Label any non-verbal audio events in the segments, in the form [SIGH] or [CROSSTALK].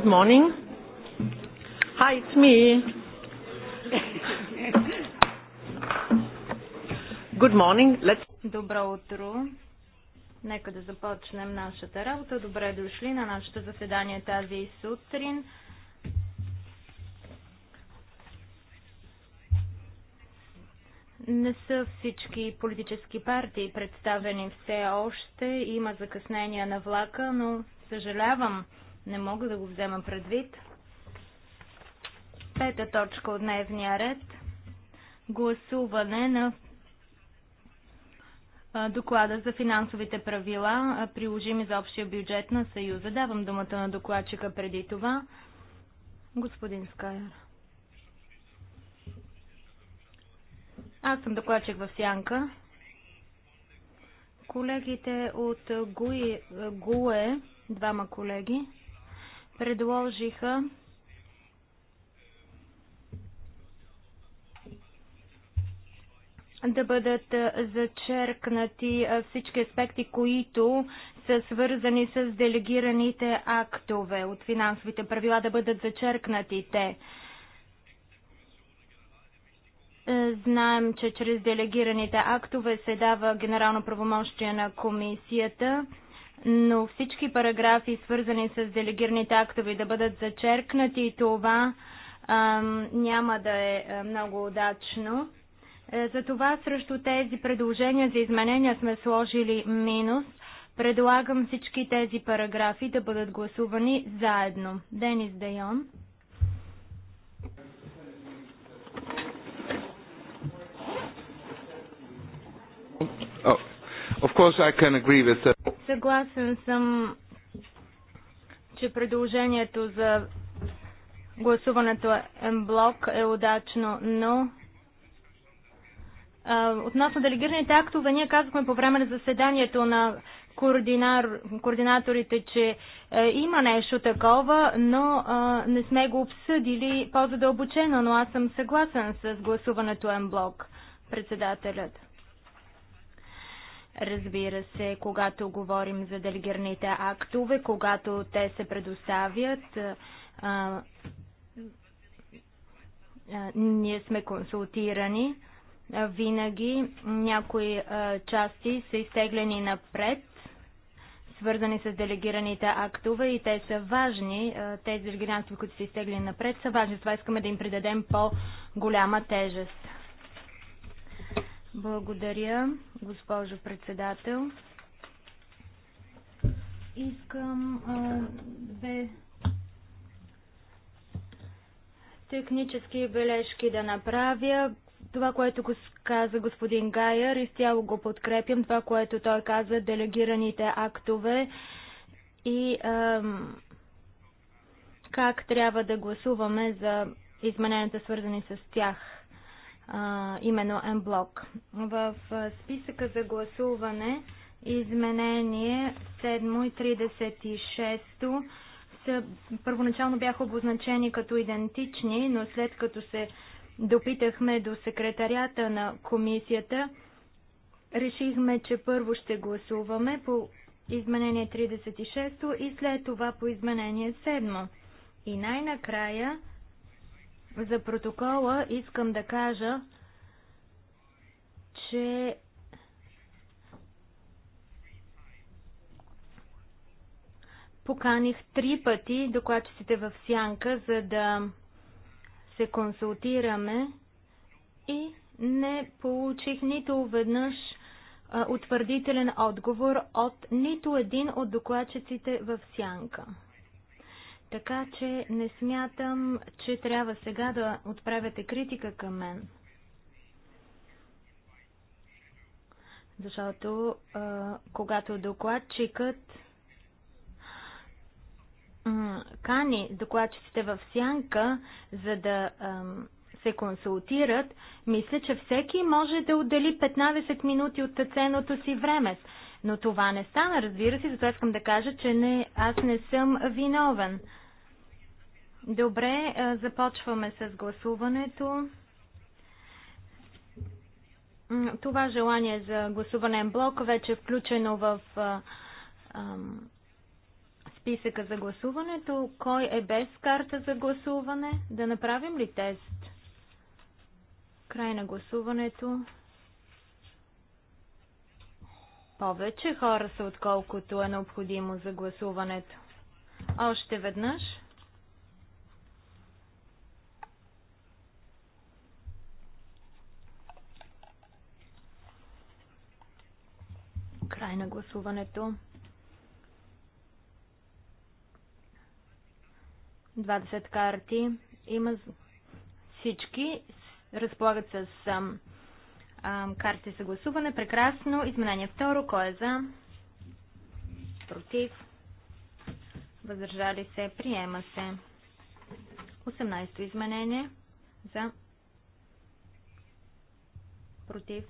Good morning. Hi, it's me. Good morning. Let's... Добро утро. Нека да започнем нашата работа. Добре дошли на нашето заседание тази сутрин. Не са всички политически партии представени все още. Има закъснения на влака, но съжалявам, не мога да го взема предвид. Пета точка от дневния ред. Гласуване на доклада за финансовите правила, приложими за общия бюджет на Съюза. Давам думата на докладчика преди това. Господин Скайер. Аз съм докладчик в Сянка. Колегите от ГУЕ, ГУЕ двама колеги, предложиха да бъдат зачеркнати всички аспекти, които са свързани с делегираните актове от финансовите правила, да бъдат зачеркнати те. Знаем, че чрез делегираните актове се дава генерално правомощие на комисията но всички параграфи, свързани с делегираните актове, да бъдат зачеркнати и това а, няма да е, е много удачно. Е, затова срещу тези предложения за изменения сме сложили минус. Предлагам всички тези параграфи да бъдат гласувани заедно. Денис Дайон. Of course I can agree with that. Съгласен съм, че предложението за гласуването е блок е удачно, но относно делегираните актове, ние казахме по време на заседанието на координар, координаторите, че е, има нещо такова, но е, не сме го обсъдили по-задълбочено, но аз съм съгласен с гласуването М-блок, председателят. Разбира се, когато говорим за делегираните актове, когато те се предоставят, а, а, ние сме консултирани. Винаги някои а, части са изтеглени напред, свързани с делегираните актове и те са важни. Тези делегирани, които са изтеглени напред, са важни. Това искаме да им придадем по-голяма тежест. Благодаря, госпожо председател. Искам а, две технически бележки да направя. Това, което го каза господин Гайер, изцяло го подкрепям. Това, което той каза, делегираните актове и а, как трябва да гласуваме за измененията, свързани с тях а, именно М-блок. В списъка за гласуване изменение 7 и 36 са, първоначално бяха обозначени като идентични, но след като се допитахме до секретарята на комисията, решихме, че първо ще гласуваме по изменение 36 и след това по изменение 7. И най-накрая за протокола искам да кажа, че поканих три пъти докладчиците в сянка, за да се консултираме и не получих нито веднъж утвърдителен отговор от нито един от докладчиците в сянка. Така че не смятам, че трябва сега да отправяте критика към мен. Защото а, когато докладчикът кани докладчиците в сянка, за да ам, се консултират, мисля, че всеки може да отдели 15 минути от ценното си време. Но това не стана, разбира се, затова искам да кажа, че не, аз не съм виновен. Добре, започваме с гласуването. Това желание за гласуване блок вече е включено в списъка за гласуването. Кой е без карта за гласуване? Да направим ли тест? Край на гласуването. Повече хора са, отколкото е необходимо за гласуването. Още веднъж. Край на гласуването. 20 карти. Има всички. Разполагат с ам, карти за гласуване. Прекрасно. Изменение второ. Кой е за? Против. Въздържали се. Приема се. 18 изменение. За. Против.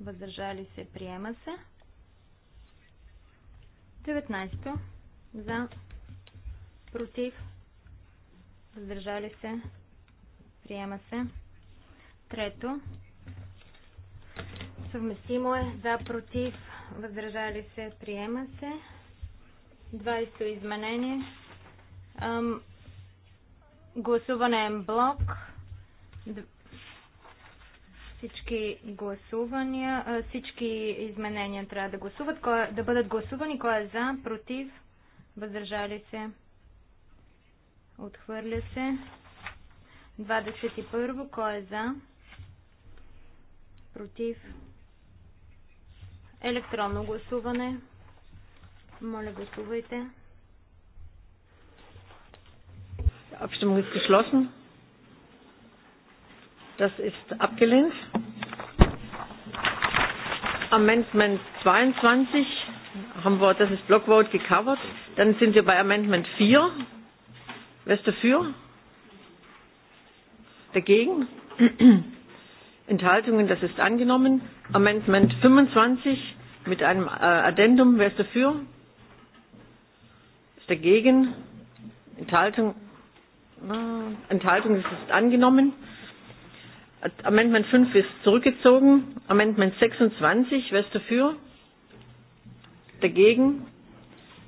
Въздържали се. Приема се. 19 за, против, въздържали се, приема се. Трето, съвместимо е за, против, въздържали се, приема се. 20 изменение. Ам, гласуване е блок всички гласувания, всички изменения трябва да гласуват, кой, е- да бъдат гласувани, кой е за, против, въздържали се, отхвърля се. 21. Кой е за? Против. Електронно гласуване. Моля, гласувайте. Abstimmung ist geschlossen. Das ist abgelehnt. Amendment 22 haben wir, das ist Blockvote gecovert. Dann sind wir bei Amendment 4. Wer ist dafür? Dagegen? Enthaltungen, das ist angenommen. Amendment 25 mit einem äh, Addendum, wer ist dafür? Ist dagegen? Enthaltung? Enthaltung, das ist angenommen. Amendment 5 ist zurückgezogen. Amendment 26, wer ist dafür? Dagegen?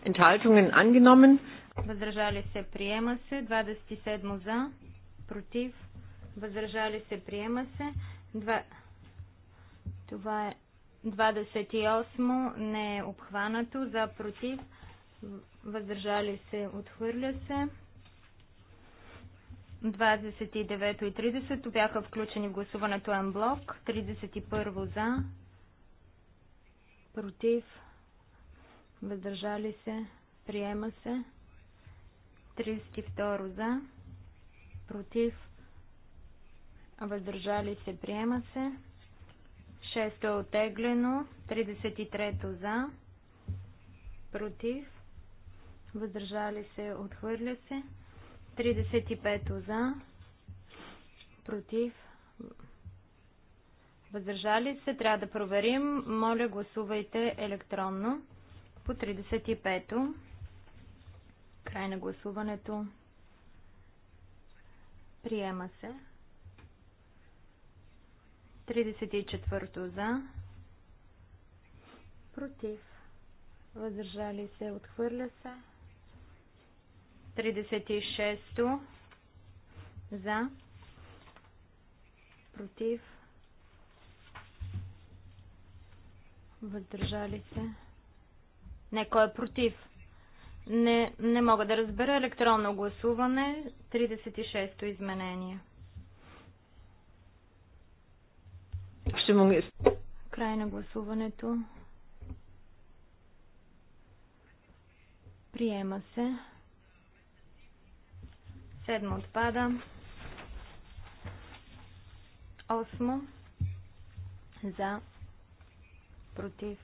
Enthaltungen angenommen. Въздържали се, приема се. 27 за, против. Въздържали се, приема се. Това е 28 не е обхванато, за, против. Въздържали се, отхвърля се. 29 и 30 бяха включени в гласуването на блок 31 за, против, въздържали се, приема се. 32 за, против, въздържали се, приема се. 6 е отеглено, 33 за, против, въздържали се, отхвърля се. 35 за, против, въздържали се. Трябва да проверим. Моля, гласувайте електронно по 35-то. Край на гласуването. Приема се. 34-то за. Против. Въздържали се. Отхвърля се. 36 за, против, въздържали се. Не, кой е против? Не, не мога да разбера електронно гласуване, 36-то изменение. Ще му Край на гласуването. Приема се. Седмо отпада. Осмо за против.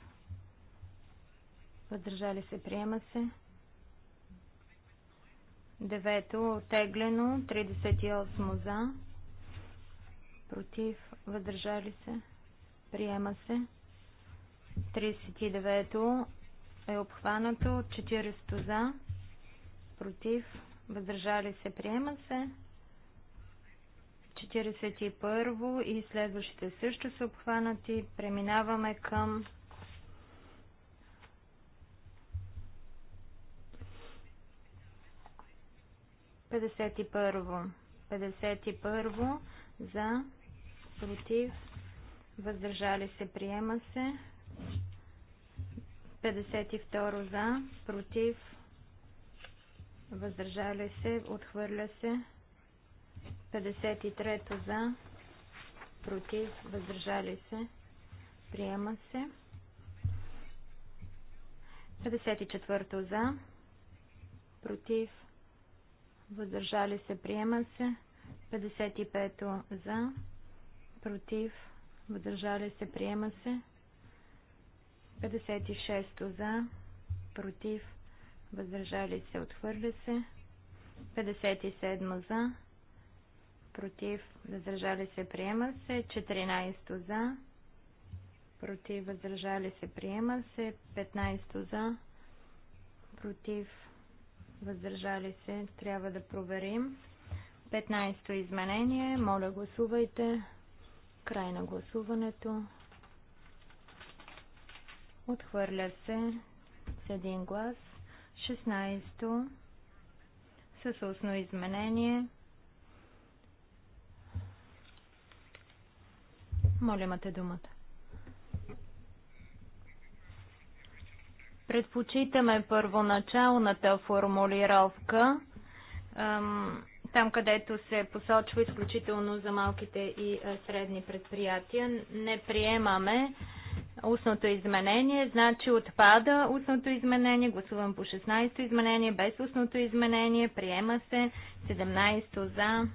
Въздържали се, приема се. Девето оттеглено. 38 за против. Въздържали се, приема се. 39 е обхванато. 40 за против въздържали се, приема се. 41 и следващите също са обхванати. Преминаваме към Петдесет и първо. Петдесет и първо за, против, въздържали се, приема се. 52 за, против, въздържали се, отхвърля се. 53-то за, против, въздържали се, приема се. 54-то за, против, въздържали се, приема се. 55-то за, против, въздържали се, приема се. 56-то за, против, въздържали се, отхвърля се. 57 за, против, въздържали се, приема се. 14 за, против, въздържали се, приема се. 15 за, против, въздържали се, трябва да проверим. 15 изменение, моля гласувайте. Край на гласуването. Отхвърля се с един глас. 16 с устно изменение. Моля, имате думата. Предпочитаме първоначалната формулировка, там където се посочва изключително за малките и средни предприятия. Не приемаме устното изменение, значи отпада устното изменение, гласувам по 16-то изменение, без устното изменение, приема се, 17-то за,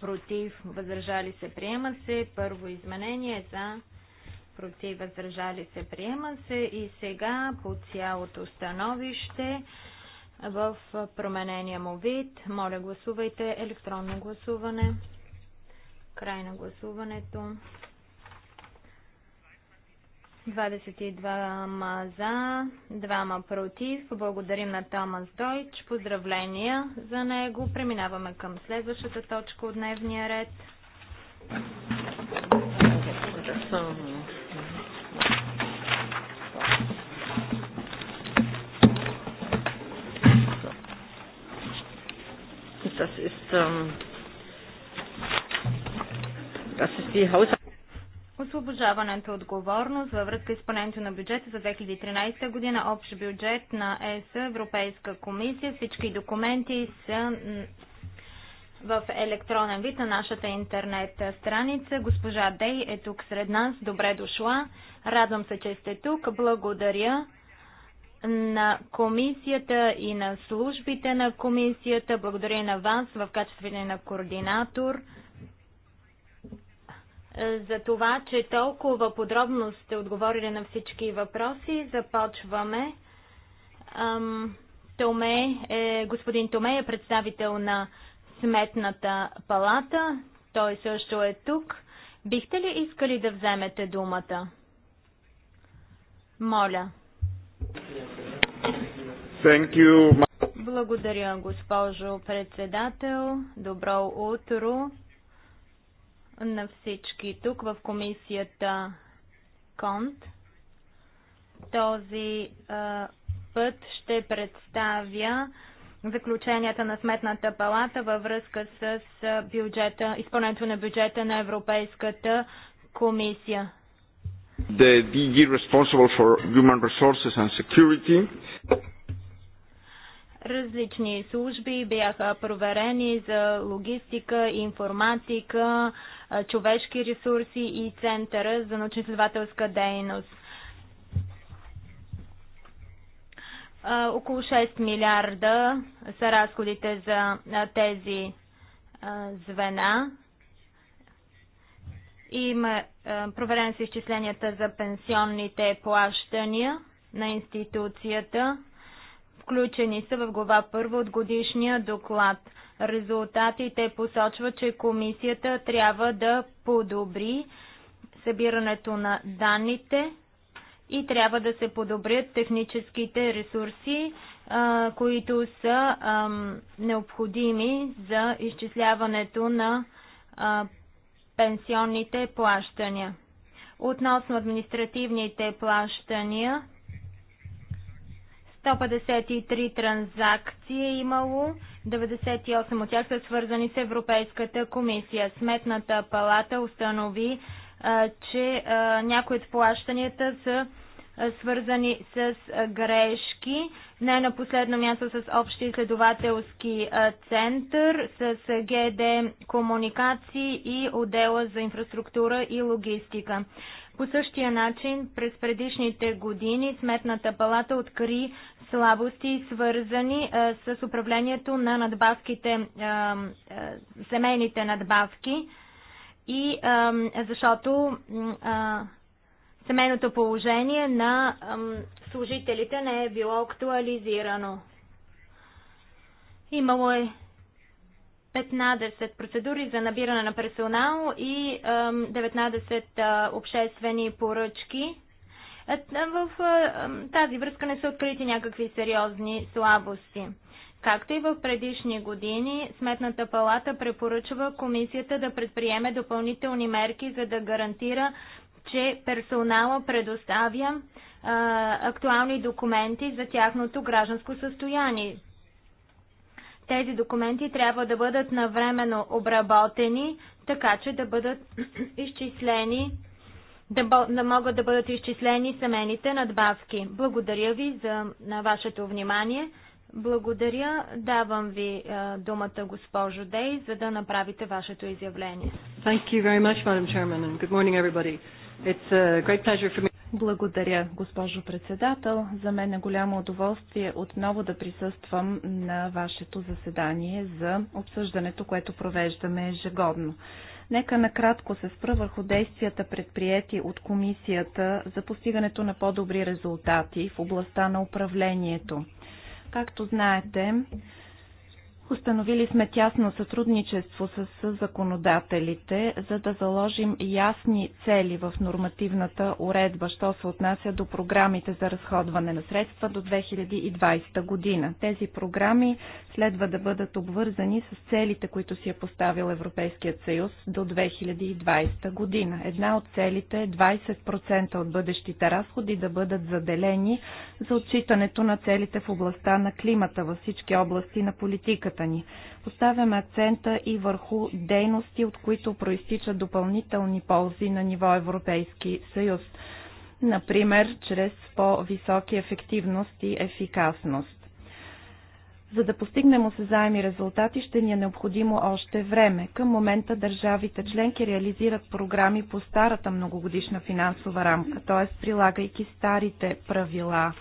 против, въздържали се, приема се, първо изменение за, против, въздържали се, приема се и сега по цялото становище в променения му вид. Моля гласувайте електронно гласуване. Край на гласуването. 22 за, 2 против. Благодарим на Томас Дойч. Поздравления за него. Преминаваме към следващата точка от дневния ред. Das ist, ähm, das ist die Освобождаването е отговорност във връзка с изпълнението на бюджета за 2013 година, общ бюджет на ЕС, Европейска комисия. Всички документи са в електронен вид на нашата интернет страница. Госпожа Дей е тук сред нас. Добре дошла. Радвам се, че сте тук. Благодаря на комисията и на службите на комисията. Благодаря и на вас в качеството на координатор е, за това, че толкова подробно сте отговорили на всички въпроси. Започваме. Томе е, господин Томе е представител на Сметната палата. Той също е тук. Бихте ли искали да вземете думата? Моля. Thank you. Благодаря, госпожо председател. Добро утро на всички тук в комисията Конт. Този а, път ще представя заключенията на Сметната палата във връзка с бюджета, изпълнението на бюджета на Европейската комисия. The DG responsible for human resources and security. Различни служби бяха проверени за логистика, информатика, човешки ресурси и Центъра за научно-изследователска дейност. Около 6 милиарда са разходите за тези звена. Има проверени са изчисленията за пенсионните плащания на институцията. Включени са в глава първа от годишния доклад. Резултатите посочват, че комисията трябва да подобри събирането на данните и трябва да се подобрят техническите ресурси, които са необходими за изчисляването на пенсионните плащания. Относно административните плащания, 153 транзакции е имало, 98 от тях са свързани с Европейската комисия. Сметната палата установи, че някои от плащанията са свързани с грешки. Не на последно място с Общи изследователски център, с ГД комуникации и отдела за инфраструктура и логистика. По същия начин през предишните години Сметната палата откри слабости, свързани а, с управлението на надбавките, а, а, семейните надбавки и а, защото а, семейното положение на а, служителите не е било актуализирано. Имало е 15 процедури за набиране на персонал и 19 обществени поръчки. Е, в е, тази връзка не са открити някакви сериозни слабости. Както и в предишни години, Сметната палата препоръчва комисията да предприеме допълнителни мерки, за да гарантира, че персонала предоставя а, е, актуални документи за тяхното гражданско състояние. Тези документи трябва да бъдат навременно обработени, така че да бъдат [CLEARS THROAT] изчислени да, да могат да бъдат изчислени семените надбавки. Благодаря ви за на вашето внимание. Благодаря. Давам ви а, е, думата, госпожо Дей, за да направите вашето изявление. Thank you very much, Madam Chairman, and good morning, everybody. It's a great pleasure for me. Благодаря, госпожо председател. За мен е голямо удоволствие отново да присъствам на вашето заседание за обсъждането, което провеждаме ежегодно. Нека накратко се спра върху действията предприяти от комисията за постигането на по-добри резултати в областта на управлението. Както знаете, Установили сме тясно сътрудничество с законодателите, за да заложим ясни цели в нормативната уредба, що се отнася до програмите за разходване на средства до 2020 година. Тези програми следва да бъдат обвързани с целите, които си е поставил Европейският съюз до 2020 година. Една от целите е 20% от бъдещите разходи да бъдат заделени за отчитането на целите в областта на климата във всички области на политиката ни. Поставяме акцента и върху дейности, от които проистичат допълнителни ползи на ниво Европейски съюз. Например, чрез по-високи ефективност и ефикасност. За да постигнем осезаеми резултати, ще ни е необходимо още време. Към момента държавите членки реализират програми по старата многогодишна финансова рамка, т.е. прилагайки старите правила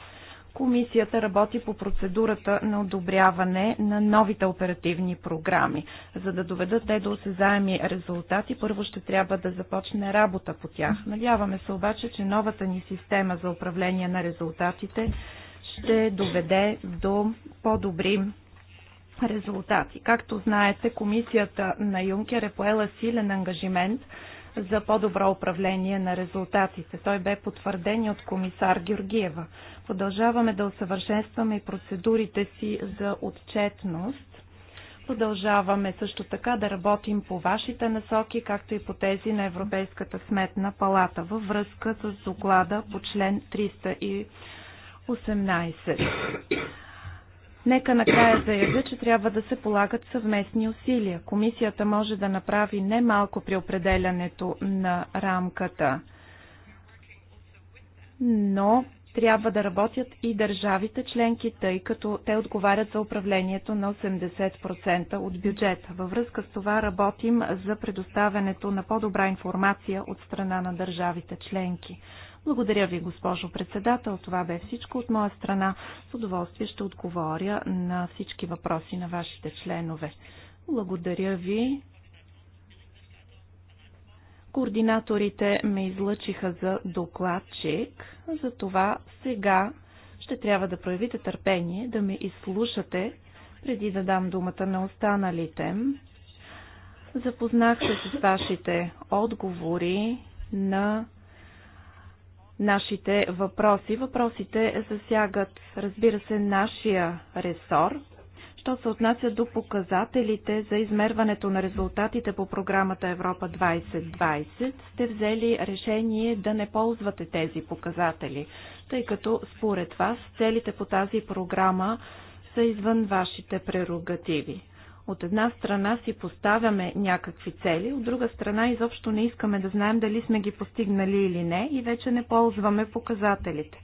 Комисията работи по процедурата на одобряване на новите оперативни програми. За да доведат те до осезаеми резултати, първо ще трябва да започне работа по тях. Надяваме се обаче, че новата ни система за управление на резултатите ще доведе до по-добри резултати. Както знаете, комисията на Юнкер е поела силен ангажимент – за по-добро управление на резултатите. Той бе потвърден от комисар Георгиева. Продължаваме да усъвършенстваме и процедурите си за отчетност. Продължаваме също така да работим по вашите насоки, както и по тези на Европейската сметна палата във връзка с доклада по член 318. Нека накрая заявя, че трябва да се полагат съвместни усилия. Комисията може да направи немалко при определянето на рамката, но трябва да работят и държавите членки, тъй като те отговарят за управлението на 80% от бюджета. Във връзка с това работим за предоставянето на по-добра информация от страна на държавите членки. Благодаря ви, госпожо председател. Това бе всичко от моя страна. С удоволствие ще отговоря на всички въпроси на вашите членове. Благодаря ви. Координаторите ме излъчиха за докладчик, затова сега ще трябва да проявите търпение, да ме изслушате, преди да дам думата на останалите. Запознах се с вашите отговори на нашите въпроси. Въпросите засягат, разбира се, нашия ресор. Що се отнася до показателите за измерването на резултатите по програмата Европа 2020, сте взели решение да не ползвате тези показатели, тъй като според вас целите по тази програма са извън вашите прерогативи. От една страна си поставяме някакви цели, от друга страна изобщо не искаме да знаем дали сме ги постигнали или не и вече не ползваме показателите.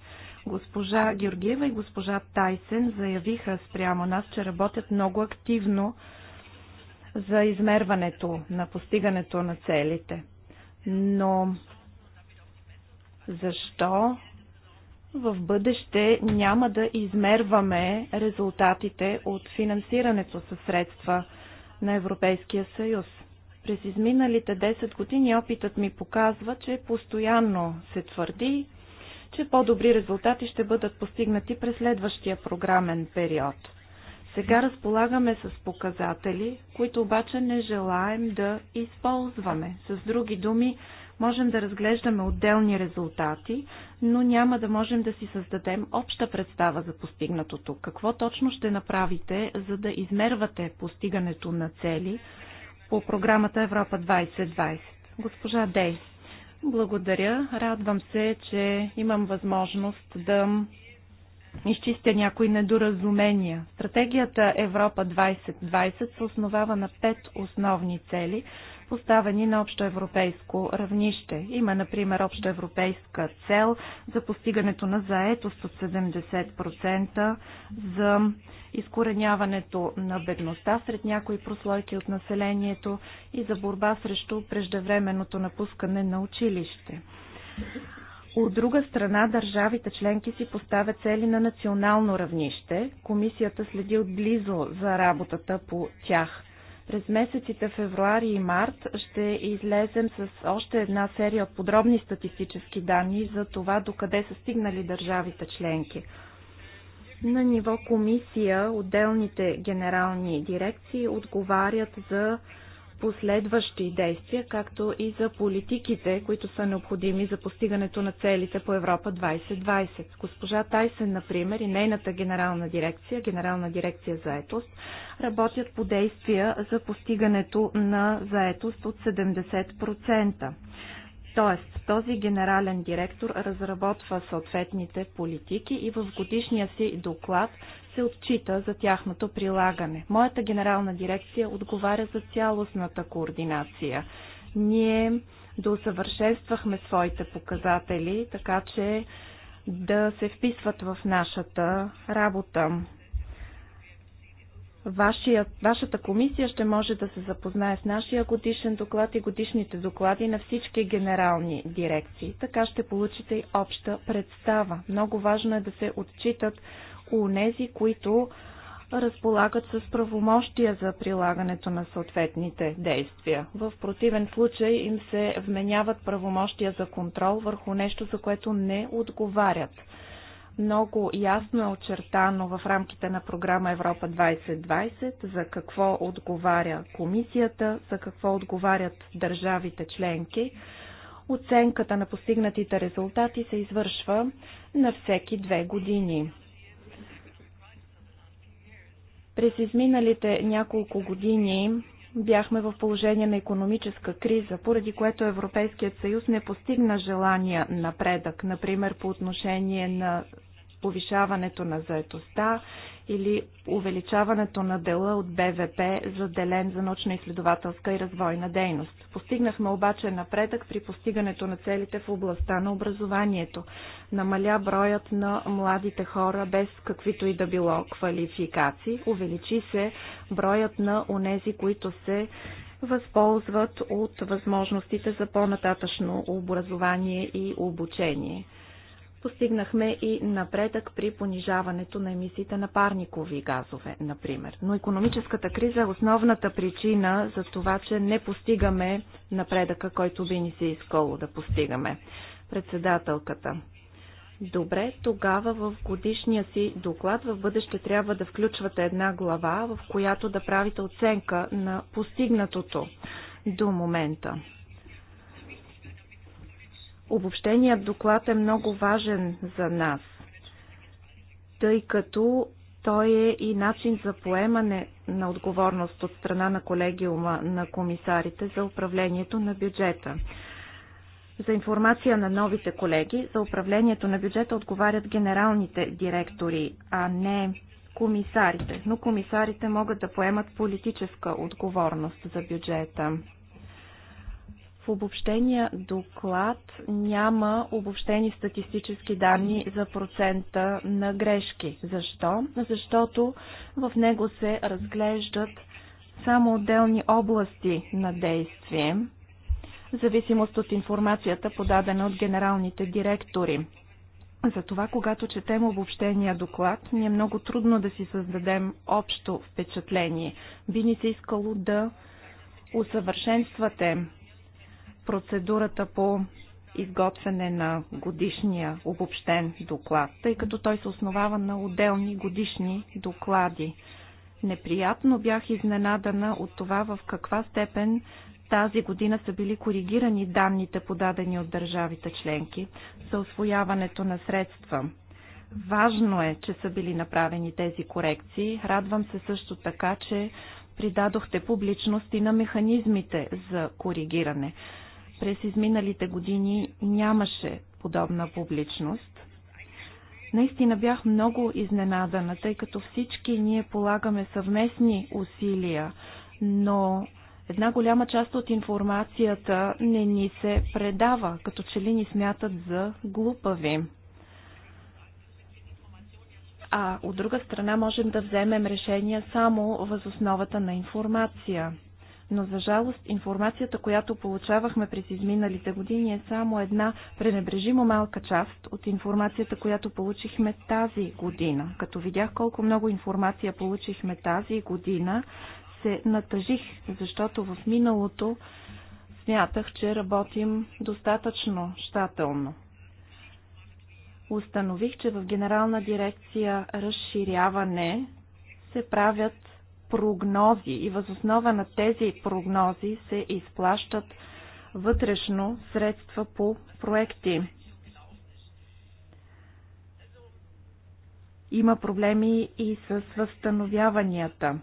Госпожа Георгиева и госпожа Тайсен заявиха спрямо нас, че работят много активно за измерването на постигането на целите. Но защо в бъдеще няма да измерваме резултатите от финансирането със средства на Европейския съюз. През изминалите 10 години опитът ми показва, че постоянно се твърди, че по-добри резултати ще бъдат постигнати през следващия програмен период. Сега разполагаме с показатели, които обаче не желаем да използваме. С други думи, Можем да разглеждаме отделни резултати, но няма да можем да си създадем обща представа за постигнатото. Какво точно ще направите, за да измервате постигането на цели по програмата Европа 2020? Госпожа Дей. Благодаря. Радвам се, че имам възможност да изчистя някои недоразумения. Стратегията Европа 2020 се основава на пет основни цели, поставени на общоевропейско равнище. Има, например, общоевропейска цел за постигането на заетост от 70%, за изкореняването на бедността сред някои прослойки от населението и за борба срещу преждевременното напускане на училище. От друга страна, държавите членки си поставят цели на национално равнище. Комисията следи отблизо за работата по тях. През месеците февруари и март ще излезем с още една серия подробни статистически данни за това докъде са стигнали държавите членки. На ниво комисия отделните генерални дирекции отговарят за последващи действия, както и за политиките, които са необходими за постигането на целите по Европа 2020. Госпожа Тайсен, например, и нейната генерална дирекция, генерална дирекция заетост, работят по действия за постигането на заетост от 70%. Тоест, този генерален директор разработва съответните политики и в годишния си доклад се отчита за тяхното прилагане. Моята генерална дирекция отговаря за цялостната координация. Ние досъвършенствахме своите показатели, така че да се вписват в нашата работа. Вашия, вашата комисия ще може да се запознае с нашия годишен доклад и годишните доклади на всички генерални дирекции. Така ще получите и обща представа. Много важно е да се отчитат нези, които разполагат с правомощия за прилагането на съответните действия. В противен случай им се вменяват правомощия за контрол върху нещо, за което не отговарят. Много ясно е очертано в рамките на програма Европа 2020 за какво отговаря комисията, за какво отговарят държавите членки. Оценката на постигнатите резултати се извършва на всеки две години. През изминалите няколко години бяхме в положение на економическа криза, поради което Европейският съюз не постигна желания напредък, например по отношение на повишаването на заетостта или увеличаването на дела от БВП, за делен за научно-изследователска и развойна дейност. Постигнахме обаче напредък при постигането на целите в областта на образованието. Намаля броят на младите хора без каквито и да било квалификации. Увеличи се броят на онези, които се възползват от възможностите за по-нататъчно образование и обучение. Постигнахме и напредък при понижаването на емисиите на парникови газове, например. Но економическата криза е основната причина за това, че не постигаме напредъка, който би ни се искало да постигаме. Председателката. Добре, тогава в годишния си доклад в бъдеще трябва да включвате една глава, в която да правите оценка на постигнатото до момента. Обобщеният доклад е много важен за нас, тъй като той е и начин за поемане на отговорност от страна на колегиума на комисарите за управлението на бюджета. За информация на новите колеги, за управлението на бюджета отговарят генералните директори, а не комисарите. Но комисарите могат да поемат политическа отговорност за бюджета. В обобщения доклад няма обобщени статистически данни за процента на грешки. Защо? Защото в него се разглеждат само отделни области на действие, в зависимост от информацията, подадена от генералните директори. Затова, когато четем обобщения доклад, ни е много трудно да си създадем общо впечатление. Би ни се искало да усъвършенствате процедурата по изготвяне на годишния обобщен доклад, тъй като той се основава на отделни годишни доклади. Неприятно бях изненадана от това в каква степен тази година са били коригирани данните, подадени от държавите членки за освояването на средства. Важно е, че са били направени тези корекции. Радвам се също така, че придадохте публичност и на механизмите за коригиране. През изминалите години нямаше подобна публичност. Наистина бях много изненадана, тъй като всички ние полагаме съвместни усилия, но една голяма част от информацията не ни се предава, като че ли ни смятат за глупави. А от друга страна можем да вземем решения само възосновата на информация но за жалост информацията, която получавахме през изминалите години е само една пренебрежимо малка част от информацията, която получихме тази година. Като видях колко много информация получихме тази година, се натъжих, защото в миналото смятах, че работим достатъчно щателно. Установих, че в Генерална дирекция разширяване се правят прогнози и възоснова на тези прогнози се изплащат вътрешно средства по проекти. Има проблеми и с възстановяванията.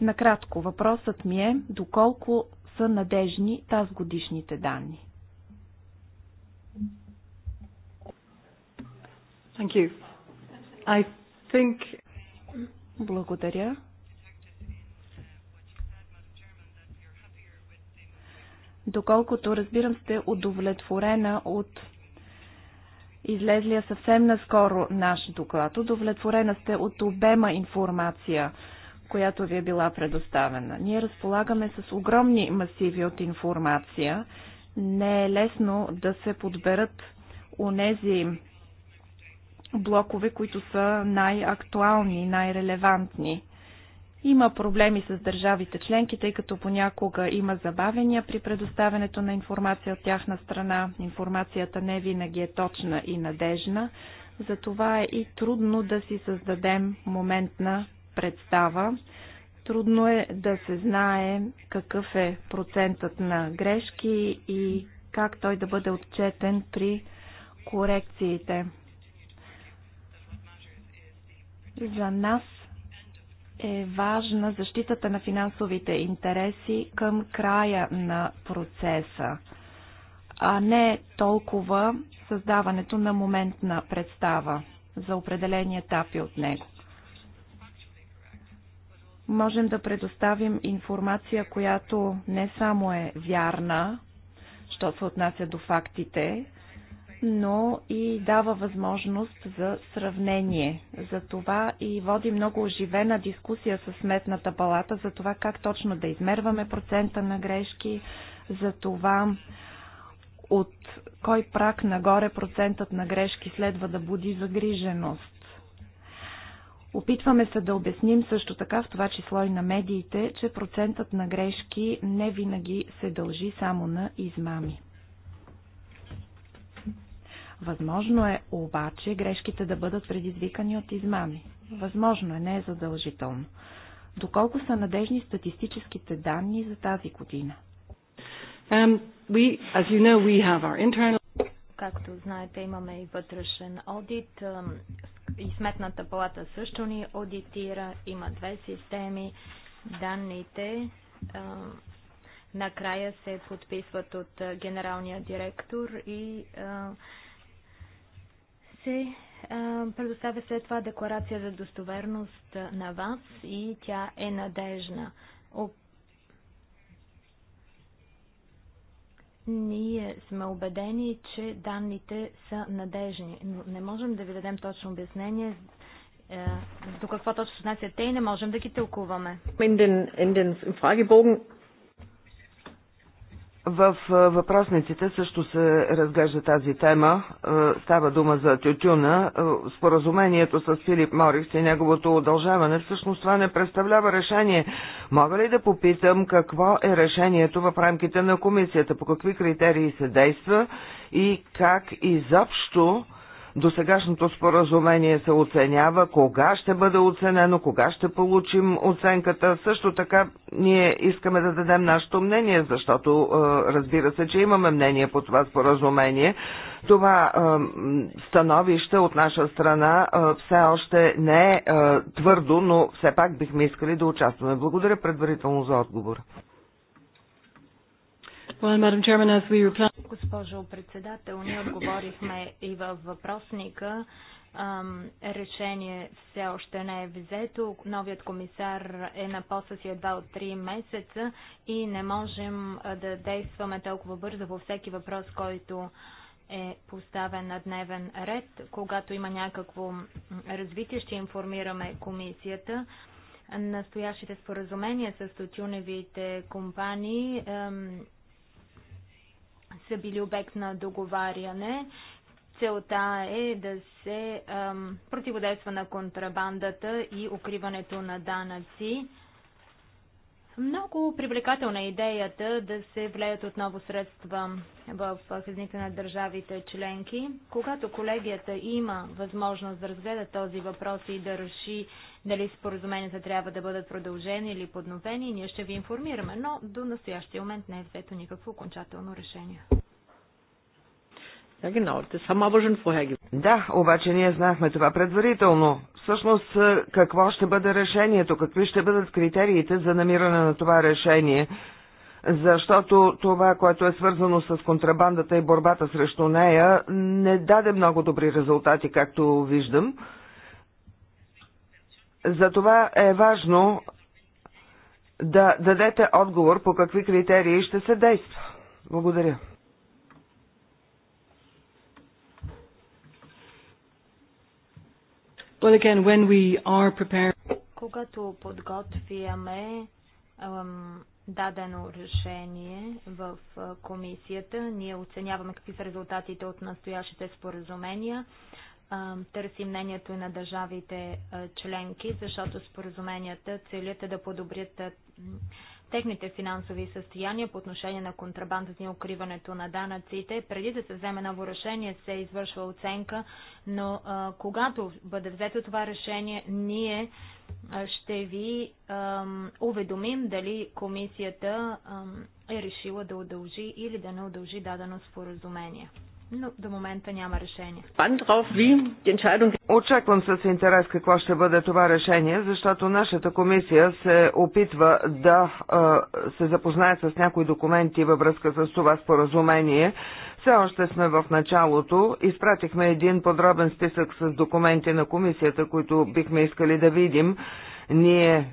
Накратко, въпросът ми е доколко са надежни тази годишните данни. Thank you. I think... Благодаря. Доколкото разбирам сте удовлетворена от излезлия съвсем наскоро наш доклад. Удовлетворена сте от обема информация, която ви е била предоставена. Ние разполагаме с огромни масиви от информация. Не е лесно да се подберат нези блокове, които са най-актуални, най-релевантни. Има проблеми с държавите членки, тъй като понякога има забавения при предоставянето на информация от тяхна страна. Информацията не винаги е точна и надежна. Затова е и трудно да си създадем моментна представа. Трудно е да се знае какъв е процентът на грешки и как той да бъде отчетен при корекциите. За нас е важна защитата на финансовите интереси към края на процеса, а не толкова създаването на моментна представа за определени етапи от него. Можем да предоставим информация, която не само е вярна, що се отнася до фактите, но и дава възможност за сравнение. За това и води много оживена дискусия с Сметната палата за това как точно да измерваме процента на грешки, за това от кой прак нагоре процентът на грешки следва да буди загриженост. Опитваме се да обясним също така, в това число и на медиите, че процентът на грешки не винаги се дължи само на измами. Възможно е обаче грешките да бъдат предизвикани от измами. Възможно е, не е задължително. Доколко са надежни статистическите данни за тази година? Um, we, as you know, we have our internal... Както знаете, имаме и вътрешен одит. И сметната палата също ни аудитира. Има две системи. Данните накрая се подписват от генералния директор и а, се предоставя след това декларация за достоверност на вас и тя е надежна. Ние сме убедени, че данните са надежни, но не можем да ви дадем точно обяснение до какво точно се те и не можем да ги тълкуваме. В въпросниците също се разглежда тази тема. Става дума за тютюна. Споразумението с Филип Морис и неговото удължаване, всъщност това не представлява решение. Мога ли да попитам какво е решението в рамките на комисията, по какви критерии се действа и как изобщо Досегашното споразумение се оценява, кога ще бъде оценено, кога ще получим оценката. Също така ние искаме да дадем нашето мнение, защото е, разбира се, че имаме мнение по това споразумение. Това е, становище от наша страна е, все още не е твърдо, но все пак бихме искали да участваме. Благодаря предварително за отговор. Госпожо председател, ние отговорихме и във въпросника. Решение все още не е взето. Новият комисар е на поста си едва от 3 месеца и не можем да действаме толкова бързо във всеки въпрос, който е поставен на дневен ред. Когато има някакво развитие, ще информираме комисията. Настоящите споразумения с тютюневите компании са били обект на договаряне. Целта е да се ам, противодейства на контрабандата и укриването на данъци. Много привлекателна е идеята да се влеят отново средства в хазните на държавите членки. Когато колегията има възможност да разгледа този въпрос и да реши дали споразуменията трябва да бъдат продължени или подновени, ние ще ви информираме, но до настоящия момент не е взето никакво окончателно решение. Да, обаче ние знахме това предварително. Всъщност, е, какво ще бъде решението? Какви ще бъдат критериите за намиране на това решение? Защото това, което е свързано с контрабандата и борбата срещу нея, не даде много добри резултати, както виждам. Затова е важно да дадете отговор по какви критерии ще се действа. Благодаря. Well, again, when we are prepared... Когато подготвяме ам, дадено решение в комисията, ние оценяваме какви са резултатите от настоящите споразумения търси мнението и на държавите членки, защото споразуменията целят да подобрят техните финансови състояния по отношение на контрабанда и укриването на данъците. Преди да се вземе ново решение, се извършва оценка, но когато бъде взето това решение, ние ще ви уведомим дали комисията е решила да удължи или да не удължи дадено споразумение но до момента няма решение. Очаквам с интерес какво ще бъде това решение, защото нашата комисия се опитва да се запознае с някои документи във връзка с това споразумение. Все още сме в началото. Изпратихме един подробен списък с документи на комисията, които бихме искали да видим. Ние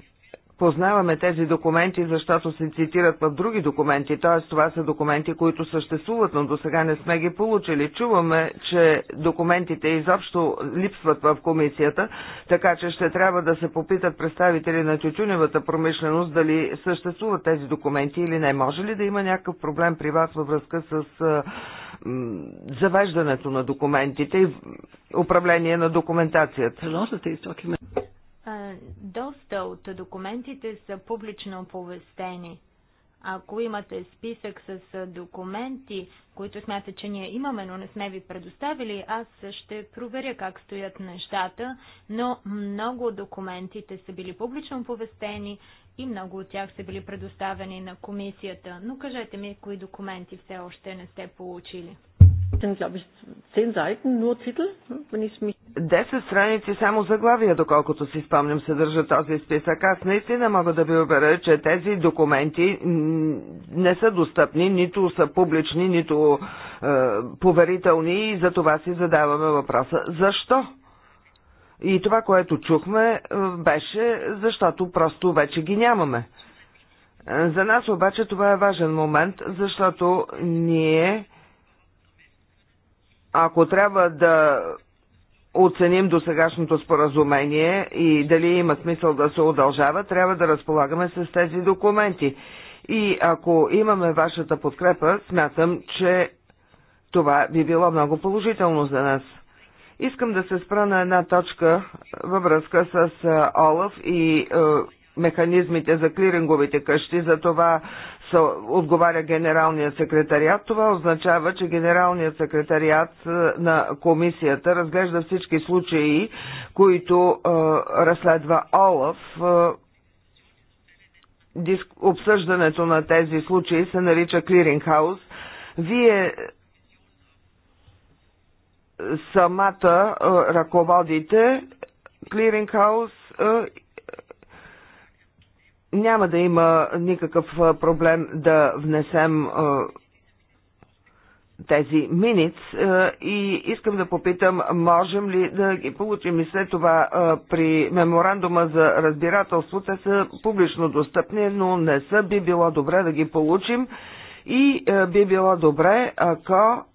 Познаваме тези документи, защото се цитират в други документи, т.е. това са документи, които съществуват, но до сега не сме ги получили. Чуваме, че документите изобщо липсват в комисията, така че ще трябва да се попитат представители на тютюневата промишленост дали съществуват тези документи или не. Може ли да има някакъв проблем при вас във връзка с завеждането на документите и управление на документацията? Доста от документите са публично оповестени. Ако имате списък с документи, които смятате, че ние имаме, но не сме ви предоставили, аз ще проверя как стоят нещата, но много документите са били публично оповестени и много от тях са били предоставени на комисията. Но кажете ми, кои документи все още не сте получили sind, glaube ich, zehn Seiten nur Titel, wenn ich mich. Десет страници само заглавия, доколкото си спомням, съдържа този списък. Аз наистина мога да ви уверя, че тези документи не са достъпни, нито са публични, нито е, поверителни и за това си задаваме въпроса. Защо? И това, което чухме, е, беше защото просто вече ги нямаме. Е, за нас обаче това е важен момент, защото ние ако трябва да оценим до сегашното споразумение и дали има смисъл да се удължава, трябва да разполагаме с тези документи. И ако имаме вашата подкрепа, смятам, че това би било много положително за нас. Искам да се спра на една точка във връзка с Олаф и механизмите за клиринговите къщи, за това са, отговаря генералният секретариат. Това означава, че генералният секретариат е, на комисията разглежда всички случаи, които е, разследва ОЛАФ. Е, обсъждането на тези случаи се нарича клирингхаус. Вие самата е, ръководите клирингхаус е, няма да има никакъв проблем да внесем тези миниц и искам да попитам, можем ли да ги получим и след това при меморандума за разбирателство. Те са публично достъпни, но не са. Би било добре да ги получим и би било добре, ако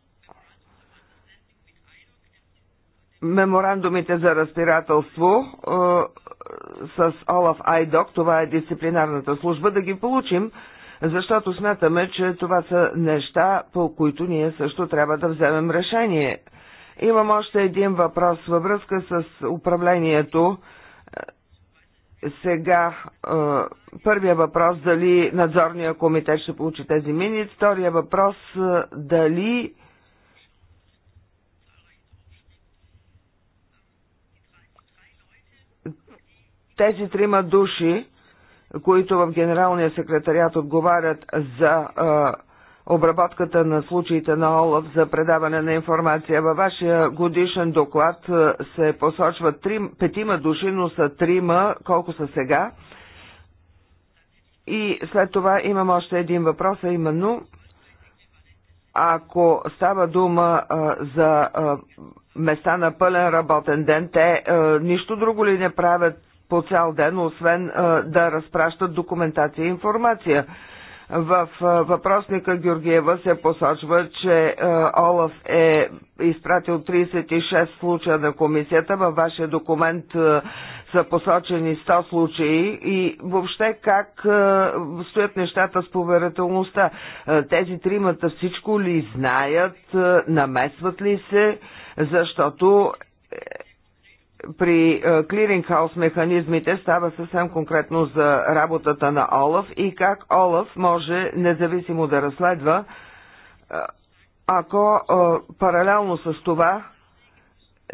меморандумите за разбирателство с Олаф Айдок, това е дисциплинарната служба, да ги получим, защото смятаме, че това са неща, по които ние също трябва да вземем решение. Имам още един въпрос във връзка с управлението. Сега е, първия въпрос дали надзорния комитет ще получи тези мини, втория въпрос е, дали тези трима души, които в Генералния секретариат отговарят за а, обработката на случаите на ОЛАФ за предаване на информация. Във вашия годишен доклад се посочват три, петима души, но са трима, колко са сега. И след това имам още един въпрос, а именно ако става дума а, за а, места на пълен работен ден, те а, нищо друго ли не правят по цял ден, освен да разпращат документация и информация. В въпросника Георгиева се посочва, че Олаф е изпратил 36 случая на комисията. Във вашия документ са посочени 100 случаи и въобще как стоят нещата с поверителността. Тези тримата всичко ли знаят, намесват ли се, защото при е, клирингхаус механизмите става съвсем конкретно за работата на Олаф и как Олаф може независимо да разследва, е, ако е, паралелно с това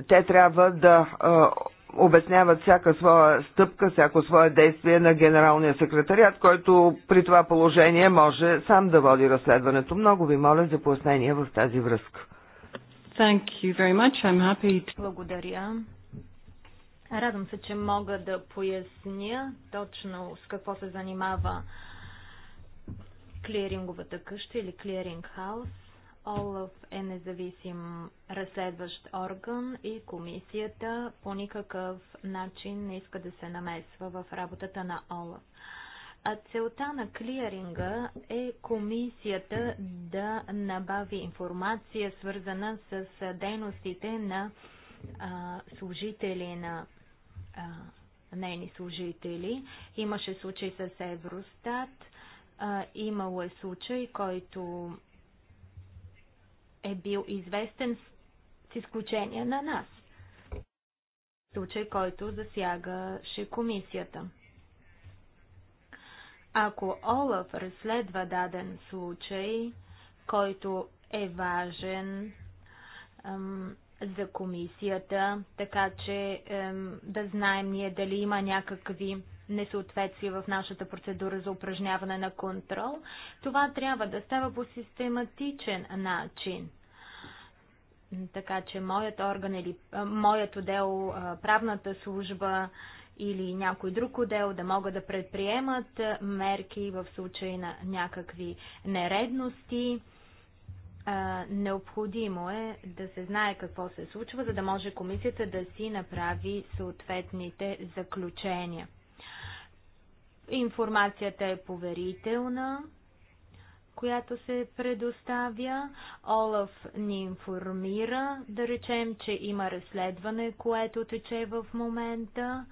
те трябва да обясняват всяка своя стъпка, всяко свое действие на генералния секретарият, който при това положение може сам да води разследването. Много ви моля за пояснение в тази връзка. Thank you very much. I'm happy to... Благодаря. Радвам се, че мога да поясня точно с какво се занимава клиринговата къща или клиринг хаус. ОЛАФ е независим разследващ орган и комисията по никакъв начин не иска да се намесва в работата на ОЛАФ. А целта на клиринга е комисията да набави информация, свързана с дейностите на служители на а, нейни служители. Имаше случай с Евростат, а, имало е случай, който е бил известен с изключение на нас. Случай, който засягаше комисията. Ако Олаф разследва даден случай, който е важен, ам, за комисията, така че е, да знаем ние дали има някакви несъответствия в нашата процедура за упражняване на контрол. Това трябва да става по систематичен начин. Така че моят орган или е, моят отдел, е, правната служба или някой друг отдел да могат да предприемат мерки в случай на някакви нередности необходимо е да се знае какво се случва, за да може комисията да си направи съответните заключения. Информацията е поверителна, която се предоставя. Олаф ни информира, да речем, че има разследване, което тече в момента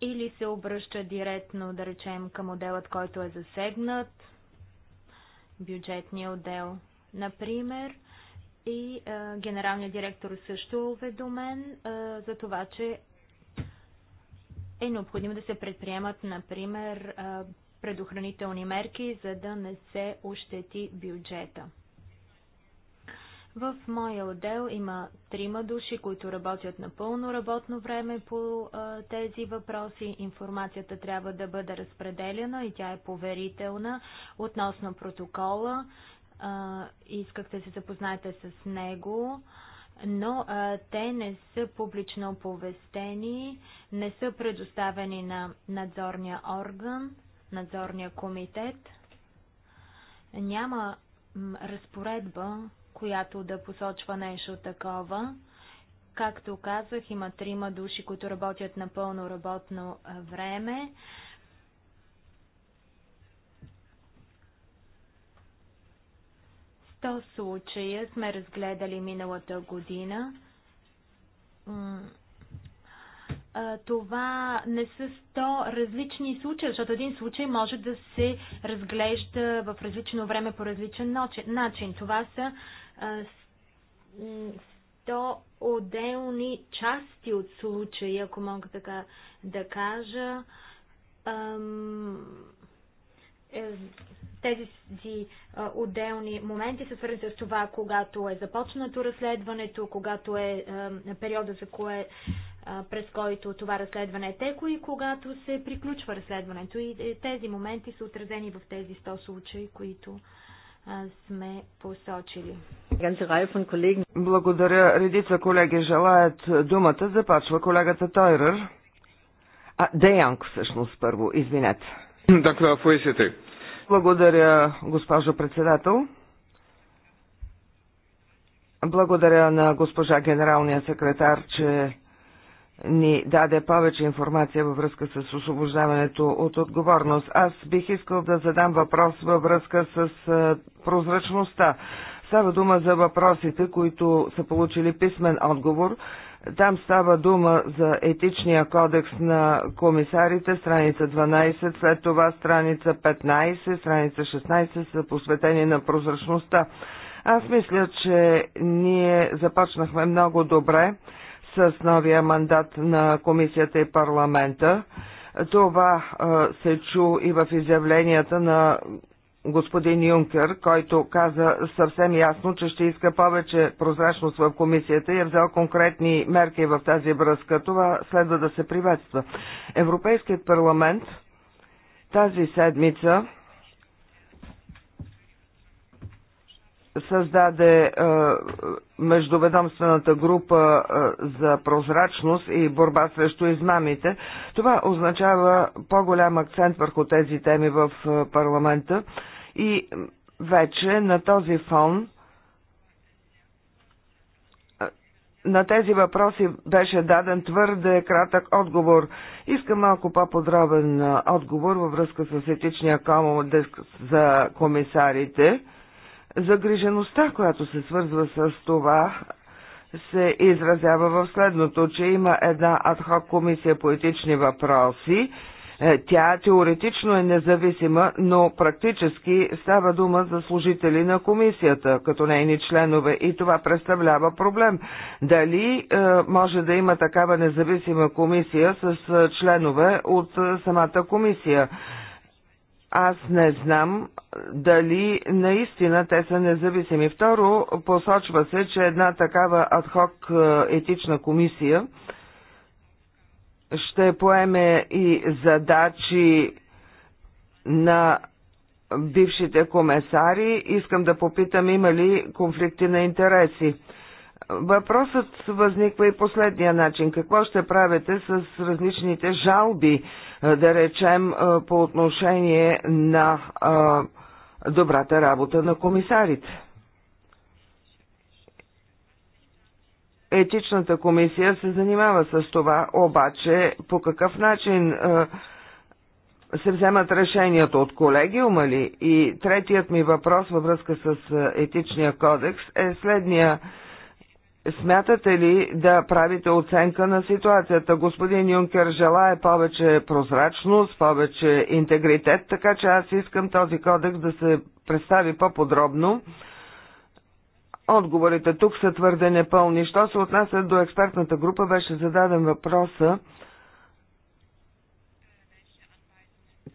или се обръща директно, да речем, към моделът, който е засегнат, бюджетния отдел, например, и а, генералният директор също е уведомен а, за това, че е необходимо да се предприемат, например, а, предохранителни мерки, за да не се ощети бюджета. В моя отдел има трима души, които работят на пълно работно време по а, тези въпроси. Информацията трябва да бъде разпределена и тя е поверителна. Относно протокола, а, исках да се запознаете с него, но а, те не са публично оповестени, не са предоставени на надзорния орган, надзорния комитет. Няма разпоредба, която да посочва нещо такова. Както казах, има трима души, които работят на пълно работно време. Сто случая сме разгледали миналата година. Това не са 100 различни случаи, защото един случай може да се разглежда в различно време по различен начин. Това са 100 отделни части от случая, ако мога така да кажа. Е, тези отделни моменти са свързани с това, когато е започнато разследването, когато е периода, за кое, през който това разследване е теко и когато се приключва разследването. И е, тези моменти са отразени в тези 100 случаи, които сме посочили. Благодаря. Редица колеги желаят думата. Започва колегата Тойрър. А, Деянк всъщност първо, извинете. Така, поесете. Благодаря, госпожо председател. Благодаря на госпожа генералния секретар, че ни даде повече информация във връзка с освобождаването от отговорност. Аз бих искал да задам въпрос във връзка с прозрачността. Става дума за въпросите, които са получили писмен отговор. Там става дума за етичния кодекс на комисарите, страница 12, след това страница 15, страница 16 са посветени на прозрачността. Аз мисля, че ние започнахме много добре с новия мандат на комисията и парламента. Това се чу и в изявленията на господин Юнкер, който каза съвсем ясно, че ще иска повече прозрачност в комисията и е взел конкретни мерки в тази връзка. Това следва да се приветства. Европейският парламент тази седмица създаде е, междуведомствената група е, за прозрачност и борба срещу измамите. Това означава по-голям акцент върху тези теми в е, парламента и вече на този фон на тези въпроси беше даден твърде кратък отговор. Искам малко по-подробен отговор във връзка с етичния комодекс за комисарите. Загрижеността, която се свързва с това, се изразява в следното, че има една адхок комисия по етични въпроси. Е, тя теоретично е независима, но практически става дума за служители на комисията, като нейни членове, и това представлява проблем. Дали е, може да има такава независима комисия с е, членове от е, самата комисия? аз не знам дали наистина те са независими. Второ, посочва се, че една такава адхок е, етична комисия ще поеме и задачи на бившите комесари. Искам да попитам има ли конфликти на интереси. Въпросът възниква и последния начин. Какво ще правите с различните жалби, е, да речем, е, по отношение на е, добрата работа на комисарите? Етичната комисия се занимава с това, обаче по какъв начин се вземат решенията от колегиума ли? И третият ми въпрос във връзка с етичния кодекс е следния Смятате ли да правите оценка на ситуацията? Господин Юнкер желая повече прозрачност, повече интегритет, така че аз искам този кодекс да се представи по-подробно. Отговорите тук са твърде непълни. Що се отнася до експертната група, беше зададен въпроса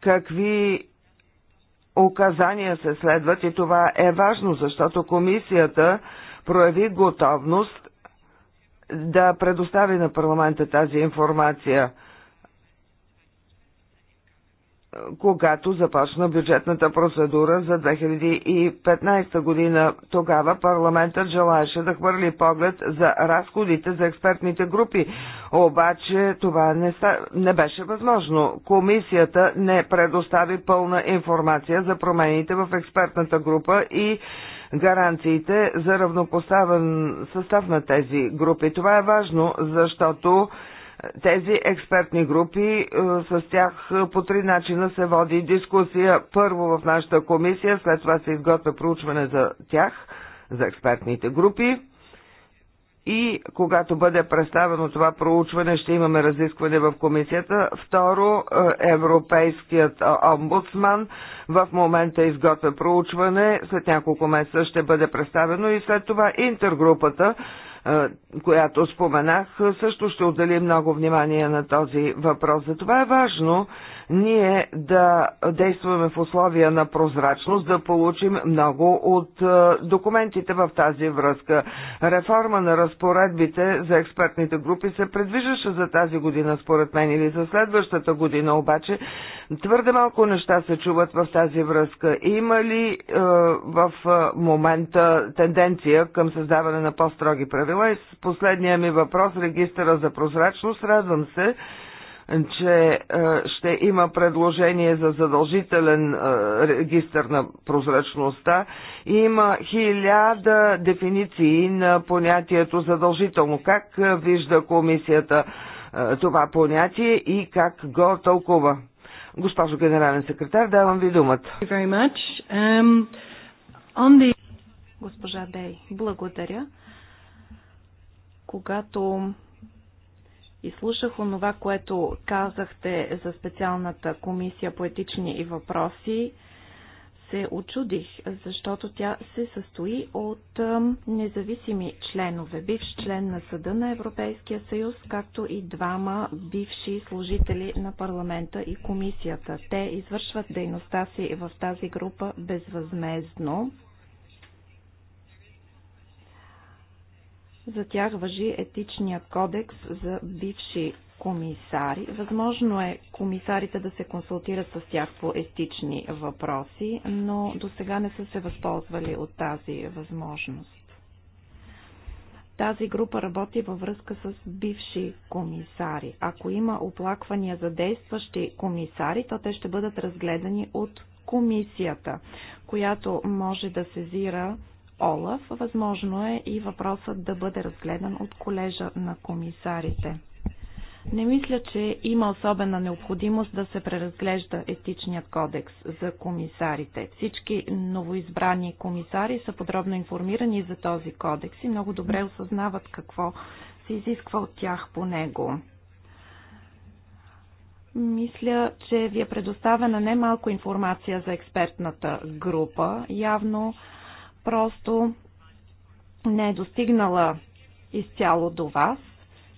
какви указания се следват и това е важно, защото комисията прояви готовност да предостави на парламента тази информация, когато започна бюджетната процедура за 2015 година. Тогава парламентът желаеше да хвърли поглед за разходите за експертните групи, обаче това не, ста... не беше възможно. Комисията не предостави пълна информация за промените в експертната група и гаранциите за равнопоставен състав на тези групи. Това е важно, защото тези експертни групи, е, с тях по три начина се води дискусия. Първо в нашата комисия, след това се изготвя проучване за тях, за експертните групи и когато бъде представено това проучване, ще имаме разискване в комисията. Второ, е, Европейският е, омбудсман в момента изготвя проучване, след няколко месеца ще бъде представено и след това интергрупата, е, която споменах, също ще отдели много внимание на този въпрос. За това е важно ние да действаме в условия на прозрачност, да получим много от е, документите в тази връзка. Реформа на разпоредбите за експертните групи се предвиждаше за тази година, според мен, или за следващата година, обаче твърде малко неща се чуват в тази връзка. Има ли е, в е, момента тенденция към създаване на по-строги правила? И с последния ми въпрос, регистъра за прозрачност, радвам се, че е, ще има предложение за задължителен е, регистр на прозрачността. Има хиляда дефиниции на понятието задължително. Как е, вижда комисията това понятие и как го тълкува? Госпожо генерален секретар, давам ви думата. Um, Госпожа Дей, благодаря. Когато и слушах онова, което казахте за специалната комисия по етични и въпроси. Се очудих, защото тя се състои от независими членове, бивш член на Съда на Европейския съюз, както и двама бивши служители на парламента и комисията. Те извършват дейността си в тази група безвъзмезно За тях въжи етичният кодекс за бивши комисари. Възможно е комисарите да се консултират с тях по етични въпроси, но до сега не са се възползвали от тази възможност. Тази група работи във връзка с бивши комисари. Ако има оплаквания за действащи комисари, то те ще бъдат разгледани от комисията, която може да сезира Олаф, възможно е и въпросът да бъде разгледан от колежа на комисарите. Не мисля, че има особена необходимост да се преразглежда етичният кодекс за комисарите. Всички новоизбрани комисари са подробно информирани за този кодекс и много добре осъзнават какво се изисква от тях по него. Мисля, че ви е предоставена немалко информация за експертната група. Явно просто не е достигнала изцяло до вас.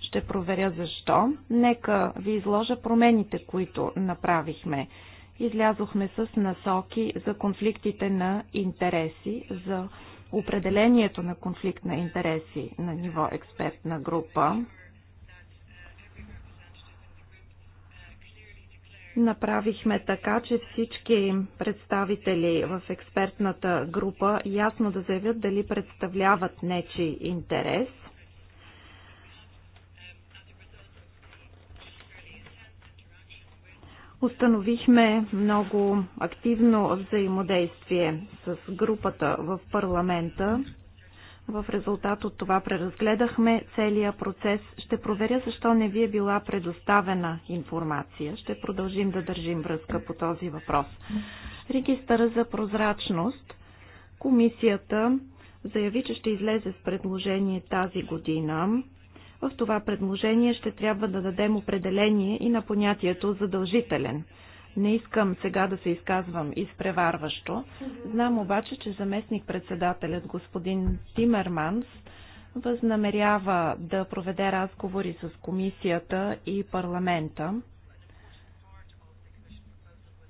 Ще проверя защо. Нека ви изложа промените, които направихме. Излязохме с насоки за конфликтите на интереси, за определението на конфликт на интереси на ниво експертна група. Направихме така, че всички представители в експертната група ясно да заявят дали представляват нечи интерес. Установихме много активно взаимодействие с групата в парламента. В резултат от това преразгледахме целия процес. Ще проверя защо не ви е била предоставена информация. Ще продължим да държим връзка по този въпрос. Регистъра за прозрачност. Комисията заяви, че ще излезе с предложение тази година. В това предложение ще трябва да дадем определение и на понятието задължителен не искам сега да се изказвам изпреварващо. Знам обаче, че заместник-председателят господин Тимерманс възнамерява да проведе разговори с комисията и парламента.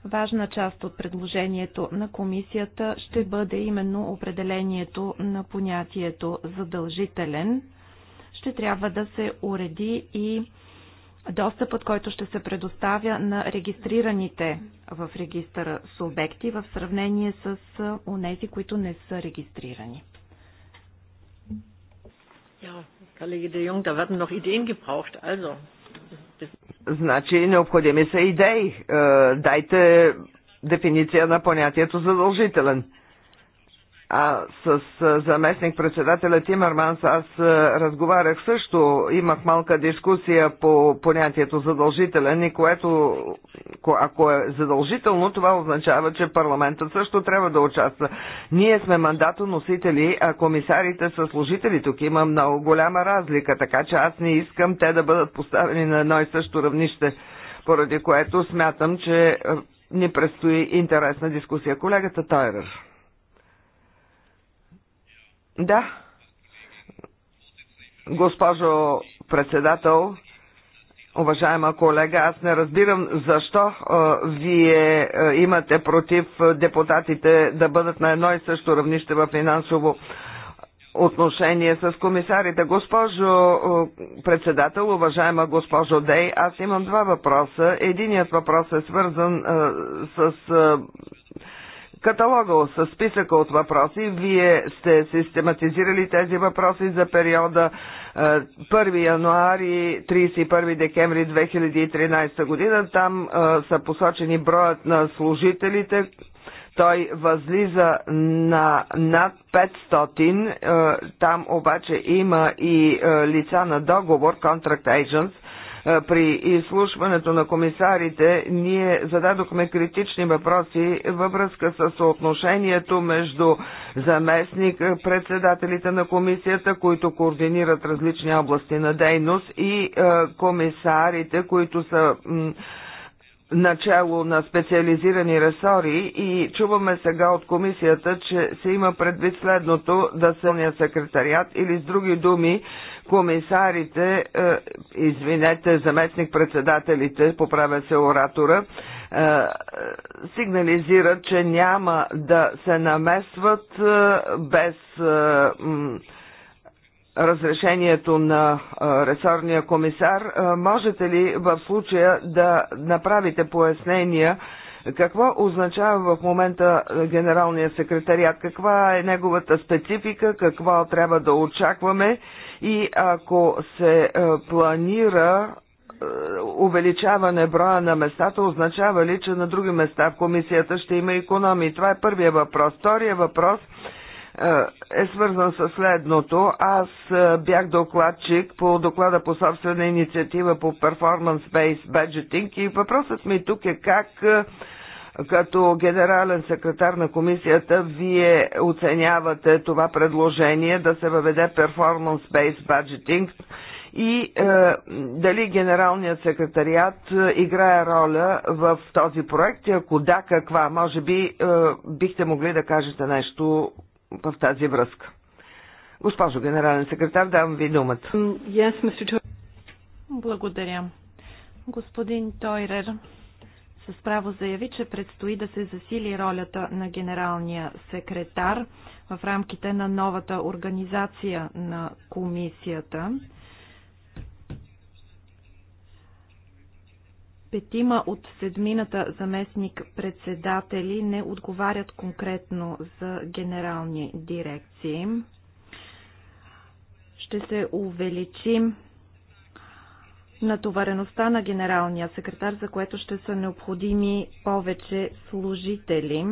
Важна част от предложението на комисията ще бъде именно определението на понятието задължителен. Ще трябва да се уреди и достъпът, който ще се предоставя на регистрираните в регистъра субекти в сравнение с онези, които не са регистрирани. Значи необходими са идеи. Е, дайте дефиниция на понятието задължителен. А с заместник председателя Тимърманс аз разговарях също, имах малка дискусия по понятието задължителен и което, ако е задължително, това означава, че парламентът също трябва да участва. Ние сме мандатоносители, а комисарите са служители. Тук има много голяма разлика, така че аз не искам те да бъдат поставени на едно и също равнище, поради което смятам, че ни предстои интересна дискусия. Колегата Тойрър. Да. Госпожо председател, Уважаема колега, аз не разбирам защо а, вие а, имате против депутатите да бъдат на едно и също равнище в финансово отношение с комисарите. Госпожо председател, уважаема госпожо Дей, аз имам два въпроса. Единият въпрос е свързан а, с. А, каталога с списъка от въпроси. Вие сте систематизирали тези въпроси за периода 1 е, януари 31 декември 2013 година. Там е, са посочени броят на служителите, той възлиза на над 500, е, там обаче има и лица на договор, contract agents, е, при изслушването на комисарите ние зададохме критични въпроси във връзка с съотношението между заместник председателите на комисията, които координират различни области на дейност и е, комисарите, които са начало на специализирани ресори и чуваме сега от комисията, че се има предвид следното да сълния секретариат или с други думи комисарите, е, извинете, заместник-председателите, поправя се оратора, е, е, сигнализират, че няма да се намесват без разрешението на ресорния комисар. Можете ли в случая да направите пояснения какво означава в момента генералния секретариат? Каква е неговата специфика? Какво трябва да очакваме? И ако се е, планира е, увеличаване броя на местата означава ли, че на други места в комисията ще има економии? Това е първия въпрос. Втория въпрос е, е свързан с следното. Аз бях докладчик по доклада по собствена инициатива по Performance Based Budgeting и въпросът ми тук е как като генерален секретар на комисията, вие оценявате това предложение да се въведе performance-based budgeting и е, дали генералният секретариат е, играе роля в този проект и ако да, каква? Може би е, бихте могли да кажете нещо в тази връзка. Госпожо генерален секретар, давам ви думата. Благодаря. Господин Тойрер, с право заяви, че предстои да се засили ролята на генералния секретар в рамките на новата организация на комисията. Петима от седмината заместник председатели не отговарят конкретно за генерални дирекции. Ще се увеличим натовареността на генералния секретар, за което ще са необходими повече служители.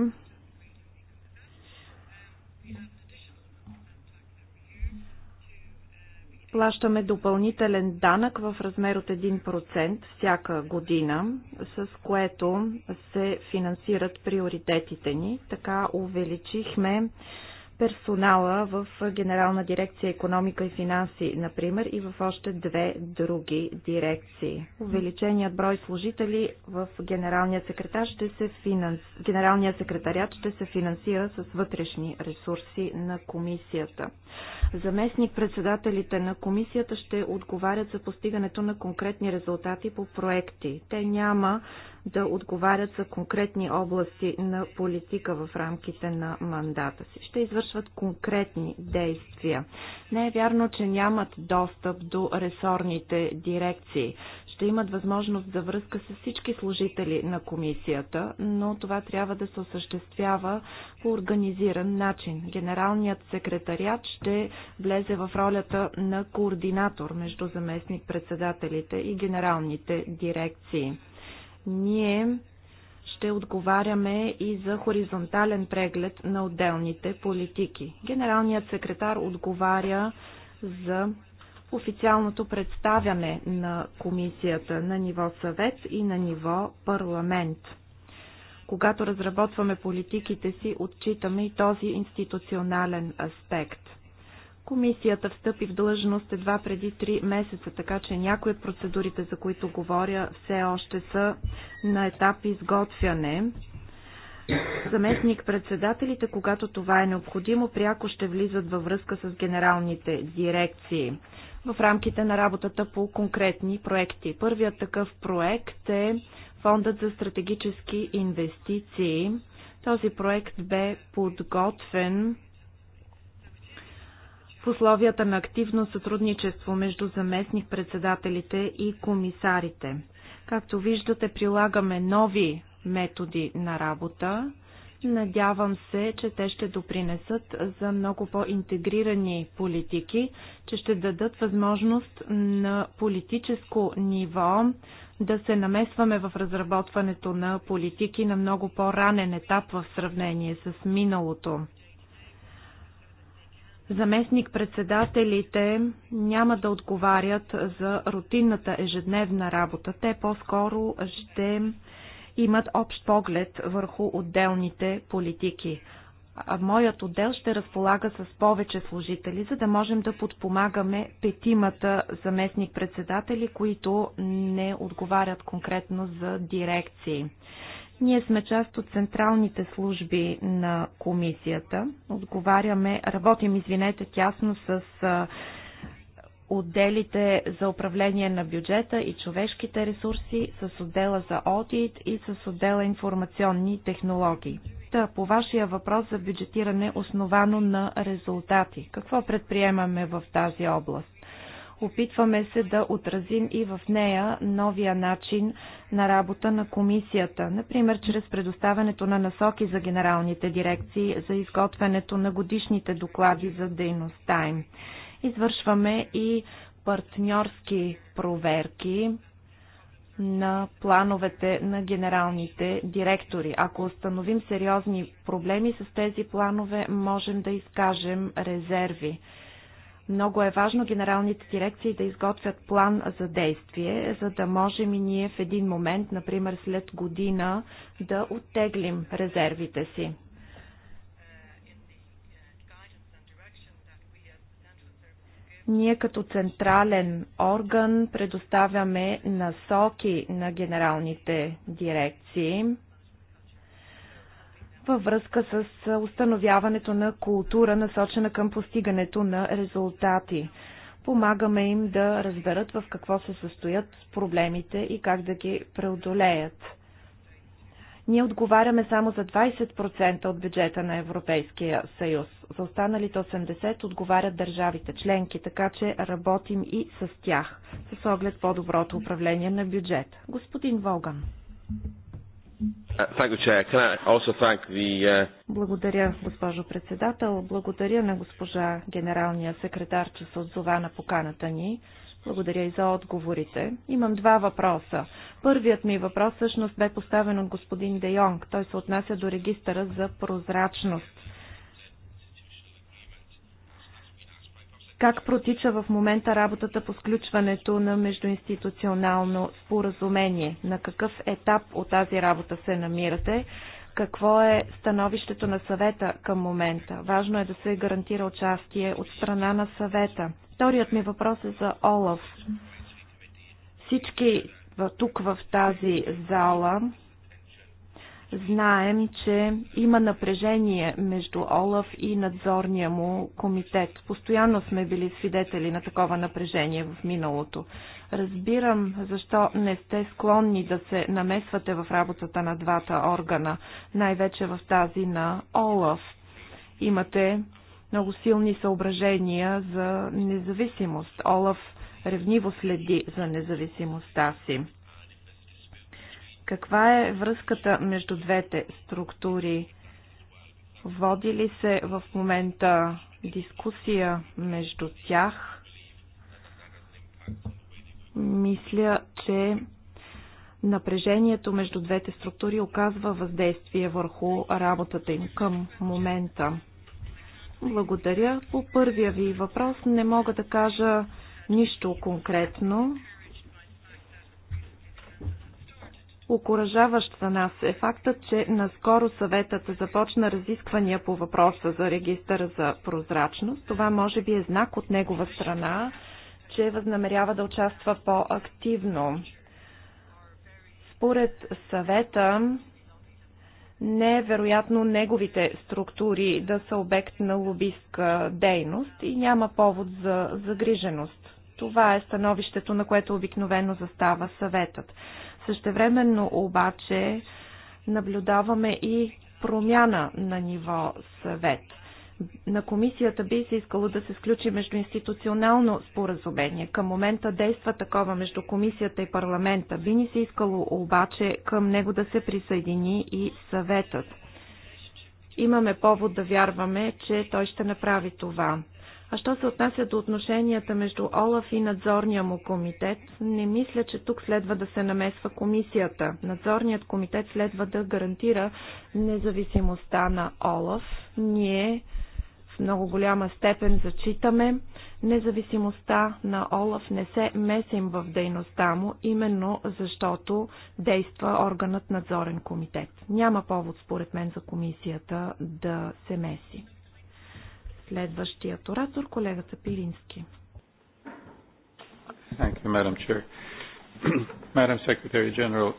Плащаме допълнителен данък в размер от 1% всяка година, с което се финансират приоритетите ни. Така увеличихме персонала в Генерална дирекция економика и финанси, например, и в още две други дирекции. Увеличеният брой служители в Генералния, секретар ще се финанс... Генералния секретарят ще се финансира с вътрешни ресурси на комисията. Заместник председателите на комисията ще отговарят за постигането на конкретни резултати по проекти. Те няма да отговарят за конкретни области на политика в рамките на мандата си. Ще извършват конкретни действия. Не е вярно, че нямат достъп до ресорните дирекции. Ще имат възможност за връзка с всички служители на комисията, но това трябва да се осъществява по организиран начин. Генералният секретариат ще влезе в ролята на координатор между заместник-председателите и генералните дирекции. Ние ще отговаряме и за хоризонтален преглед на отделните политики. Генералният секретар отговаря за официалното представяне на комисията на ниво съвет и на ниво парламент. Когато разработваме политиките си, отчитаме и този институционален аспект – Комисията встъпи в длъжност едва преди 3 месеца, така че някои от процедурите, за които говоря, все още са на етап изготвяне. Заместник-председателите, когато това е необходимо, пряко ще влизат във връзка с генералните дирекции в рамките на работата по конкретни проекти. Първият такъв проект е Фондът за стратегически инвестиции. Този проект бе подготвен в условията на активно сътрудничество между заместник-председателите и комисарите. Както виждате, прилагаме нови методи на работа. Надявам се, че те ще допринесат за много по-интегрирани политики, че ще дадат възможност на политическо ниво да се намесваме в разработването на политики на много по-ранен етап в сравнение с миналото заместник-председателите няма да отговарят за рутинната ежедневна работа. Те по-скоро ще имат общ поглед върху отделните политики. А моят отдел ще разполага с повече служители, за да можем да подпомагаме петимата заместник-председатели, които не отговарят конкретно за дирекции. Ние сме част от централните служби на комисията. Отговаряме, работим, извинете, тясно с отделите за управление на бюджета и човешките ресурси, с отдела за аудит и с отдела информационни технологии. Та, по вашия въпрос за бюджетиране основано на резултати. Какво предприемаме в тази област? Опитваме се да отразим и в нея новия начин на работа на комисията, например чрез предоставянето на насоки за генералните дирекции за изготвянето на годишните доклади за дейността им. Извършваме и партньорски проверки на плановете на генералните директори. Ако установим сериозни проблеми с тези планове, можем да изкажем резерви. Много е важно генералните дирекции да изготвят план за действие, за да можем и ние в един момент, например след година, да оттеглим резервите си. Ние като централен орган предоставяме насоки на генералните дирекции – във връзка с установяването на култура, насочена към постигането на резултати. Помагаме им да разберат в какво се състоят проблемите и как да ги преодолеят. Ние отговаряме само за 20% от бюджета на Европейския съюз. За останалите 80% отговарят държавите членки, така че работим и с тях, с оглед по-доброто управление на бюджет. Господин Волган. Uh, uh, Благодаря, госпожо председател. Благодаря на госпожа генералния секретар, че се отзова на поканата ни. Благодаря и за отговорите. Имам два въпроса. Първият ми въпрос всъщност бе поставен от господин Де Йонг. Той се отнася до регистъра за прозрачност. Как протича в момента работата по сключването на междуинституционално споразумение? На какъв етап от тази работа се намирате? Какво е становището на съвета към момента? Важно е да се гарантира участие от страна на съвета. Вторият ми въпрос е за Олаф. Всички тук в тази зала Знаем, че има напрежение между Олаф и надзорния му комитет. Постоянно сме били свидетели на такова напрежение в миналото. Разбирам защо не сте склонни да се намесвате в работата на двата органа, най-вече в тази на Олаф. Имате много силни съображения за независимост. Олаф ревниво следи за независимостта си. Каква е връзката между двете структури? Води ли се в момента дискусия между тях? Мисля, че напрежението между двете структури оказва въздействие върху работата им към момента. Благодаря. По първия ви въпрос не мога да кажа нищо конкретно. Окоръжаващ за нас е фактът, че наскоро съветът започна разисквания по въпроса за регистъра за прозрачност. Това може би е знак от негова страна, че възнамерява да участва по-активно. Според съвета, не е вероятно неговите структури да са обект на лобистка дейност и няма повод за загриженост. Това е становището, на което обикновено застава съветът. Същевременно обаче наблюдаваме и промяна на ниво съвет. На комисията би се искало да се сключи междуинституционално споразумение. Към момента действа такова между комисията и парламента. Би ни се искало обаче към него да се присъедини и съветът. Имаме повод да вярваме, че той ще направи това. А що се отнася до отношенията между Олаф и надзорния му комитет, не мисля, че тук следва да се намесва комисията. Надзорният комитет следва да гарантира независимостта на Олаф. Ние в много голяма степен зачитаме независимостта на Олаф, не се месим в дейността му, именно защото действа органът надзорен комитет. Няма повод, според мен, за комисията да се меси. Следващият оратор, колегата Пилински. [CLEARS THROAT]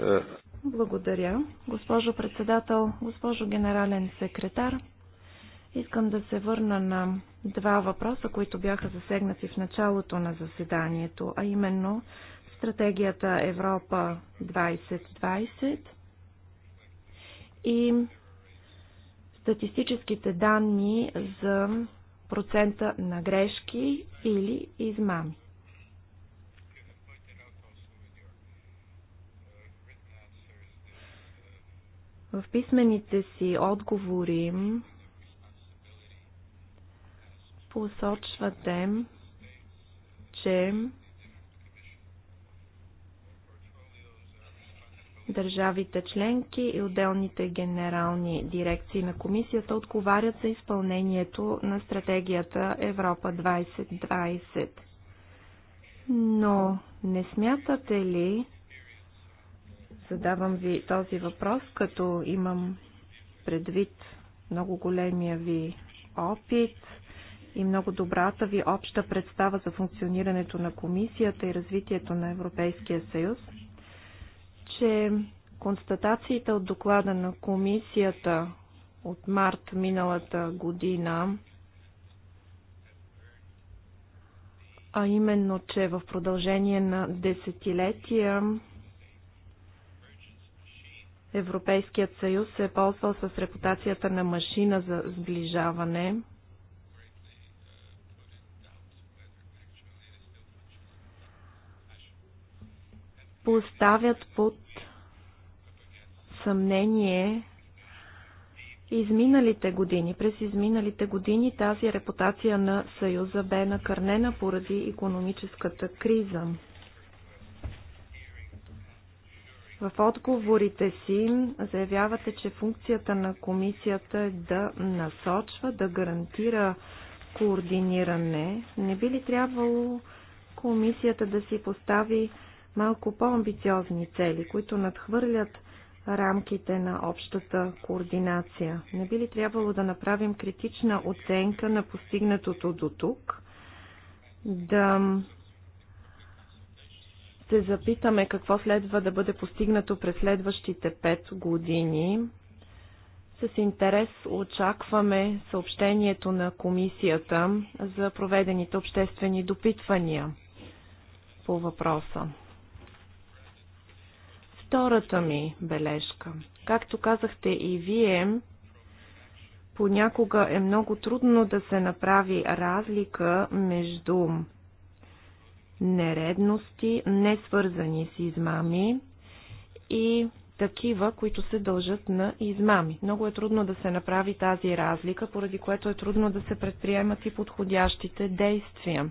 Uh, Благодаря. Госпожо председател, госпожо генерален секретар, искам да се върна на два въпроса, които бяха засегнати в началото на заседанието, а именно стратегията Европа 2020 и статистическите данни за процента на грешки или измами. В писмените си отговори посочвате, че държавите членки и отделните генерални дирекции на комисията отговарят за изпълнението на стратегията Европа 2020. Но не смятате ли, задавам ви този въпрос, като имам предвид много големия ви опит и много добрата ви обща представа за функционирането на комисията и развитието на Европейския съюз, че констатациите от доклада на комисията от март миналата година, а именно, че в продължение на десетилетия Европейският съюз се е ползвал с репутацията на машина за сближаване – поставят под съмнение изминалите години. През изминалите години тази репутация на Съюза бе накърнена поради економическата криза. В отговорите си заявявате, че функцията на комисията е да насочва, да гарантира координиране. Не би ли трябвало комисията да си постави малко по-амбициозни цели, които надхвърлят рамките на общата координация. Не би ли трябвало да направим критична оценка на постигнатото до тук, да се запитаме какво следва да бъде постигнато през следващите 5 години. С интерес очакваме съобщението на комисията за проведените обществени допитвания по въпроса втората ми бележка. Както казахте и вие, понякога е много трудно да се направи разлика между нередности, не свързани с измами и такива, които се дължат на измами. Много е трудно да се направи тази разлика, поради което е трудно да се предприемат и подходящите действия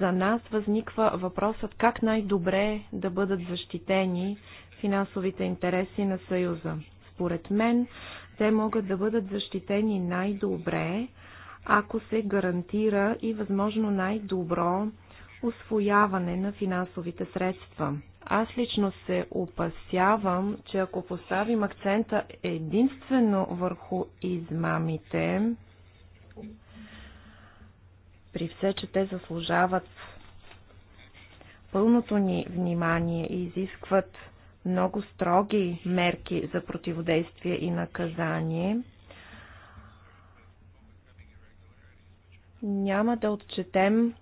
за нас възниква въпросът как най-добре да бъдат защитени финансовите интереси на Съюза. Според мен, те могат да бъдат защитени най-добре, ако се гарантира и възможно най-добро освояване на финансовите средства. Аз лично се опасявам, че ако поставим акцента единствено върху измамите, при все, че те заслужават пълното ни внимание и изискват много строги мерки за противодействие и наказание, няма да отчетем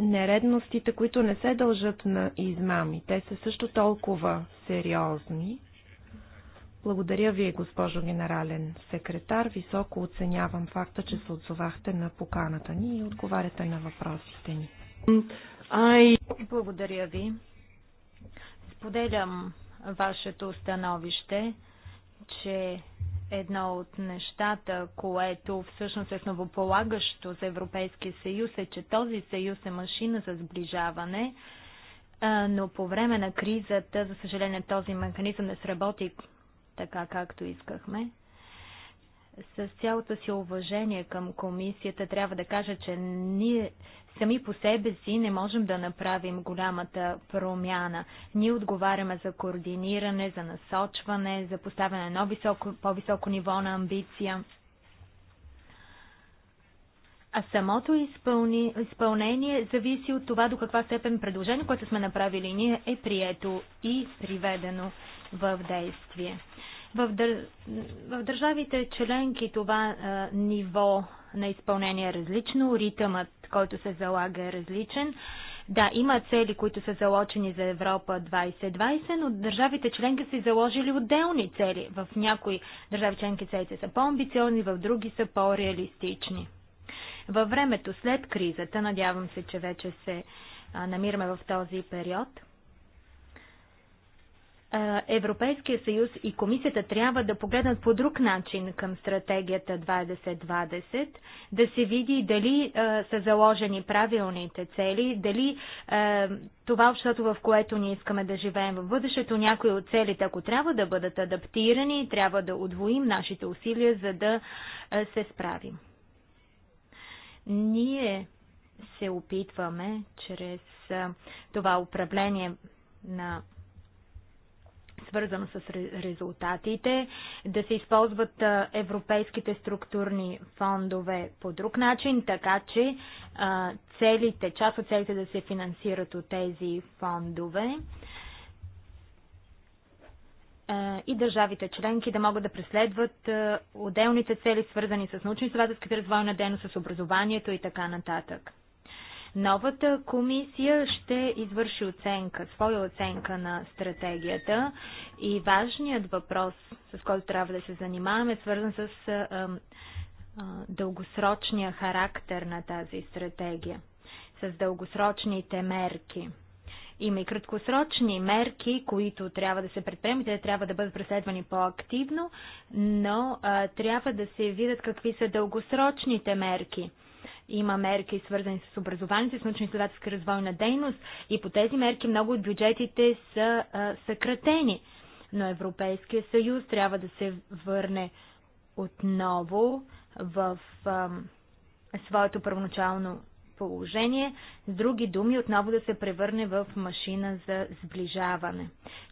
нередностите, които не се дължат на измами. Те са също толкова сериозни. Благодаря ви, госпожо генерален секретар. Високо оценявам факта, че се отзовахте на поканата ни и отговаряте на въпросите ни. I... Благодаря ви. Споделям вашето становище, че едно от нещата, което всъщност е новополагащо за Европейския съюз е, че този съюз е машина за сближаване, но по време на кризата, за съжаление, този механизъм не сработи така както искахме. С цялото си уважение към комисията трябва да кажа, че ние сами по себе си не можем да направим голямата промяна. Ние отговаряме за координиране, за насочване, за поставяне на по-високо ниво на амбиция. А самото изпълни, изпълнение зависи от това до каква степен предложение, което сме направили ние, е прието и приведено в действие. В, дър... в държавите членки това а, ниво на изпълнение е различно, ритъмът, който се залага е различен. Да, има цели, които са заложени за Европа 2020, но държавите членки са заложили отделни цели. В някои държави членки целите са по-амбициозни, в други са по-реалистични. Във времето след кризата, надявам се, че вече се намираме в този период, Европейския съюз и комисията трябва да погледнат по друг начин към стратегията 2020, да се види дали а, са заложени правилните цели, дали а, това обществото, в което ние искаме да живеем в бъдещето, някои от целите, ако трябва да бъдат адаптирани, трябва да удвоим нашите усилия, за да а, се справим. Ние се опитваме чрез това управление на свързано с резултатите, да се използват европейските структурни фондове по друг начин, така че целите, част от целите да се финансират от тези фондове и държавите членки да могат да преследват отделните цели, свързани с научно-изследователската развойна дейност, с образованието и така нататък. Новата комисия ще извърши оценка, своя оценка на стратегията и важният въпрос, с който трябва да се занимаваме, е свързан с дългосрочния характер на тази стратегия, с дългосрочните мерки. Има и краткосрочни мерки, които трябва да се предприемат, те трябва да бъдат преследвани по-активно, но а, трябва да се видят какви са дългосрочните мерки. Има мерки, свързани с образованието, с научно-изследователска развойна дейност и по тези мерки много от бюджетите са а, съкратени. Но Европейския съюз трябва да се върне отново в а, своето първоначално положение, с други думи отново да се превърне в машина за сближаване.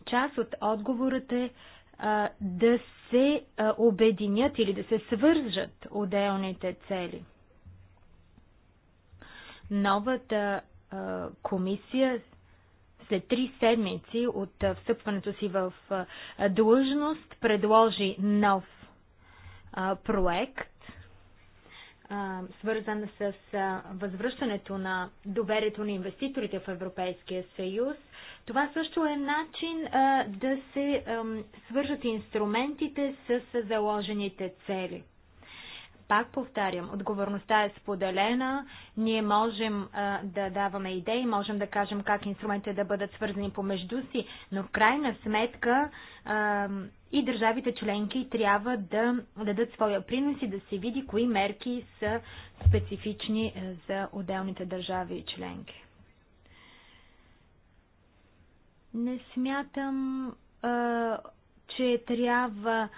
Част от отговорът е а, да се а, обединят или да се свържат отделните цели новата комисия след три седмици от встъпването си в длъжност предложи нов проект, свързан с възвръщането на доверието на инвеститорите в Европейския съюз. Това също е начин да се свържат инструментите с заложените цели. Пак повтарям, отговорността е споделена, ние можем а, да даваме идеи, можем да кажем как инструментите да бъдат свързани помежду си, но в крайна сметка а, и държавите членки трябва да дадат своя принос и да се види кои мерки са специфични за отделните държави и членки. Не смятам, а, че трябва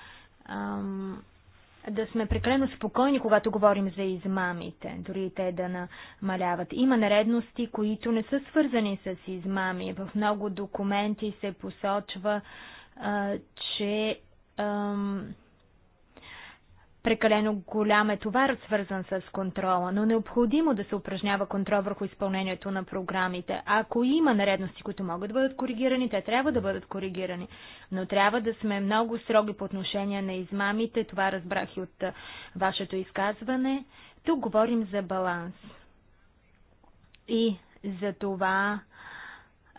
да сме прекалено спокойни, когато говорим за измамите, дори те да намаляват. Има наредности, които не са свързани с измами. В много документи се посочва, а, че Прекалено голям е товар, свързан с контрола, но необходимо да се упражнява контрол върху изпълнението на програмите. Ако има наредности, които могат да бъдат коригирани, те трябва да бъдат коригирани. Но трябва да сме много строги по отношение на измамите. Това разбрах и от вашето изказване. Тук говорим за баланс. И за това.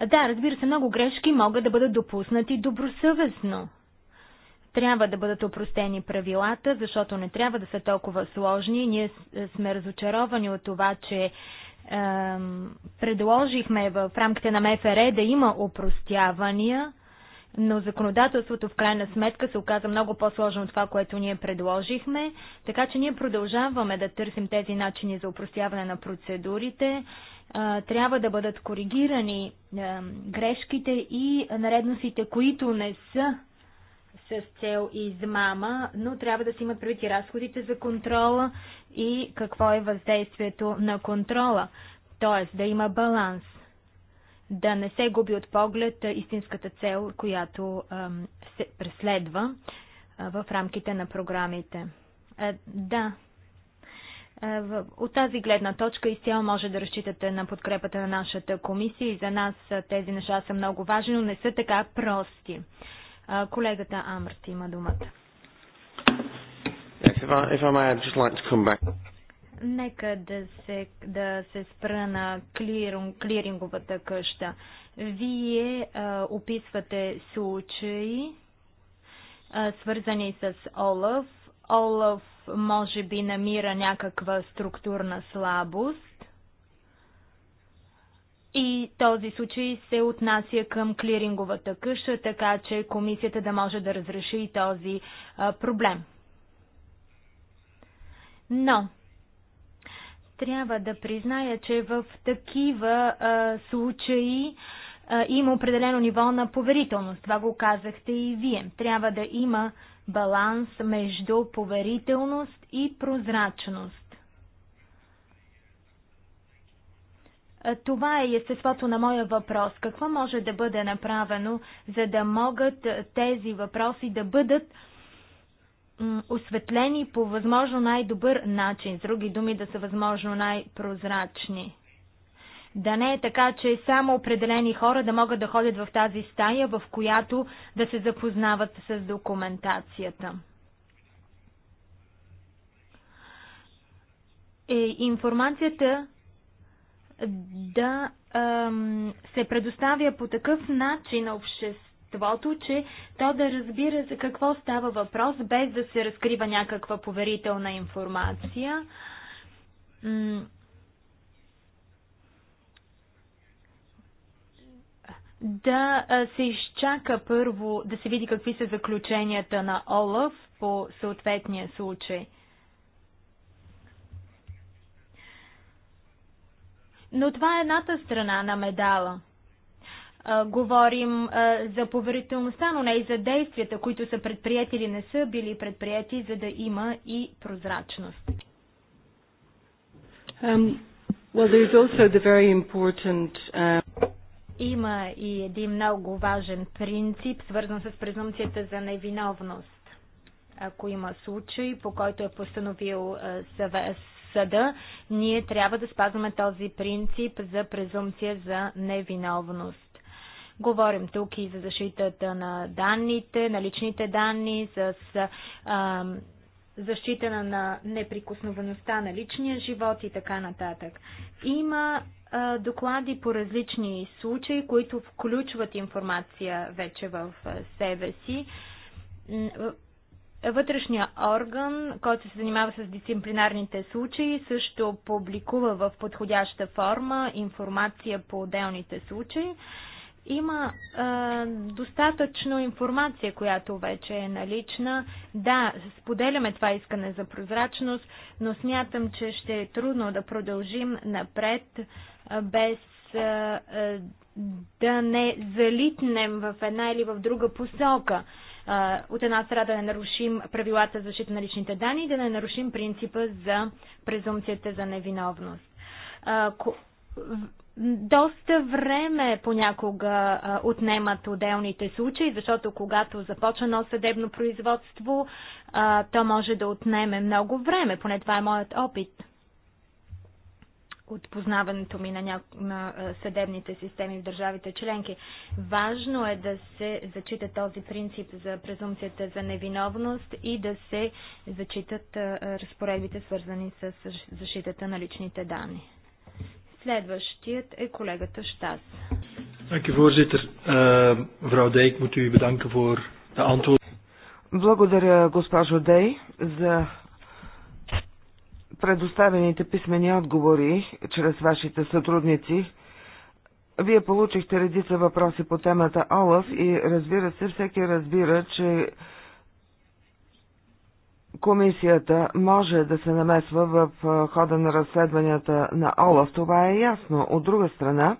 Да, разбира се, много грешки могат да бъдат допуснати добросъвестно. Трябва да бъдат опростени правилата, защото не трябва да са толкова сложни. Ние е, сме разочаровани от това, че предложихме в рамките на МФР да има опростявания, но законодателството в крайна сметка се оказа много по-сложно от това, което ние предложихме, така че ние продължаваме да търсим тези начини за опростяване на процедурите. Трябва да бъдат коригирани грешките и наредностите, които не са с цел измама, но трябва да се имат предвид и разходите за контрола и какво е въздействието на контрола. Тоест да има баланс, да не се губи от поглед истинската цел, която се преследва в рамките на програмите. Да, от тази гледна точка изцяло може да разчитате на подкрепата на нашата комисия и за нас тези неща са много важни, но не са така прости. Колегата Амърт има думата. Yes, if I, if I may, I'd just like to come back. Нека да се, да се спра на клиринг, клиринговата къща. Вие а, описвате случаи, а, свързани с Олаф. Олаф може би намира някаква структурна слабост и този случай се отнася към клиринговата къща, така че комисията да може да разреши и този а, проблем. Но, трябва да призная, че в такива а, случаи а, има определено ниво на поверителност. Това го казахте и вие. Трябва да има баланс между поверителност и прозрачност. Това е естеството на моя въпрос. Какво може да бъде направено, за да могат тези въпроси да бъдат осветлени по възможно най-добър начин, с други думи да са възможно най-прозрачни? Да не е така, че само определени хора да могат да ходят в тази стая, в която да се запознават с документацията. Е, информацията да ам, се предоставя по такъв начин на обществото, че то да разбира за какво става въпрос, без да се разкрива някаква поверителна информация. да се изчака първо да се види какви са заключенията на Олаф по съответния случай. Но това е едната страна на медала. А, говорим а, за поверителността, но не и за действията, които са предприяти или не са били предприяти, за да има и прозрачност. Um, well, is also the very important, uh... Има и един много важен принцип, свързан с презумцията за невиновност. Ако има случай, по който е постановил съвест съда, ние трябва да спазваме този принцип за презумпция за невиновност. Говорим тук и за защитата на данните, на личните данни, с а, защита на неприкосновеността на личния живот и така нататък. Има а, доклади по различни случаи, които включват информация вече в себе си Вътрешния орган, който се занимава с дисциплинарните случаи, също публикува в подходяща форма информация по отделните случаи. Има е, достатъчно информация, която вече е налична. Да, споделяме това искане за прозрачност, но смятам, че ще е трудно да продължим напред без е, да не залитнем в една или в друга посока от една страна да не нарушим правилата за защита на личните данни и да не нарушим принципа за презумцията за невиновност. Доста време понякога отнемат отделните случаи, защото когато започва едно съдебно производство, то може да отнеме много време, поне това е моят опит от познаването ми на, ня... на съдебните системи в държавите членки. Важно е да се зачита този принцип за презумцията за невиновност и да се зачитат разпоредбите, свързани с защитата на личните данни. Следващият е колегата Штас. Ehm, Благодаря, госпожо Дей, за предоставените писмени отговори чрез вашите сътрудници, вие получихте редица въпроси по темата Олаф и разбира се, всеки разбира, че комисията може да се намесва в хода на разследванията на Олаф. Това е ясно. От друга страна,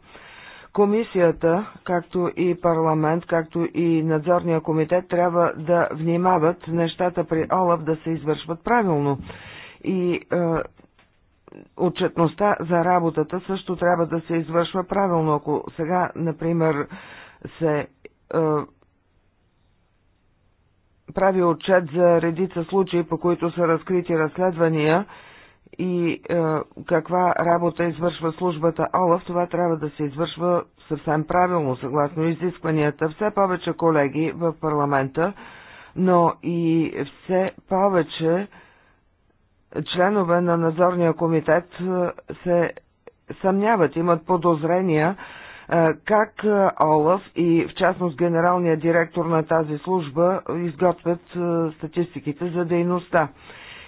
комисията, както и парламент, както и надзорния комитет трябва да внимават нещата при Олаф да се извършват правилно и е, отчетността за работата също трябва да се извършва правилно. Ако сега, например, се е, прави отчет за редица случаи, по които са разкрити разследвания и е, каква работа извършва службата ОЛАФ, това трябва да се извършва съвсем правилно, съгласно изискванията. Все повече колеги в парламента, но и все повече членове на надзорния комитет е, се съмняват, имат подозрения е, как е, Олаф и в частност генералният директор на тази служба изготвят статистиките за дейността.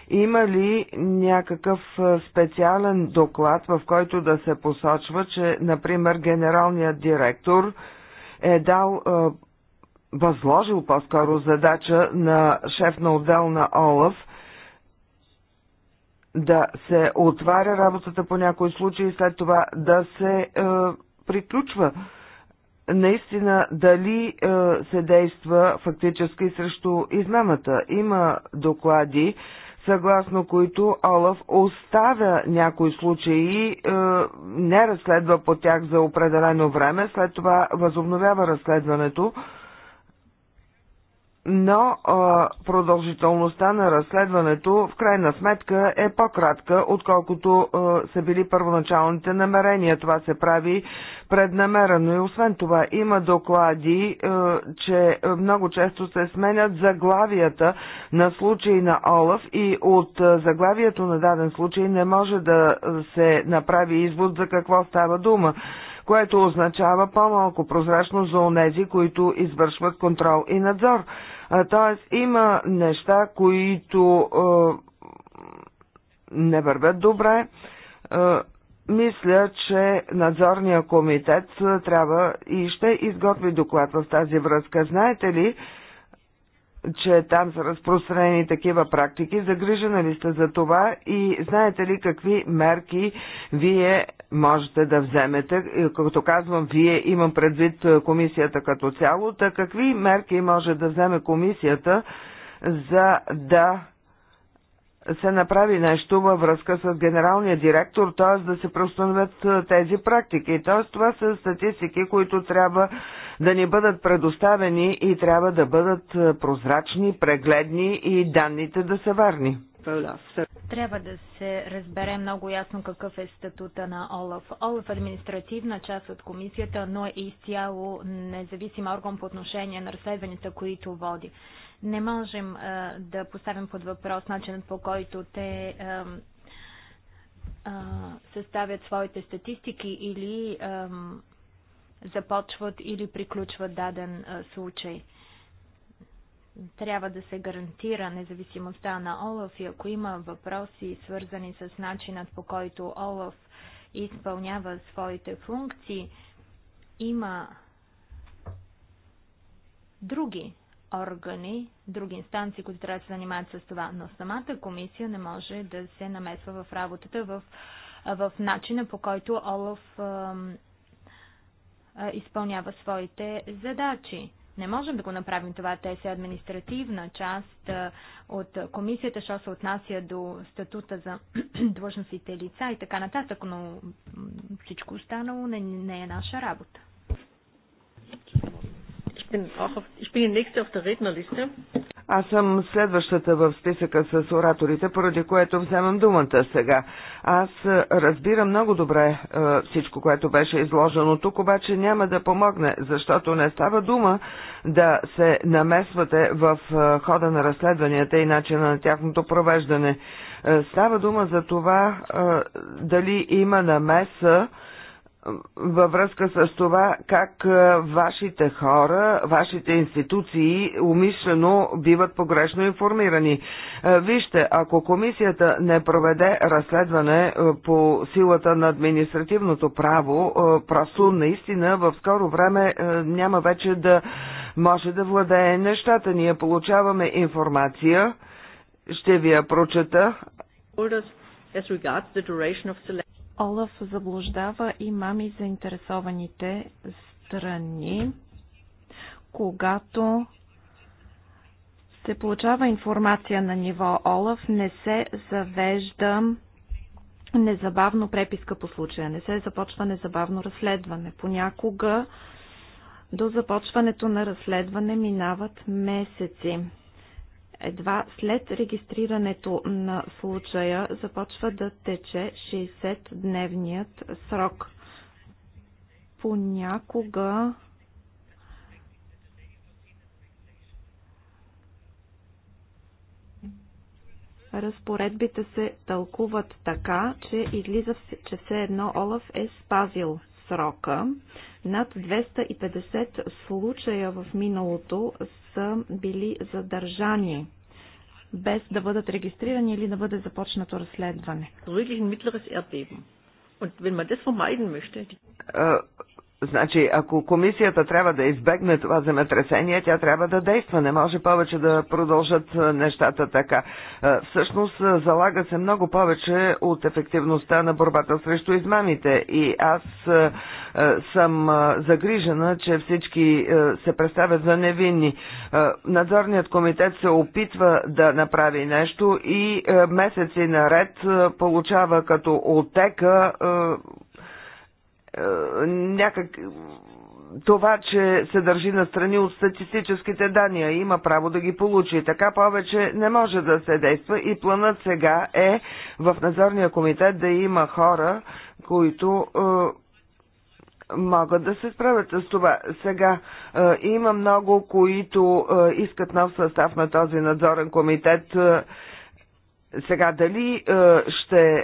Има ли някакъв специален доклад, в който да се посочва, че, например, генералният директор е дал възложил по-скоро задача на шеф на отдел на Олаф – да се отваря работата по някои случаи, след това да се е, приключва. Наистина, дали е, се действа фактически срещу измамата? Има доклади, съгласно които Олаф оставя някои случаи, е, не разследва по тях за определено време, след това възобновява разследването. Е, но а, продължителността на разследването в крайна сметка е по-кратка, отколкото а, са били първоначалните намерения. Това се прави преднамерено и освен това има доклади, а, че много често се сменят заглавията на случаи на Олаф и от а, заглавието на даден случай не може да се направи извод за какво става дума което означава по-малко прозрачност за онези, които извършват контрол и надзор. Тоест има неща, които не вървят добре. Мисля, че надзорния комитет трябва и ще изготви доклад в тази връзка. Знаете ли, че там са разпространени такива практики. Загрижена ли сте за това и знаете ли какви мерки вие можете да вземете? Като казвам вие, имам предвид комисията като цяло. какви мерки може да вземе комисията за да се направи нещо във връзка с генералния директор, т.е. да се преустановят тези практики. Т.е. това са статистики, които трябва да ни бъдат предоставени и трябва да бъдат прозрачни, прегледни и данните да са верни. Олаф. Трябва да се разбере много ясно какъв е статута на Олаф. Олаф е административна част от комисията, но е изцяло независим орган по отношение на разследванията, които води. Не можем а, да поставим под въпрос начинът по който те а, а, съставят своите статистики или а, започват или приключват даден а, случай трябва да се гарантира независимостта на ОЛАФ и ако има въпроси свързани с начинът по който ОЛАФ изпълнява своите функции, има други органи, други инстанции, които трябва да се занимават с това, но самата комисия не може да се намесва в работата в, в начина по който ОЛАФ е, е, изпълнява своите задачи. Не можем да го направим това. Те са административна част от комисията, що се отнася до статута за [CLEARS THROAT] длъжностите лица и така нататък, но всичко останало не, не е наша работа. Ich bin, auch auf, ich bin die nächste auf der Rednerliste. Аз съм следващата в списъка с ораторите, поради което вземам думата сега. Аз е, разбирам много добре е, всичко, което беше изложено тук, обаче няма да помогне, защото не става дума да се намесвате в е, хода на разследванията и начина на тяхното провеждане. Е, става дума за това е, дали има намеса, е, във връзка с това как вашите хора, вашите институции умишлено биват погрешно информирани. Вижте, ако комисията не проведе разследване по силата на административното право, прасу наистина в скоро време няма вече да може да владее нещата. Ние получаваме информация, ще ви я прочета. As regards the duration of selection. Олаф заблуждава и мами заинтересованите страни, когато се получава информация на ниво Олаф, не се завежда незабавно преписка по случая, не се започва незабавно разследване. Понякога до започването на разследване минават месеци. Едва след регистрирането на случая започва да тече 60-дневният срок. Понякога разпоредбите се тълкуват така, че излиза, че все едно Олаф е спазил срока. Над 250 случая в миналото са били задържани без да бъдат регистрирани или да бъде започнато разследване. Значи, ако комисията трябва да избегне това земетресение, тя трябва да действа. Не може повече да продължат нещата така. Всъщност, залага се много повече от ефективността на борбата срещу измамите. И аз съм загрижена, че всички се представят за невинни. Надзорният комитет се опитва да направи нещо и месеци наред получава като отека е, някак... Това, че се държи на страни от статистическите дания, има право да ги получи. Така повече не може да се действа и планът сега е в надзорния комитет да има хора, които е, могат да се справят с това. Сега е, има много, които е, искат нов състав на този надзорен комитет. Е, сега дали е, ще е,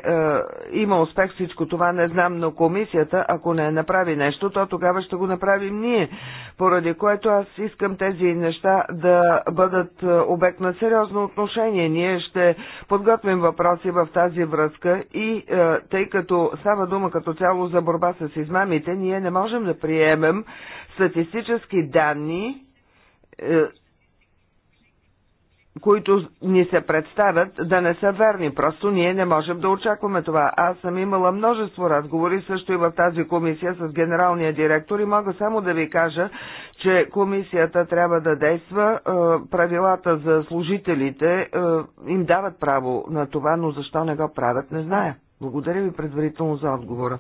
има успех всичко това, не знам, но комисията, ако не направи нещо, то тогава ще го направим ние, поради което аз искам тези неща да бъдат е, обект на сериозно отношение. Ние ще подготвим въпроси в тази връзка и тъй като става дума като цяло за борба с измамите, ние не можем да приемем статистически данни, които ни се представят да не са верни. Просто ние не можем да очакваме това. Аз съм имала множество разговори също и в тази комисия с генералния директор и мога само да ви кажа, че комисията трябва да действа. Е, правилата за служителите е, им дават право на това, но защо не го правят, не зная. Благодаря ви предварително за отговора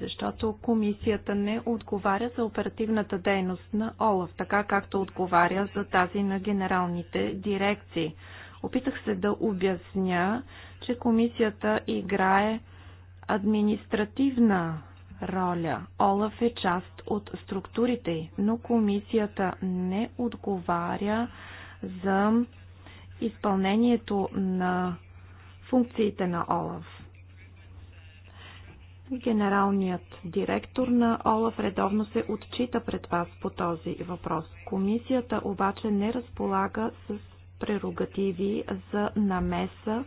защото комисията не отговаря за оперативната дейност на ОЛАФ, така както отговаря за тази на генералните дирекции. Опитах се да обясня, че комисията играе административна роля. ОЛАФ е част от структурите й, но комисията не отговаря за изпълнението на функциите на ОЛАФ. Генералният директор на ОЛАФ редовно се отчита пред вас по този въпрос. Комисията обаче не разполага с прерогативи за намеса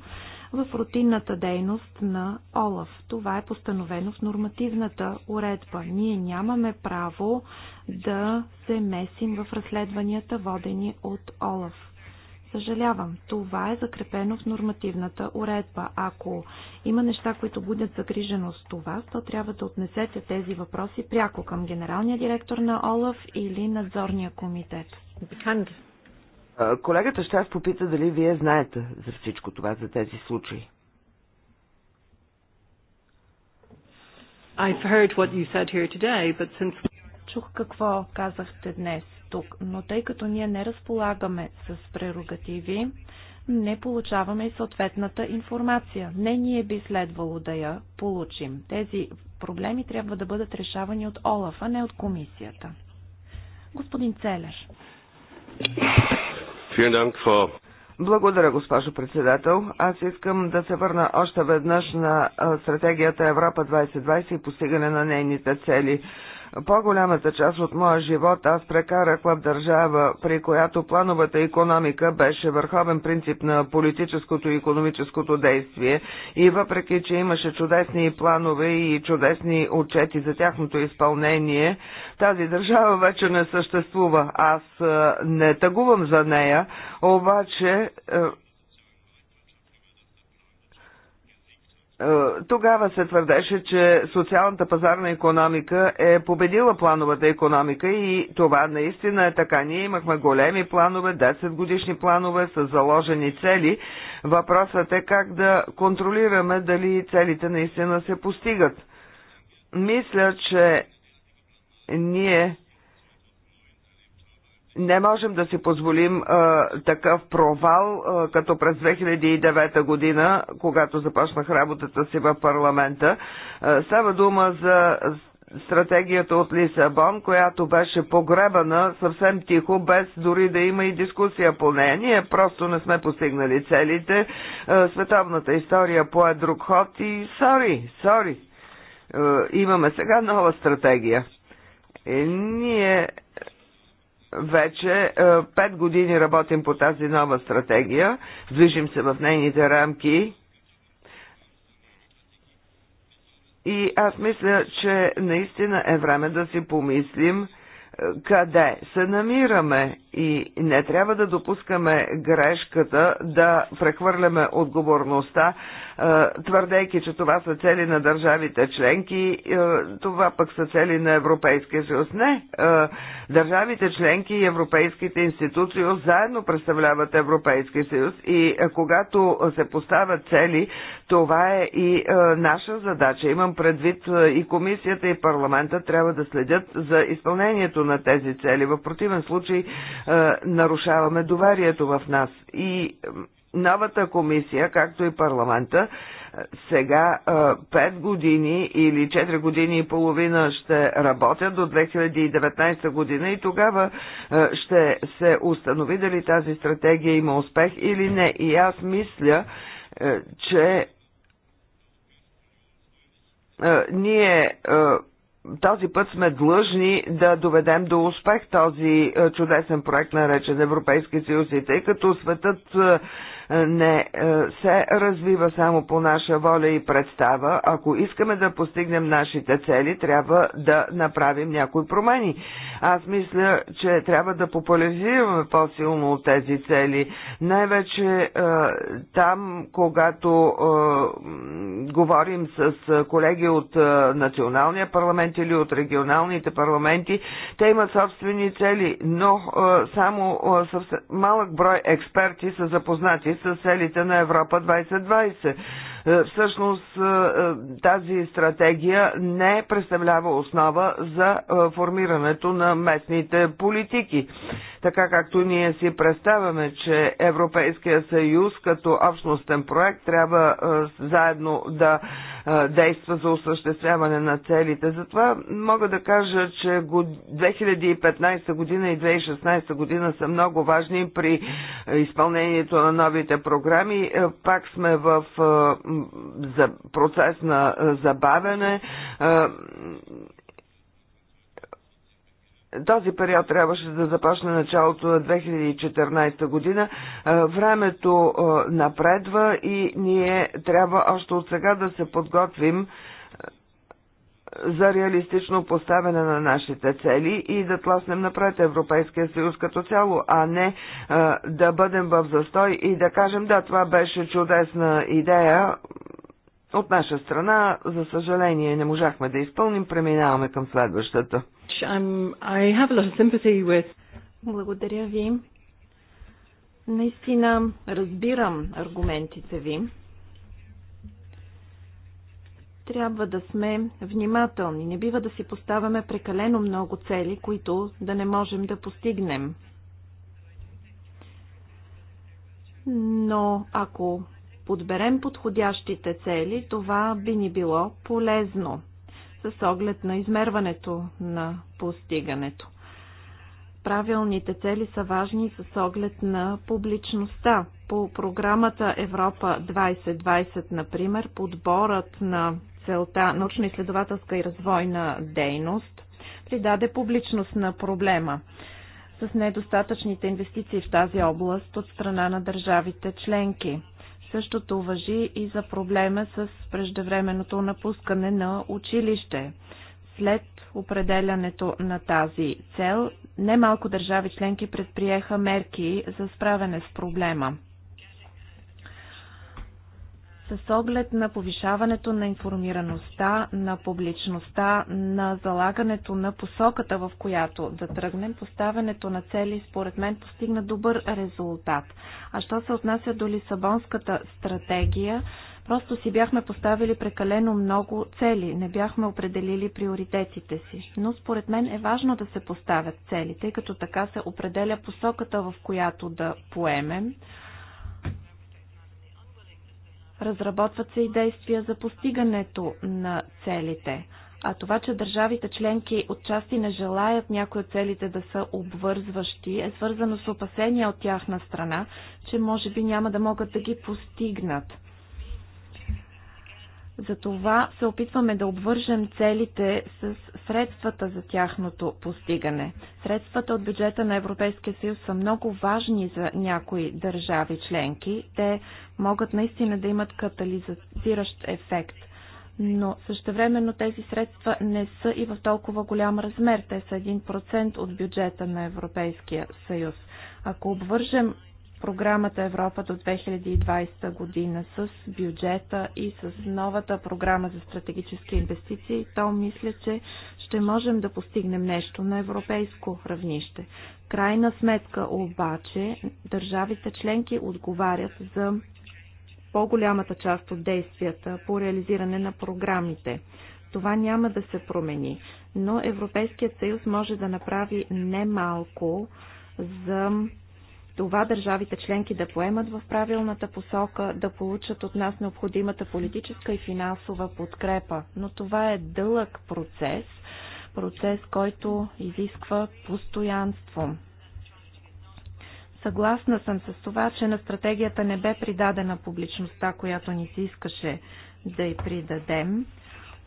в рутинната дейност на ОЛАФ. Това е постановено в нормативната уредба. Ние нямаме право да се месим в разследванията, водени от ОЛАФ съжалявам. Това е закрепено в нормативната уредба. Ако има неща, които будят загриженост у това, то трябва да отнесете тези въпроси пряко към генералния директор на ОЛАФ или надзорния комитет. Колегата Щав попита дали вие знаете за всичко това, за тези случаи. I've heard what you said here today, but since... Чух какво казахте днес тук, но тъй като ние не разполагаме с прерогативи, не получаваме и съответната информация. Не ние би следвало да я получим. Тези проблеми трябва да бъдат решавани от Олаф, а не от комисията. Господин Целер. Благодаря, госпожо председател. Аз искам да се върна още веднъж на стратегията Европа 2020 и постигане на нейните цели. По-голямата част от моя живот аз прекарах в държава, при която плановата економика беше върховен принцип на политическото и економическото действие и въпреки, че имаше чудесни планове и чудесни отчети за тяхното изпълнение, тази държава вече не съществува. Аз е, не тъгувам за нея, обаче е, Е, тогава се твърдеше, че социалната пазарна економика е победила плановата економика и това наистина е така. Ние имахме големи планове, 10 годишни планове с заложени цели. Въпросът е как да контролираме дали целите наистина се постигат. Мисля, че ние не можем да си позволим а, такъв провал, а, като през 2009 година, когато започнах работата си в парламента. А, става дума за стратегията от Лисабон, която беше погребана съвсем тихо, без дори да има и дискусия по нея. Ние просто не сме постигнали целите. Световната история по е друг ход и сори, сори. Имаме сега нова стратегия. Е, ние вече е, пет години работим по тази нова стратегия, движим се в нейните рамки и аз мисля, че наистина е време да си помислим къде се намираме и не трябва да допускаме грешката да прехвърляме отговорността, е, твърдейки, че това са цели на държавите членки, е, това пък са цели на Европейския съюз. Не, е, държавите членки и европейските институции заедно представляват Европейския съюз и когато се поставят цели, това е и наша задача. Имам предвид и комисията и парламента трябва да следят за изпълнението на тези цели. В противен случай е, нарушаваме доверието в нас. И новата комисия, както и парламента, е, сега 5 е, години или 4 години и половина ще работят до 2019 година и тогава ще се установи дали тази стратегия има успех или не. И аз мисля, че ние този път сме длъжни да доведем до успех този е, чудесен проект, наречен Европейски съюз. И тъй като светът е, не е, се развива само по наша воля и представа. Ако искаме да постигнем нашите цели, трябва да направим някои промени. Аз мисля, че трябва да популяризираме по-силно тези цели. Най-вече е, там, когато е, говорим с колеги от националния парламент или от регионалните парламенти, те имат собствени цели, но само малък брой експерти са запознати с елите на Европа 2020. Е, всъщност е, е, тази стратегия не представлява основа за формирането на местните политики. Така както ние си представяме, че Европейския съюз като общностен проект трябва заедно да действа за осъществяване на целите. Затова мога да кажа, че 2015 година и 2016 година са много важни при изпълнението на новите програми. Пак сме в за процес на забавене. Този период трябваше да започне началото на 2014 година. Времето напредва и ние трябва още от сега да се подготвим за реалистично поставяне на нашите цели и да тласнем напред Европейския съюз като цяло, а не а, да бъдем в застой и да кажем да, това беше чудесна идея. От наша страна, за съжаление, не можахме да изпълним, преминаваме към следващата. With... Благодаря ви. Наистина разбирам аргументите ви трябва да сме внимателни. Не бива да си поставяме прекалено много цели, които да не можем да постигнем. Но ако подберем подходящите цели, това би ни било полезно с оглед на измерването на постигането. Правилните цели са важни с оглед на публичността. По програмата Европа 2020, например, подборът на целта научно-изследователска и развойна дейност, придаде публичност на проблема с недостатъчните инвестиции в тази област от страна на държавите членки. Същото въжи и за проблема с преждевременното напускане на училище. След определянето на тази цел, немалко държави членки предприеха мерки за справяне с проблема с оглед на повишаването на информираността на публичността, на залагането на посоката, в която да тръгнем, поставянето на цели, според мен, постигна добър резултат. А що се отнася до Лисабонската стратегия, просто си бяхме поставили прекалено много цели, не бяхме определили приоритетите си. Но според мен е важно да се поставят цели, тъй като така се определя посоката, в която да поемем Разработват се и действия за постигането на целите. А това, че държавите членки отчасти не желаят някои от целите да са обвързващи, е свързано с опасения от тяхна страна, че може би няма да могат да ги постигнат. Затова се опитваме да обвържем целите с средствата за тяхното постигане. Средствата от бюджета на Европейския съюз са много важни за някои държави членки. Те могат наистина да имат катализиращ ефект. Но същевременно тези средства не са и в толкова голям размер. Те са 1% от бюджета на Европейския съюз. Ако обвържем програмата Европа до 2020 година с бюджета и с новата програма за стратегически инвестиции, то мисля, че ще можем да постигнем нещо на европейско равнище. Крайна сметка обаче държавите членки отговарят за по-голямата част от действията по реализиране на програмите. Това няма да се промени, но Европейският съюз може да направи немалко за това държавите членки да поемат в правилната посока, да получат от нас необходимата политическа и финансова подкрепа. Но това е дълъг процес, процес, който изисква постоянство. Съгласна съм с това, че на стратегията не бе придадена публичността, която ни се искаше да й придадем.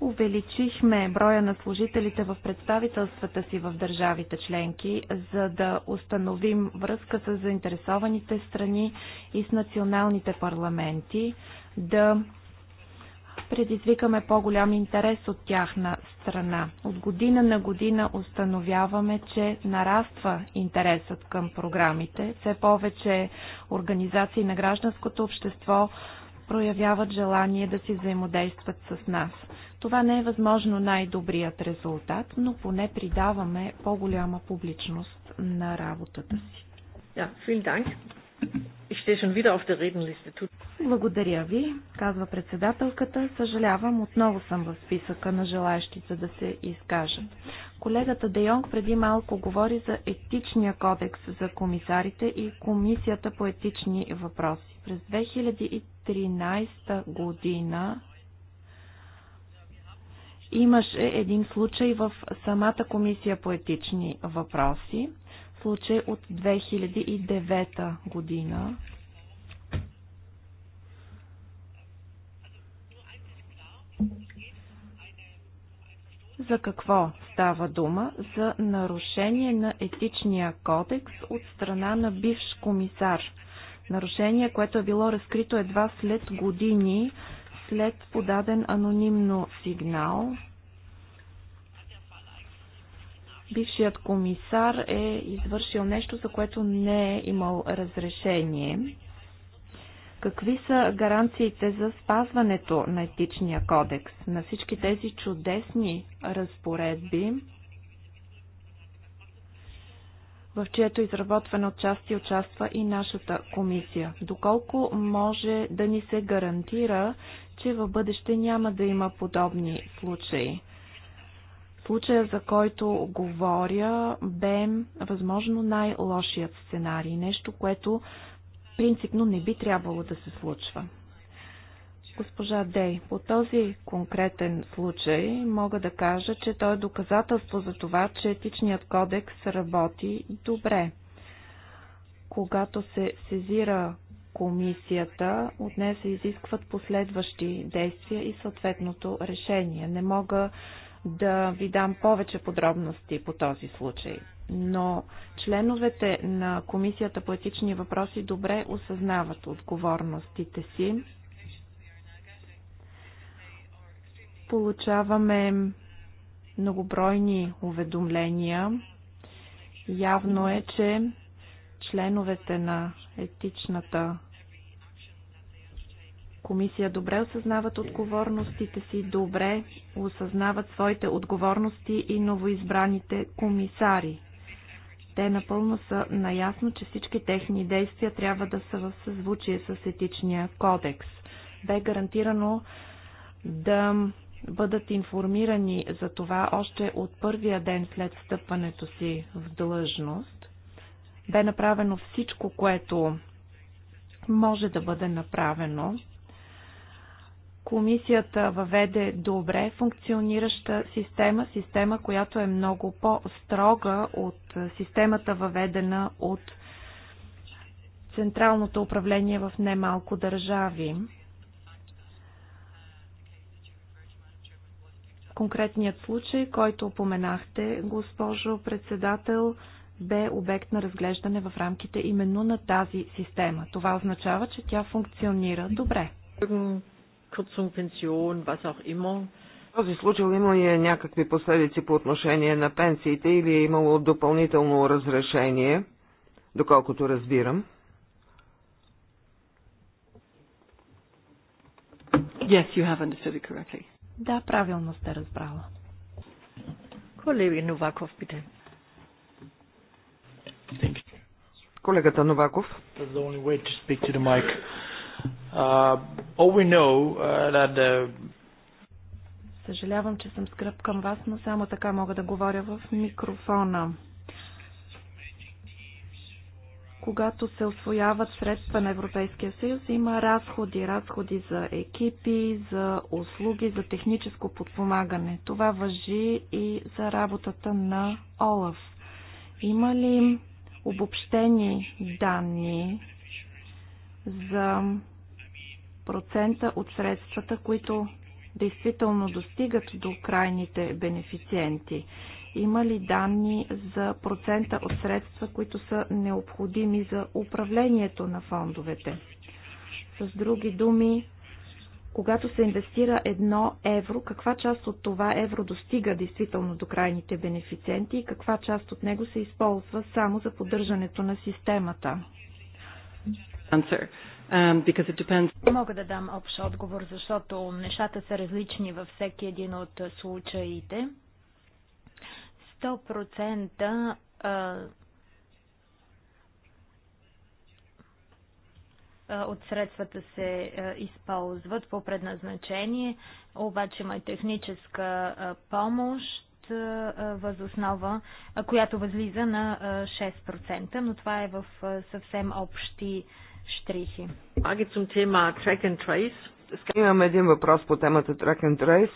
Увеличихме броя на служителите в представителствата си в държавите членки, за да установим връзка с заинтересованите страни и с националните парламенти, да предизвикаме по-голям интерес от тяхна страна. От година на година установяваме, че нараства интересът към програмите. Все повече организации на гражданското общество проявяват желание да си взаимодействат с нас. Това не е възможно най-добрият резултат, но поне придаваме по-голяма публичност на работата си. Ja, vielen Dank. Благодаря ви, казва председателката. Съжалявам, отново съм в списъка на желаящите да се изкажат. Колегата Де Йонг преди малко говори за етичния кодекс за комисарите и Комисията по етични въпроси. През 2013 година имаше един случай в самата Комисия по етични въпроси случай от 2009 година. За какво става дума? За нарушение на етичния кодекс от страна на бивш комисар. Нарушение, което е било разкрито едва след години, след подаден анонимно сигнал бившият комисар е извършил нещо, за което не е имал разрешение. Какви са гаранциите за спазването на етичния кодекс, на всички тези чудесни разпоредби, в чието изработване отчасти участва и нашата комисия? Доколко може да ни се гарантира, че в бъдеще няма да има подобни случаи? Случая, за който говоря, бе възможно най-лошият сценарий. Нещо, което принципно не би трябвало да се случва. Госпожа Дей, по този конкретен случай мога да кажа, че той е доказателство за това, че етичният кодекс работи добре. Когато се сезира комисията, от нея се изискват последващи действия и съответното решение. Не мога да ви дам повече подробности по този случай. Но членовете на Комисията по етични въпроси добре осъзнават отговорностите си. Получаваме многобройни уведомления. Явно е, че членовете на етичната комисия добре осъзнават отговорностите си, добре осъзнават своите отговорности и новоизбраните комисари. Те напълно са наясно, че всички техни действия трябва да са в съзвучие с етичния кодекс. Бе гарантирано да бъдат информирани за това още от първия ден след встъпването си в длъжност. Бе направено всичко, което може да бъде направено. Комисията въведе добре функционираща система, система, която е много по-строга от системата въведена от Централното управление в немалко държави. Конкретният случай, който упоменахте, госпожо председател, бе обект на разглеждане в рамките именно на тази система. Това означава, че тя функционира добре. Kürzung Pension, was auch immer. Този случай има ли някакви последици по отношение на пенсиите или е имало допълнително разрешение, доколкото разбирам? Yes, you have understood it correctly. Да, правилно сте разбрала. Колеги Новаков, пите. Колегата Новаков. Uh, all we know uh, that the uh, Съжалявам, че съм скръп към вас, но само така мога да говоря в микрофона. Когато се освояват средства на Европейския съюз, има разходи. Разходи за екипи, за услуги, за техническо подпомагане. Това въжи и за работата на ОЛАФ. Има ли обобщени данни за процента от средствата, които действително достигат до крайните бенефициенти? Има ли данни за процента от средства, които са необходими за управлението на фондовете? С други думи, когато се инвестира едно евро, каква част от това евро достига действително до крайните бенефициенти и каква част от него се използва само за поддържането на системата? Answer. Не um, Мога да дам общ отговор, защото нещата са различни във всеки един от случаите. 100% от средствата се използват по предназначение, обаче има и техническа помощ, възоснова, която възлиза на 6%, но това е в съвсем общи щрихи. Аги zum Thema Track and Trace. Имам един въпрос по темата Track and Trace.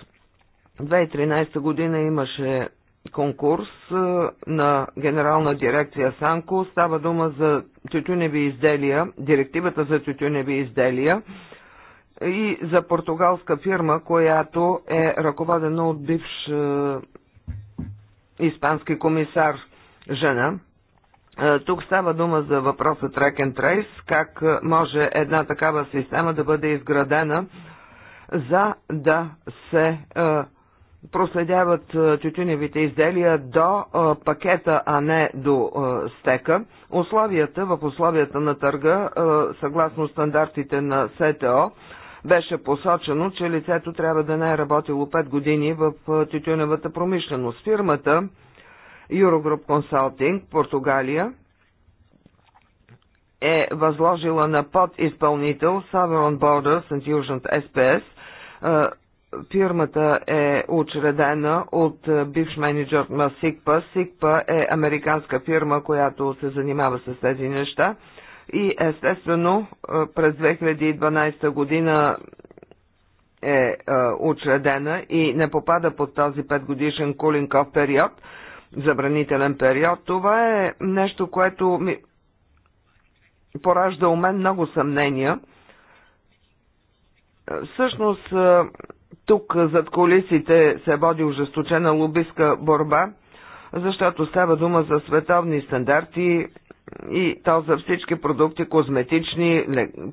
2013 година имаше конкурс на Генерална дирекция Санко. Става дума за тютюневи изделия, директивата за тютюневи изделия и за португалска фирма, която е ръководена от бивш испански комисар жена. Е, тук става дума за въпроса Track and Trace, как е, може една такава система да бъде изградена, за да се е, проследяват тютюневите изделия до пакета, а не до стека. Условията в условията на търга, съгласно стандартите на СТО, беше посочено, че лицето трябва да не е работило 5 години в тютюневата промишленост. Фирмата Eurogroup Consulting, Португалия, е възложила на подизпълнител Southern Borders and Fusion SPS. Е, фирмата е учредена от е, бивш менеджер на СИКПА. СИКПА е американска фирма, която се занимава с тези неща. И естествено е, през 2012 година е, е учредена и не попада под този 5 годишен кулинков период – забранителен период. Това е нещо, което ми поражда у мен много съмнения. Всъщност, тук зад колисите се води ужесточена лобистка борба, защото става дума за световни стандарти и то за всички продукти, козметични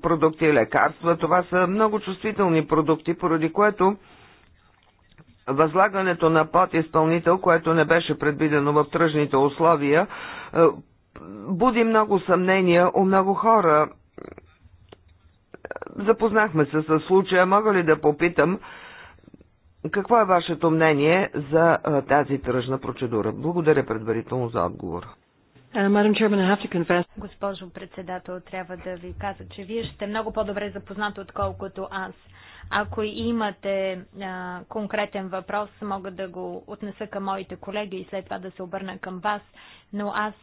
продукти, лекарства. Това са много чувствителни продукти, поради което Възлагането на подизпълнител, което не беше предвидено в тръжните условия, е, буди много съмнения у много хора. Запознахме се с случая. Мога ли да попитам какво е вашето мнение за е, тази тръжна процедура? Благодаря предварително за отговор. Uh, Госпожо председател, трябва да ви кажа, че вие ще много по-добре запознати, отколкото аз. Ако имате а, конкретен въпрос, мога да го отнеса към моите колеги и след това да се обърна към вас, но аз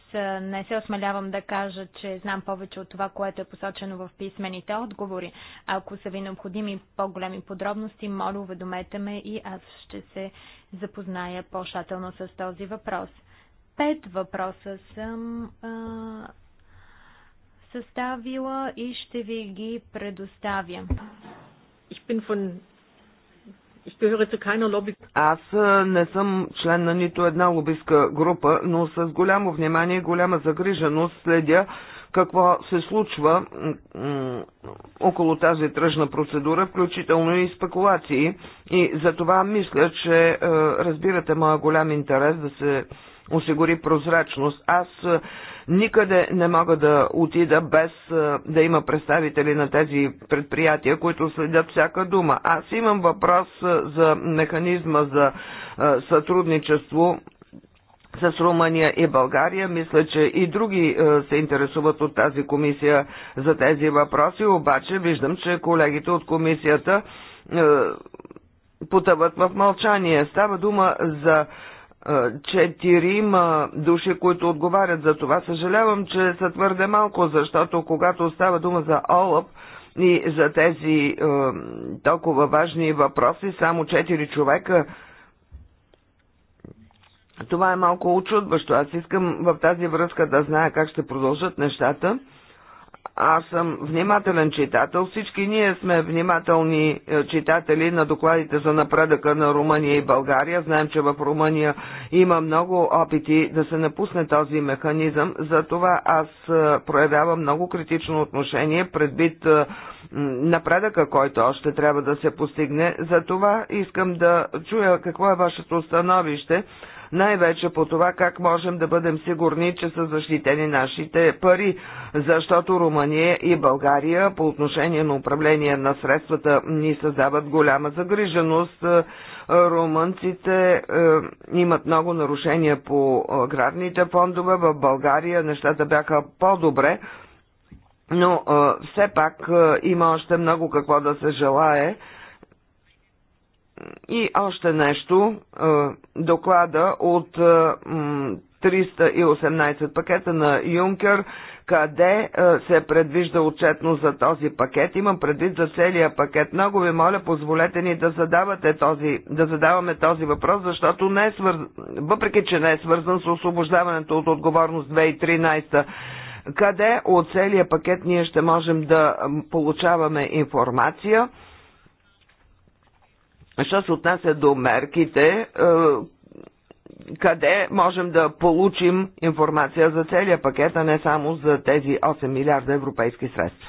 не се осмелявам да кажа, че знам повече от това, което е посочено в писмените отговори. Ако са ви необходими по-големи подробности, моля, уведомете ме и аз ще се запозная по-шателно с този въпрос. Пет въпроса съм. А, съставила и ще ви ги предоставя ich bin von аз не съм член на нито една лобистка група, но с голямо внимание и голяма загриженост следя какво се случва около тази тръжна процедура, включително и спекулации. И за това мисля, че разбирате моя голям интерес да се осигури прозрачност. Аз е, никъде не мога да отида без е, да има представители на тези предприятия, които следят всяка дума. Аз имам въпрос е, за механизма за сътрудничество с Румъния и България. Мисля, че и други се интересуват от тази комисия за тези въпроси, обаче виждам, че колегите от комисията потъват в мълчание. Става дума за е, четирима души, които отговарят за това. Съжалявам, че са твърде малко, защото когато става дума за ОЛАП и за тези е, толкова важни въпроси, само четири човека, това е малко очудващо. Аз искам в тази връзка да зная как ще продължат нещата. Аз съм внимателен читател. Всички ние сме внимателни е, читатели на докладите за напредъка на Румъния и България. Знаем, че в Румъния има много опити да се напусне този механизъм. Затова аз е, проявявам много критично отношение предвид е, напредъка, който още трябва да се постигне. Затова искам да чуя какво е вашето становище най-вече по това как можем да бъдем сигурни, че са защитени нашите пари, защото Румъния и България по отношение на управление на средствата ни създават голяма загриженост. Е, румънците е, имат много нарушения по аграрните фондове. В България нещата бяха по-добре, но е, все пак има още много какво да се желае и още нещо, е, доклада от 318 е, пакета на Юнкер, къде е, се предвижда отчетно за този пакет. Имам предвид за целия пакет. Много ви моля, позволете ни да, задавате този, да задаваме този въпрос, защото не е свързан, въпреки че не е свързан с освобождаването от отговорност 2013 къде от целия пакет ние ще можем да получаваме информация Що се отнася до мерките, е, къде можем да получим информация за целия пакет, а не само за тези 8 милиарда европейски средства.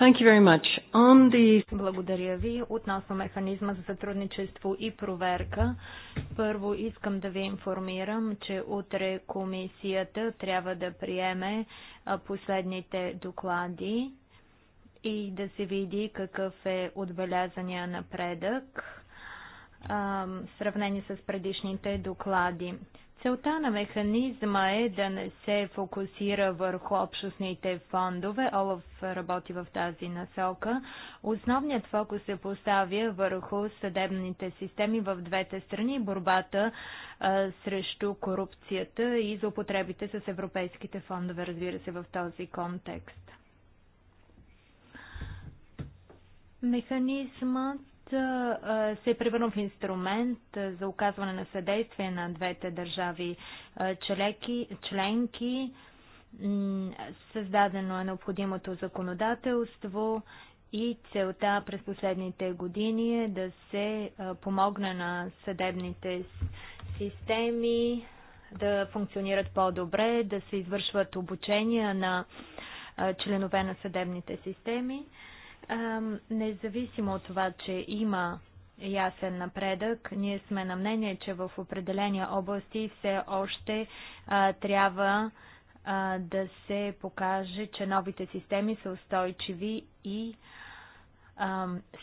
Thank you very much. On the... Благодаря ви. Относно механизма за сътрудничество и проверка, първо искам да ви информирам, че утре комисията трябва да приеме последните доклади и да се види какъв е отбелязания напредък в сравнение с предишните доклади. Целта на механизма е да не се фокусира върху общностните фондове. Олаф работи в тази насока. Основният фокус се поставя върху съдебните системи в двете страни, борбата а, срещу корупцията и злоупотребите с европейските фондове, разбира се, в този контекст. Механизмът се е превърнал в инструмент за оказване на съдействие на двете държави членки, членки. Създадено е необходимото законодателство и целта през последните години е да се помогне на съдебните системи да функционират по-добре, да се извършват обучения на членове на съдебните системи. Независимо от това, че има ясен напредък, ние сме на мнение, че в определени области все още трябва да се покаже, че новите системи са устойчиви и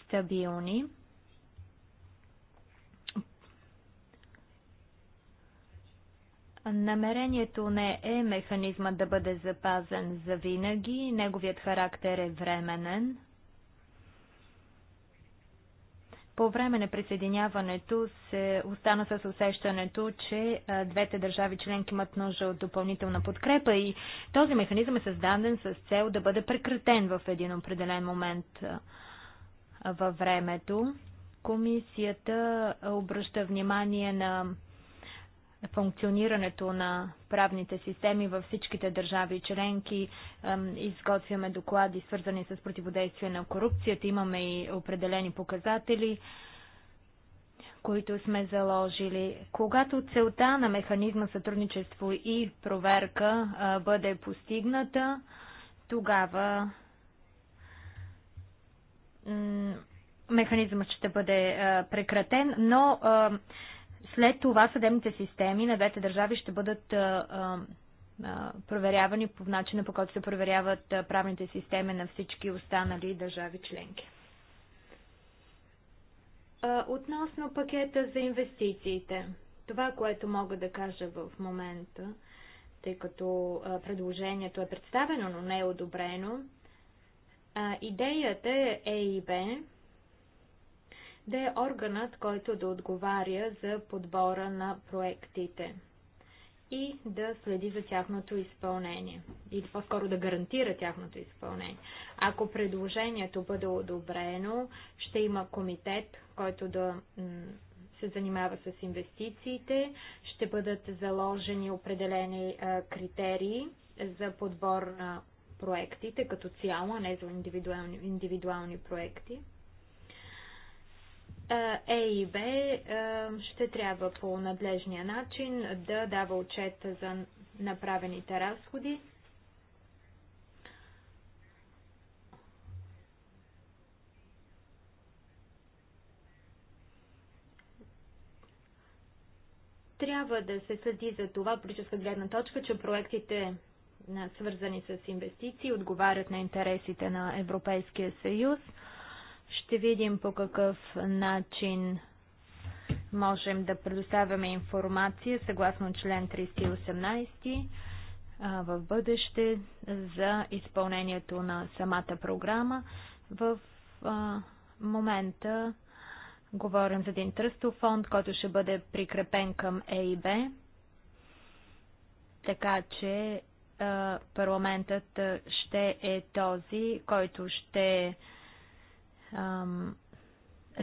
стабилни. Намерението не е механизма да бъде запазен за винаги, неговият характер е временен. По време на присъединяването се остана с усещането, че двете държави членки имат нужда от допълнителна подкрепа и този механизъм е създаден с цел да бъде прекратен в един определен момент във времето. Комисията обръща внимание на функционирането на правните системи във всичките държави членки. Изготвяме доклади, свързани с противодействие на корупцията. Имаме и определени показатели, които сме заложили. Когато целта на механизма сътрудничество и проверка бъде постигната, тогава механизмът ще бъде прекратен, но след това съдебните системи на двете държави ще бъдат проверявани по начина по който се проверяват правните системи на всички останали държави членки. Относно пакета за инвестициите, това, което мога да кажа в момента, тъй като предложението е представено, но не е одобрено, идеята е ЕИБ да е органът, който да отговаря за подбора на проектите и да следи за тяхното изпълнение, или по-скоро да гарантира тяхното изпълнение. Ако предложението бъде одобрено, ще има комитет, който да се занимава с инвестициите, ще бъдат заложени определени а, критерии за подбор на проектите като цяло, а не за индивидуални, индивидуални проекти. Е, е и Б е, ще трябва по надлежния начин да дава отчет за направените разходи. Трябва да се съди за това, политическа гледна точка, че проектите, свързани с инвестиции, отговарят на интересите на Европейския съюз. Ще видим по какъв начин можем да предоставяме информация съгласно член 318 в бъдеще за изпълнението на самата програма. В момента говорим за един тръстов фонд, който ще бъде прикрепен към ЕИБ, така че парламентът ще е този, който ще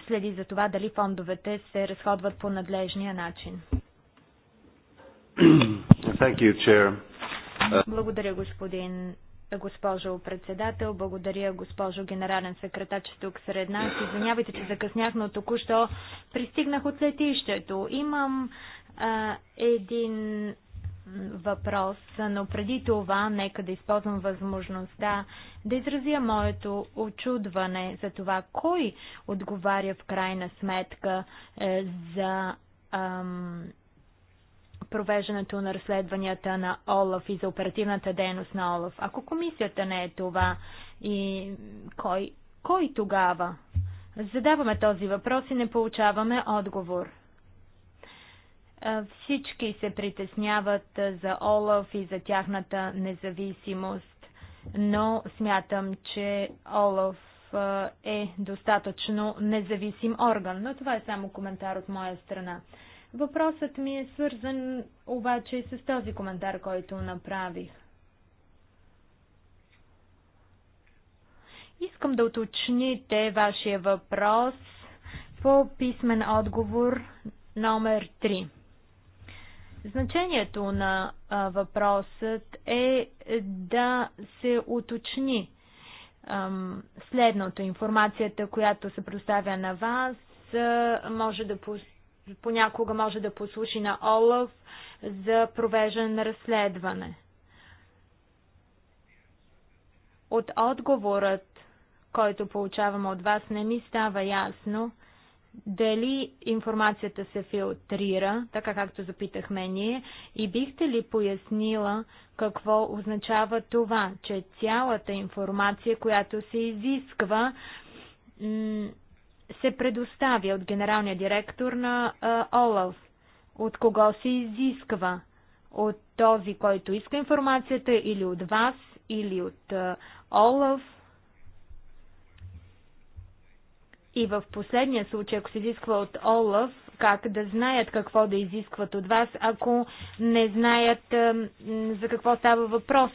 следи за това дали фондовете се разходват по надлежния начин. You, Благодаря, господин госпожо председател. Благодаря, госпожо генерален секретар, че тук сред нас. Извинявайте, че закъснях, но току-що пристигнах от летището. Имам а, един въпрос, но преди това нека да използвам възможността да изразя моето очудване за това, кой отговаря в крайна сметка е, за ам, провеждането на разследванията на ОЛАФ и за оперативната дейност на ОЛАФ. Ако комисията не е това, и кой, кой тогава? Задаваме този въпрос и не получаваме отговор. Всички се притесняват за Олаф и за тяхната независимост, но смятам, че Олаф е достатъчно независим орган. Но това е само коментар от моя страна. Въпросът ми е свързан обаче и с този коментар, който направих. Искам да уточните вашия въпрос по писмен отговор номер 3. Значението на а, въпросът е да се уточни ам, следното. Информацията, която се предоставя на вас, може да пос... понякога може да послуши на Олаф за провеждане на разследване. От отговорът, който получавам от вас, не ми става ясно дали информацията се филтрира, така както запитахме ние, и бихте ли пояснила какво означава това, че цялата информация, която се изисква, се предоставя от генералния директор на ОЛАВ? От кого се изисква? От този, който иска информацията, или от вас, или от ОЛАВ? И в последния случай, ако се изисква от Олаф, как да знаят какво да изискват от вас, ако не знаят за какво става въпрос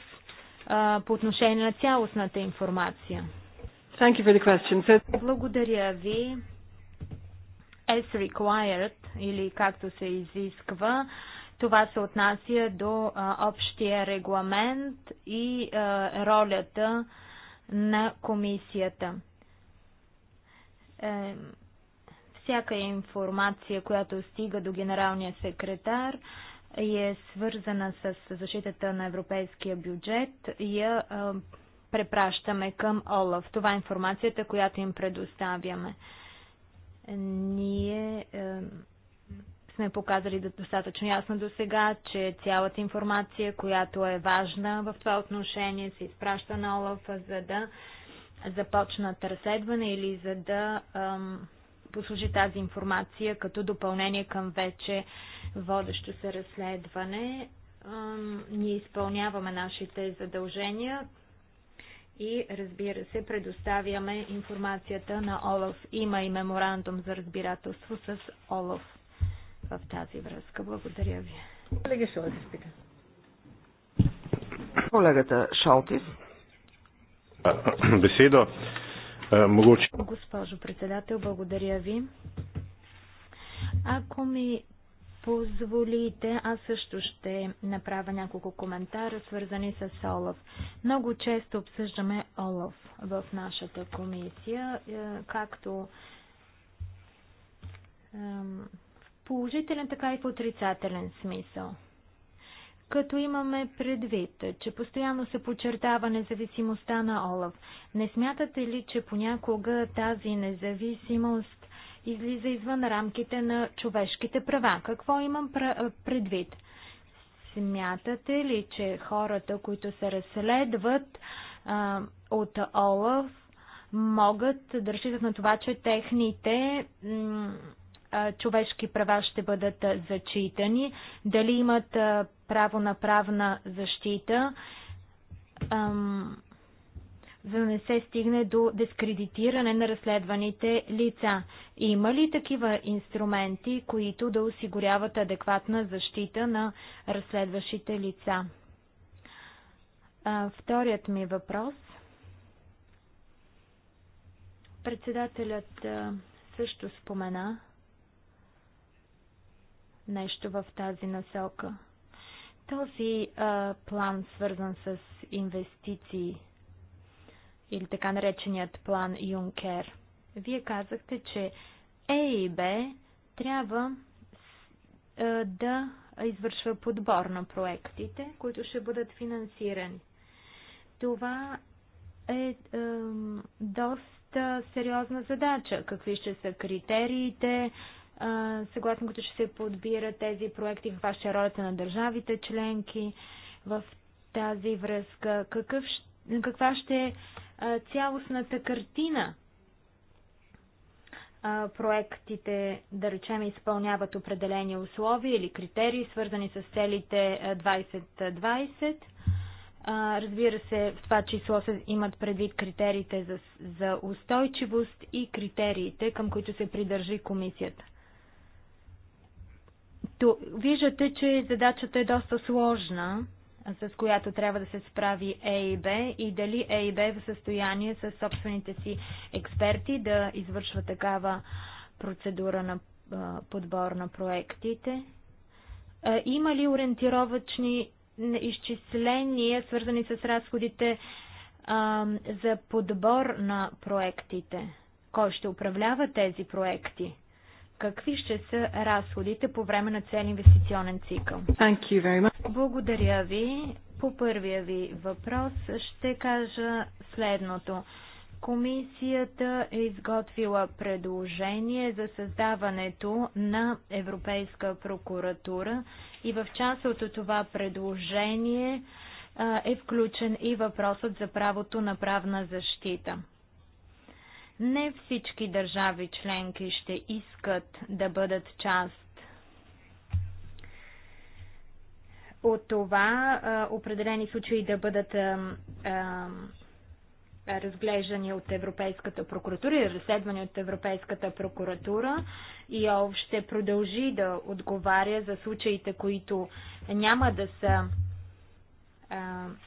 по отношение на цялостната информация? Thank you for the question. Благодаря ви. As required, или както се изисква, това се отнася до а, общия регламент и а, ролята на комисията е, всяка информация, която стига до генералния секретар и е свързана с защитата на европейския бюджет, я е, препращаме към ОЛАВ. Това е информацията, която им предоставяме. Ние е, сме показали достатъчно ясно до сега, че цялата информация, която е важна в това отношение, се изпраща на ОЛАФ, за да започнат разследване или за да ам, послужи тази информация като допълнение към вече водещо се разследване. Ам, ние изпълняваме нашите задължения и разбира се предоставяме информацията на ОЛАФ. Има и меморандум за разбирателство с ОЛАФ в тази връзка. Благодаря ви. Колега Шолтис, пита. Колегата Шолтис. [CLEARS THROAT] Госпожо председател, благодаря ви. Ако ми позволите, аз също ще направя няколко коментара, свързани с Олаф. Много често обсъждаме Олаф в нашата комисия, е, както в положителен, така и в отрицателен смисъл като имаме предвид, че постоянно се подчертава независимостта на Олаф. Не смятате ли, че понякога тази независимост излиза извън рамките на човешките права? Какво имам предвид? Смятате ли, че хората, които се разследват а, от Олаф, могат да разчитат на това, че техните човешки права ще бъдат зачитани, дали имат право на правна защита, за да не се стигне до дискредитиране на разследваните лица. Има ли такива инструменти, които да осигуряват адекватна защита на разследващите лица? Вторият ми въпрос. Председателят също спомена нещо в тази насока. Този а, план, свързан с инвестиции или така нареченият план Юнкер, вие казахте, че ЕИБ трябва а, да извършва подбор на проектите, които ще бъдат финансирани. Това е, е доста сериозна задача. Какви ще са критериите, съгласно които ще се подбират тези проекти, каква ще е ролята на държавите членки в тази връзка, какъв, каква ще е цялостната картина проектите, да речем, изпълняват определени условия или критерии, свързани с целите 2020. Разбира се, в това число се имат предвид критериите за, за устойчивост и критериите, към които се придържи комисията. То, виждате, че задачата е доста сложна, с която трябва да се справи ЕИБ и дали ЕИБ е в състояние с собствените си експерти да извършва такава процедура на подбор на проектите. Има ли ориентировачни изчисления, свързани с разходите за подбор на проектите? Кой ще управлява тези проекти? какви ще са разходите по време на цел инвестиционен цикъл. Благодаря ви. По първия ви въпрос ще кажа следното. Комисията е изготвила предложение за създаването на Европейска прокуратура и в част от това предложение е включен и въпросът за правото на правна защита. Не всички държави членки ще искат да бъдат част от това, а, определени случаи да бъдат а, а, разглеждани от Европейската прокуратура и разследвани от Европейската прокуратура. И ОВ ще продължи да отговаря за случаите, които няма да са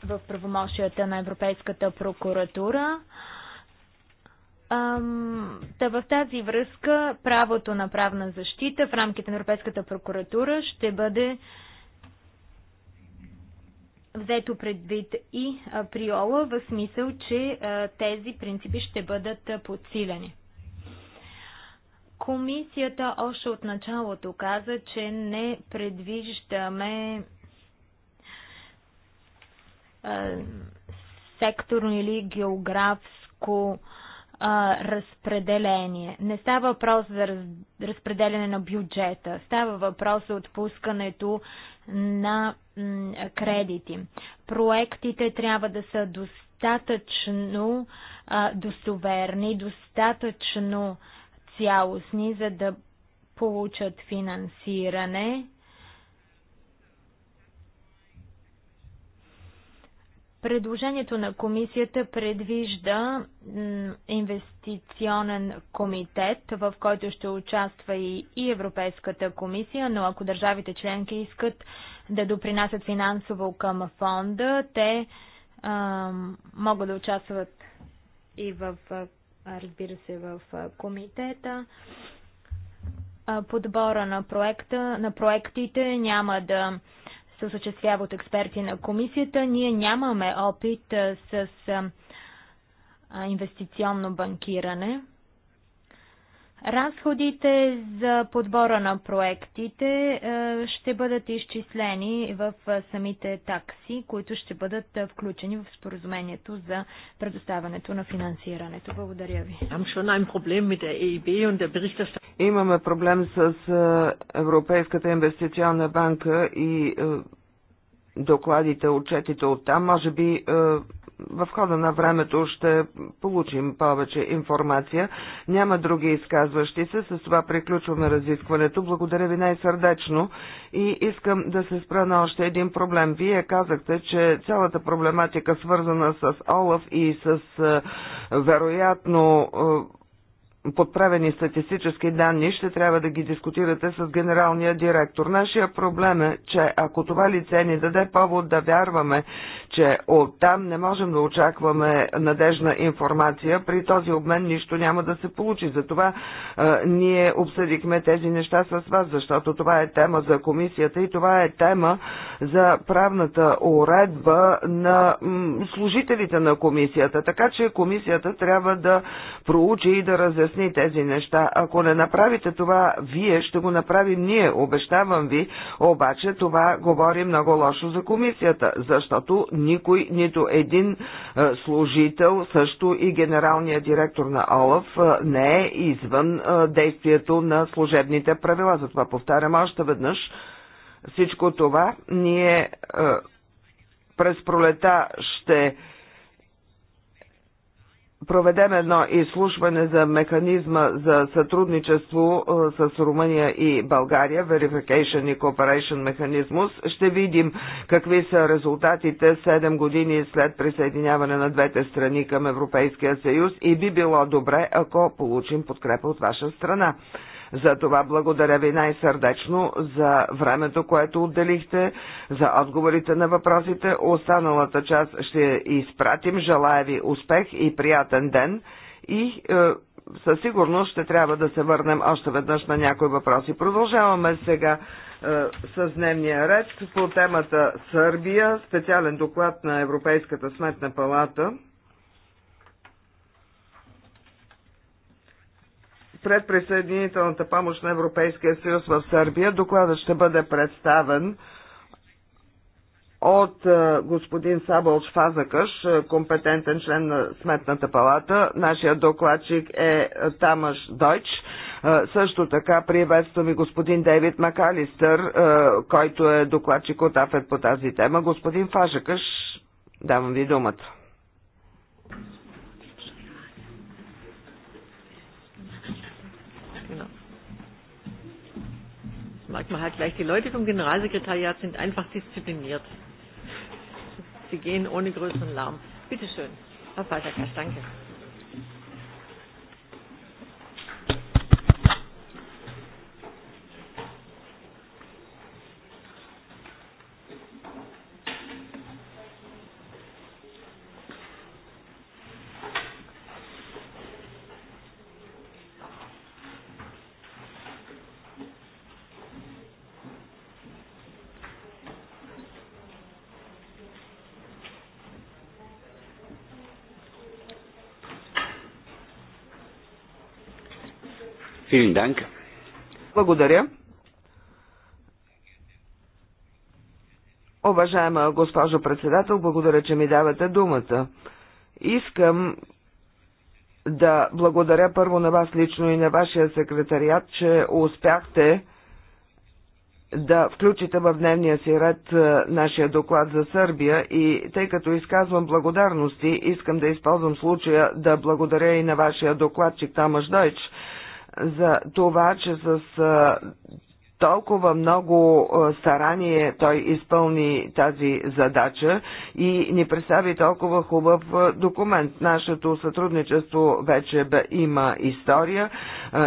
в правомощията на Европейската прокуратура. Та в тази връзка правото на правна защита в рамките на Европейската прокуратура ще бъде взето предвид и приола, в смисъл, че тези принципи ще бъдат подсилени. Комисията още от началото каза, че не предвиждаме секторно или географско а, а, разпределение. Не става въпрос за раз, разпределение на бюджета, става въпрос за отпускането на м, кредити. Проектите трябва да са достатъчно а, достоверни, достатъчно цялостни, за да получат финансиране. Предложението на комисията предвижда инвестиционен комитет, в който ще участва и, Европейската комисия, но ако държавите членки искат да допринасят финансово към фонда, те а, могат да участват и в, разбира се, в комитета. Подбора на, проекта, на проектите няма да се осъществява от експерти на комисията. Ние нямаме опит с инвестиционно банкиране. Разходите за подбора на проектите е, ще бъдат изчислени в е, самите такси, които ще бъдат е, включени в споразумението за предоставянето на финансирането. Благодаря ви. E Имаме проблем с Европейската инвестиционна банка и докладите, отчетите от там. Може би в хода на времето ще получим повече информация. Няма други изказващи се. С това приключваме разискването. Благодаря ви най-сърдечно и искам да се спра на още един проблем. Вие казахте, че цялата проблематика свързана с Олаф и с е, вероятно е, подправени статистически данни, ще трябва да ги дискутирате с генералния директор. Нашия проблем е, че ако това лице ни даде повод да вярваме, че оттам не можем да очакваме надежна информация, при този обмен нищо няма да се получи. Затова е, ние обсъдихме тези неща с вас, защото това е тема за комисията и това е тема за правната уредба на служителите на комисията. Така че комисията трябва да проучи и да разясни обясни тези неща. Ако не направите това, вие ще го направим ние, обещавам ви, обаче това говори много лошо за комисията, защото никой, нито един е, служител, също и генералният директор на ОЛАФ е, не е извън е, действието на служебните правила. Затова повтарям още веднъж всичко това. Ние през пролета ще проведем едно изслушване за механизма за сътрудничество е, с Румъния и България, Verification и Cooperation Mechanismus. Ще видим какви са резултатите 7 години след присъединяване на двете страни към Европейския съюз и би било добре, ако получим подкрепа от ваша страна. За това благодаря ви най-сърдечно за времето, което отделихте, за отговорите на въпросите. Останалата част ще изпратим. Желая ви успех и приятен ден. И е, със сигурност ще трябва да се върнем още веднъж на някои въпроси. Продължаваме сега е, с дневния ред по темата Сърбия, специален доклад на Европейската сметна палата. пред присъединителната помощ на Европейския съюз в Сърбия. Докладът ще бъде представен от е, господин Сабъл Шфазакъш, е, компетентен член на Сметната палата. Нашия докладчик е, е Тамаш Дойч. Също така приветствам и господин Дейвид Макалистър, който е докладчик от АФЕД по тази тема. Господин Фажакъш, давам ви думата. merkt man halt gleich, die Leute vom Generalsekretariat sind einfach diszipliniert. Sie gehen ohne größeren Lärm. Bitte schön, Herr Falterkasch, danke. Благодаря. Уважаема госпожо председател, благодаря, че ми давате думата. Искам да благодаря първо на вас лично и на вашия секретариат, че успяхте да включите в дневния си ред е, нашия доклад за Сърбия и тъй като изказвам благодарности, искам да използвам случая да благодаря и на вашия докладчик Тамаш Дойч, за това, че с толкова много старание той изпълни тази задача и ни представи толкова хубав документ. Нашето сътрудничество вече бе, има история.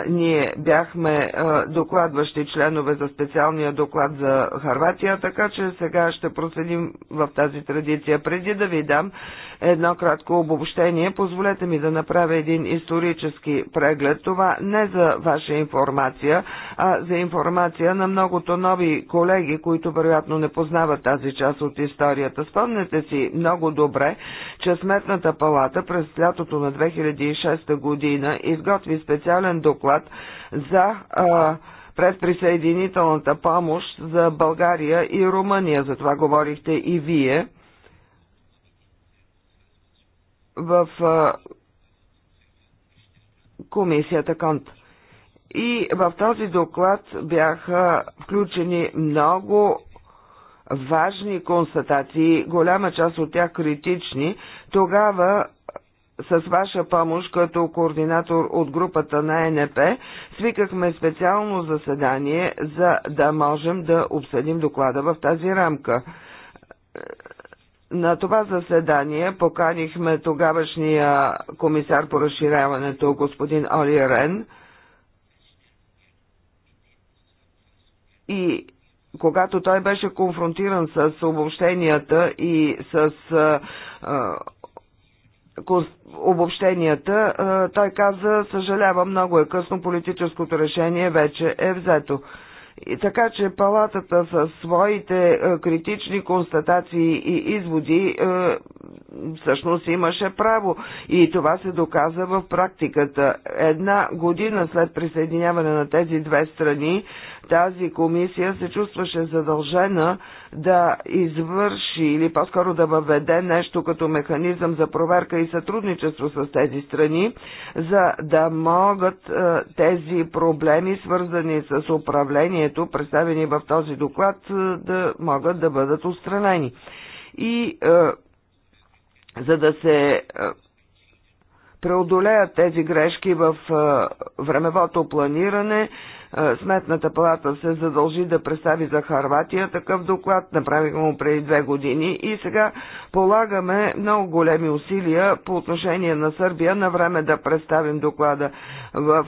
Ние бяхме докладващи членове за специалния доклад за Харватия, така че сега ще проследим в тази традиция. Преди да ви дам едно кратко обобщение, позволете ми да направя един исторически преглед. Това не за ваша информация, а за информация емоция на многото нови колеги, които вероятно не познават тази част от историята. Спомнете си много добре, че Сметната палата през лятото на 2006 година изготви специален доклад за а, предприсъединителната помощ за България и Румъния. За това говорихте и вие. В а, комисията Конт. И в този доклад бяха включени много важни констатации, голяма част от тях критични. Тогава с ваша помощ като координатор от групата на НП свикахме специално заседание, за да можем да обсъдим доклада в тази рамка. На това заседание поканихме тогавашния комисар по разширяването господин Оли Рен – и когато той беше конфронтиран с обобщенията и с обобщенията, той каза, съжалявам, много е късно, политическото решение вече е взето. И така че палатата със своите критични констатации и изводи всъщност имаше право и това се доказа в практиката. Една година след присъединяване на тези две страни тази комисия се чувстваше задължена да извърши или по-скоро да въведе нещо като механизъм за проверка и сътрудничество с тези страни, за да могат е, тези проблеми, свързани с управлението, представени в този доклад, е, да могат да бъдат устранени. И е, за да се преодолеят тези грешки в времевото планиране, е, Сметната палата се задължи да представи за Харватия такъв доклад, направихме му преди две години и сега полагаме много големи усилия по отношение на Сърбия на време да представим доклада. В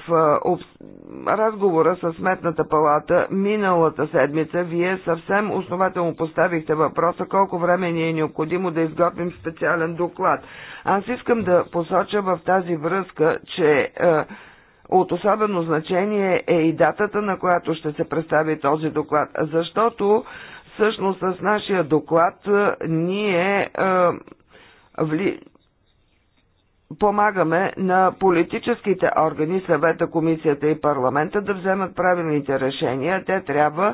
е, разговора с Сметната палата миналата седмица вие съвсем основателно поставихте въпроса колко време ни е необходимо да изготвим специален доклад. Аз искам да посоча в тази връзка, че е, от особено значение е и датата, на която ще се представи този доклад, защото всъщност с нашия доклад е, ние е, вли... помагаме на политическите органи, съвета, комисията и парламента да вземат правилните решения. Те трябва е,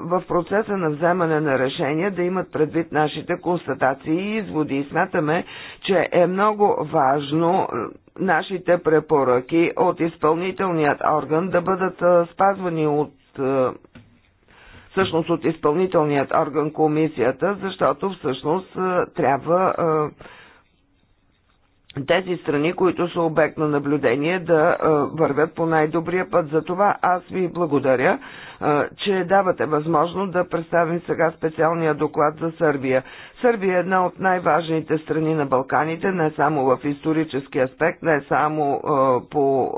в процеса на вземане на решения да имат предвид нашите констатации и изводи. И смятаме, че е много важно е, нашите препоръки от изпълнителният орган да бъдат спазвани от всъщност от изпълнителният орган комисията, защото всъщност трябва тези страни, които са обект на наблюдение, да вървят по най-добрия път. За това аз ви благодаря, че давате възможност да представим сега специалния доклад за Сърбия. Сърбия е една от най-важните страни на Балканите, не само в исторически аспект, не само по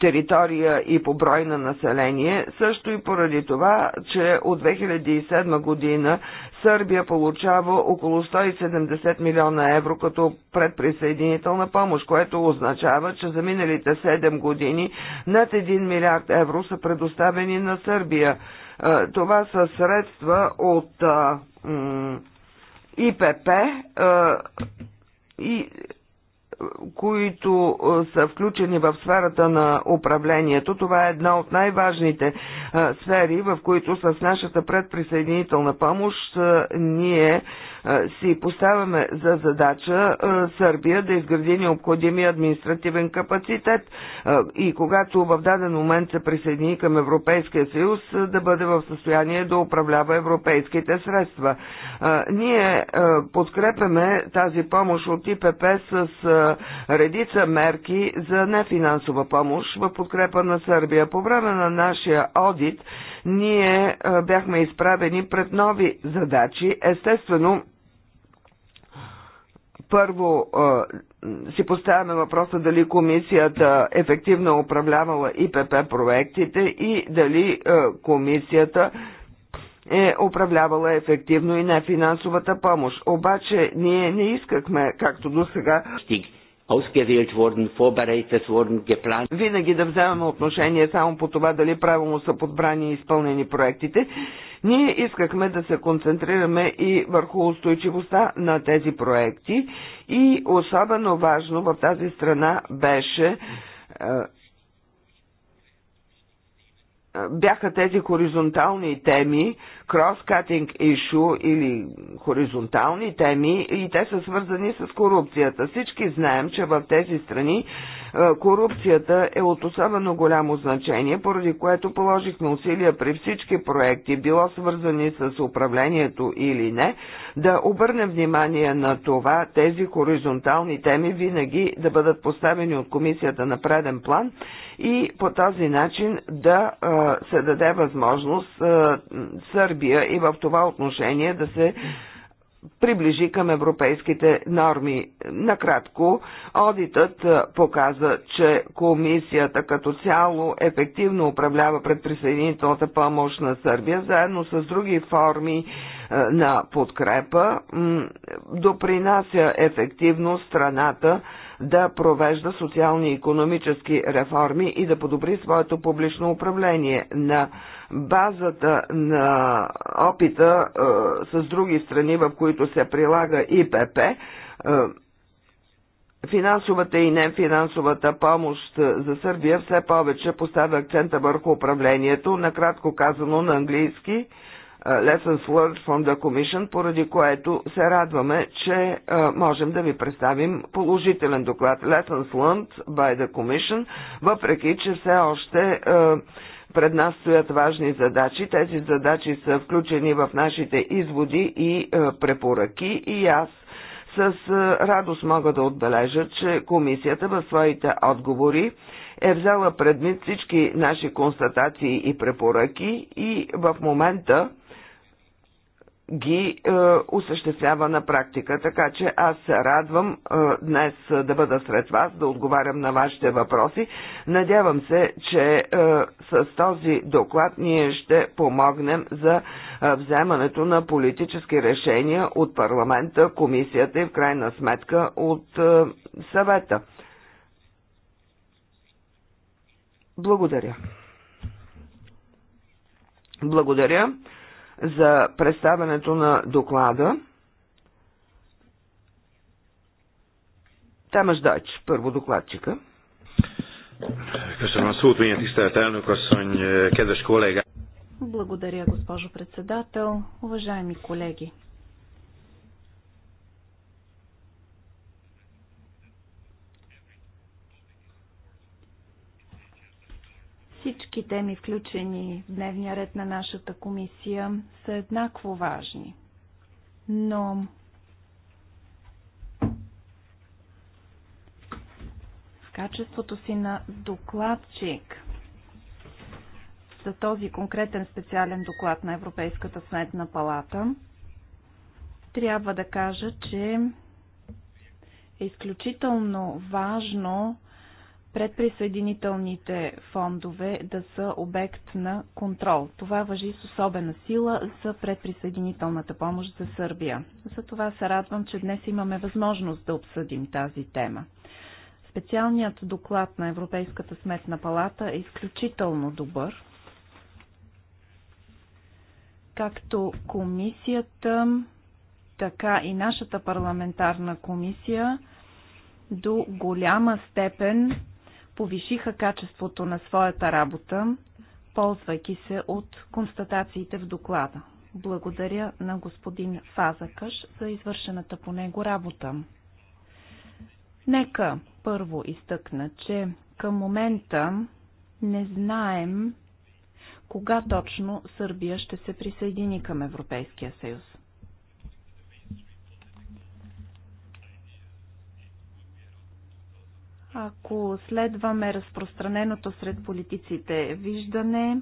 територия и по брой на население, също и поради това, че от 2007 година Сърбия получава около 170 милиона евро като предприсъединителна помощ, което означава, че за миналите 7 години над 1 милиард евро са предоставени на Сърбия. Е, това са средства от ИПП е, и е, които са включени в сферата на управлението. Това е една от най-важните сфери, в които с нашата предприсъединителна помощ ние си поставяме за задача Сърбия да изгради необходимия административен капацитет и когато в даден момент се присъедини към Европейския съюз, да бъде в състояние да управлява европейските средства. Ние подкрепяме тази помощ от ИПП с редица мерки за нефинансова помощ в подкрепа на Сърбия. По време на нашия одит ние бяхме изправени пред нови задачи. Естествено, първо си поставяме въпроса дали комисията ефективно управлявала ИПП проектите и дали комисията е управлявала ефективно и на финансовата помощ. Обаче ние не искахме, както до сега, Винаги да вземаме отношение само по това дали правилно са подбрани и изпълнени проектите ние искахме да се концентрираме и върху устойчивостта на тези проекти и особено важно в тази страна беше е, бяха тези хоризонтални теми, Кроскатинг ишу или хоризонтални теми и те са свързани с корупцията. Всички знаем, че в тези страни е, корупцията е от особено голямо значение, поради което положихме усилия при всички проекти, било свързани с управлението или не, да обърнем внимание на това тези хоризонтални теми винаги да бъдат поставени от комисията на преден план и по този начин да е, се даде възможност е, Сърбия Сърбия и в това отношение да се приближи към европейските норми. Накратко, одитът показа, че комисията като цяло ефективно управлява предприсъединителната помощ на Сърбия, заедно с други форми на подкрепа, допринася ефективно страната да провежда социални и економически реформи и да подобри своето публично управление на базата на опита е, с други страни, в които се прилага ИПП, е, финансовата и нефинансовата помощ за Сърбия все повече поставя акцента върху управлението, накратко казано на английски е, Lessons Learned from the Commission, поради което се радваме, че е, можем да ви представим положителен доклад Lessons Learned by the Commission, въпреки, че все още е, пред нас стоят важни задачи. Тези задачи са включени в нашите изводи и е, препоръки и аз с е, радост мога да отбележа, че комисията в своите отговори е взела предвид всички наши констатации и препоръки и в момента ги е, осъществява на практика. Така че аз се радвам е, днес да бъда сред вас, да отговарям на вашите въпроси. Надявам се, че е, с този доклад ние ще помогнем за е, вземането на политически решения от парламента, комисията и в крайна сметка от е, съвета. Благодаря. Благодаря за представянето на доклада. Тамаш Дач, първо докладчика. Е, Благодаря, госпожо председател. Уважаеми колеги, Всички теми, включени в дневния ред на нашата комисия, са еднакво важни. Но в качеството си на докладчик за този конкретен специален доклад на Европейската сметна палата, трябва да кажа, че е изключително важно предприсъединителните фондове да са обект на контрол. Това въжи с особена сила за предприсъединителната помощ за Сърбия. Затова се радвам, че днес имаме възможност да обсъдим тази тема. Специалният доклад на Европейската сметна палата е изключително добър. Както комисията, така и нашата парламентарна комисия до голяма степен повишиха качеството на своята работа, ползвайки се от констатациите в доклада. Благодаря на господин Фазакаш за извършената по него работа. Нека първо изтъкна, че към момента не знаем кога точно Сърбия ще се присъедини към Европейския съюз. Ако следваме разпространеното сред политиците виждане,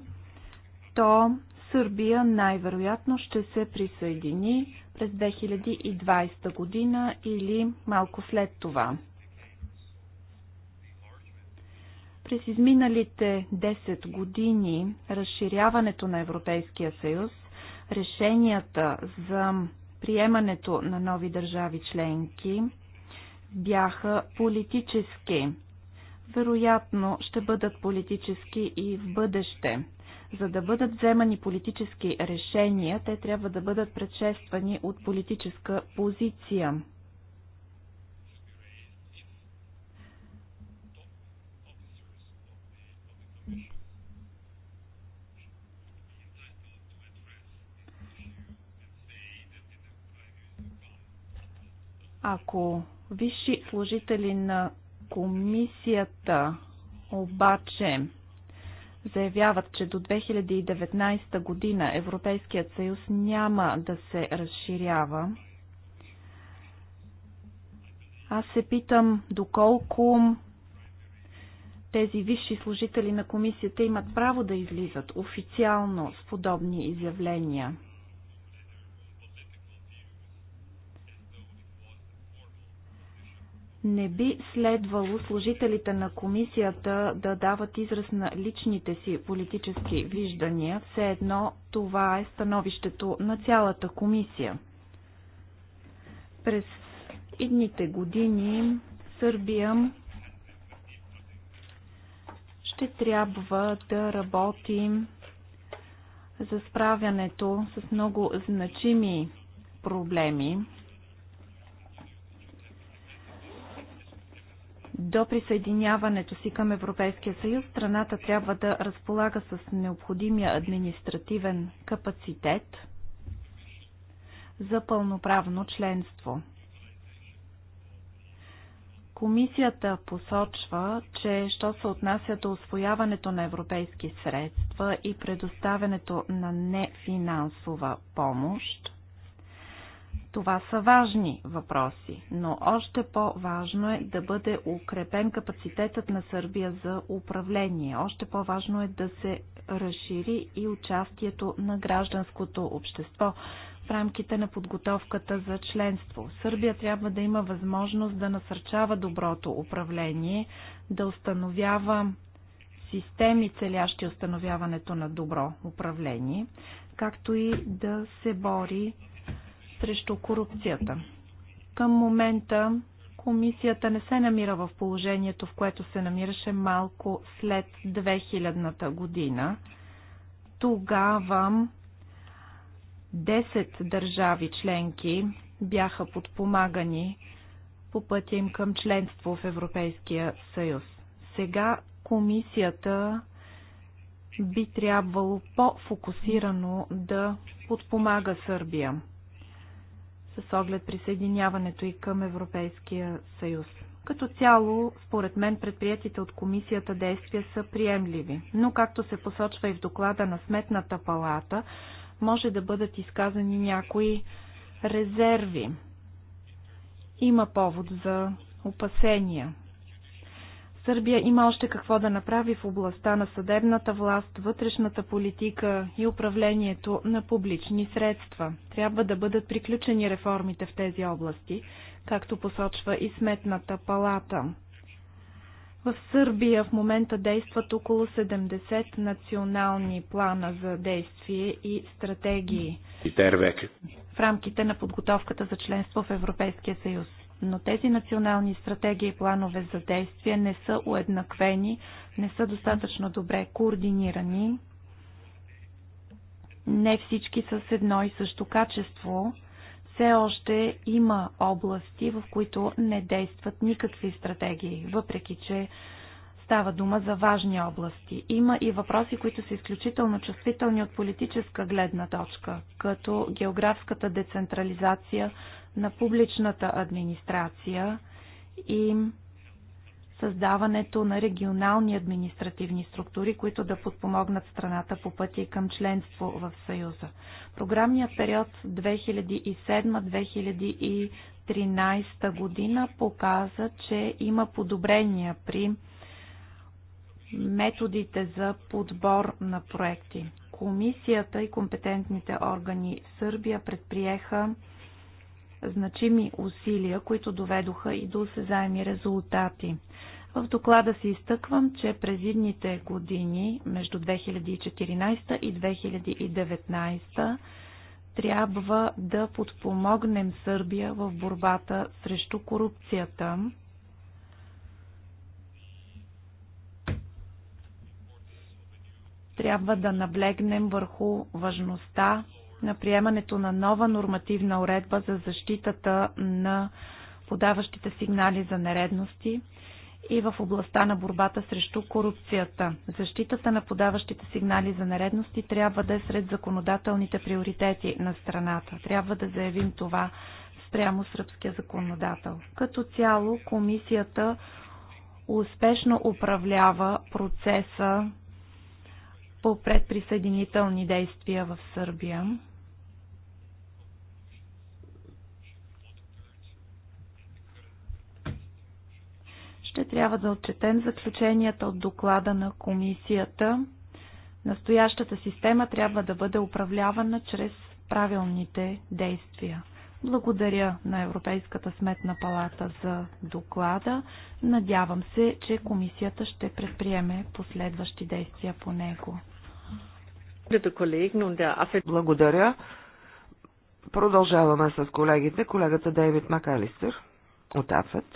то Сърбия най-вероятно ще се присъедини през 2020 година или малко след това. През изминалите 10 години разширяването на Европейския съюз, решенията за приемането на нови държави членки, бяха политически. Вероятно ще бъдат политически и в бъдеще. За да бъдат вземани политически решения, те трябва да бъдат предшествани от политическа позиция. Ако Висши служители на комисията обаче заявяват, че до 2019 година Европейският съюз няма да се разширява. Аз се питам доколко тези висши служители на комисията имат право да излизат официално с подобни изявления. Не би следвало служителите на комисията да дават израз на личните си политически виждания, все едно това е становището на цялата комисия. През идните години Сърбия ще трябва да работи за справянето с много значими проблеми, До присъединяването си към Европейския съюз страната трябва да разполага с необходимия административен капацитет за пълноправно членство. Комисията посочва, че що се отнася до освояването на европейски средства и предоставянето на нефинансова помощ, това са важни въпроси, но още по-важно е да бъде укрепен капацитетът на Сърбия за управление. Още по-важно е да се разшири и участието на гражданското общество в рамките на подготовката за членство. Сърбия трябва да има възможност да насърчава доброто управление, да установява системи, целящи установяването на добро управление, както и да се бори срещу корупцията. Към момента комисията не се намира в положението, в което се намираше малко след 2000-та година. Тогава 10 държави членки бяха подпомагани по пътя им към членство в Европейския съюз. Сега комисията би трябвало по-фокусирано да подпомага Сърбия с оглед присъединяването и към Европейския съюз. Като цяло, според мен, предприятите от комисията действия са приемливи, но както се посочва и в доклада на Сметната палата, може да бъдат изказани някои резерви. Има повод за опасения. Сърбия има още какво да направи в областта на съдебната власт, вътрешната политика и управлението на публични средства. Трябва да бъдат приключени реформите в тези области, както посочва и Сметната палата. В Сърбия в момента действат около 70 национални плана за действие и стратегии в рамките на подготовката за членство в Европейския съюз но тези национални стратегии и планове за действие не са уеднаквени, не са достатъчно добре координирани, не всички са с едно и също качество. Все още има области, в които не действат никакви стратегии, въпреки че става дума за важни области. Има и въпроси, които са изключително чувствителни от политическа гледна точка, като географската децентрализация, на публичната администрация и създаването на регионални административни структури, които да подпомогнат страната по пътя към членство в Съюза. Програмният период 2007-2013 година показа, че има подобрения при методите за подбор на проекти. Комисията и компетентните органи в Сърбия предприеха значими усилия, които доведоха и до осезаеми резултати. В доклада си изтъквам, че през идните години, между 2014 и 2019, трябва да подпомогнем Сърбия в борбата срещу корупцията. Трябва да наблегнем върху важността на приемането на нова нормативна уредба за защитата на подаващите сигнали за нередности и в областта на борбата срещу корупцията. Защитата на подаващите сигнали за нередности трябва да е сред законодателните приоритети на страната. Трябва да заявим това спрямо сръбския законодател. Като цяло комисията успешно управлява процеса по предприсъединителни действия в Сърбия. Ще трябва да отчетем заключенията от доклада на комисията. Настоящата система трябва да бъде управлявана чрез правилните действия. Благодаря на Европейската сметна палата за доклада. Надявам се, че комисията ще предприеме последващи действия по него. Благодаря. Продължаваме с колегите. Колегата Дейвид Макалистър от АФЕТ.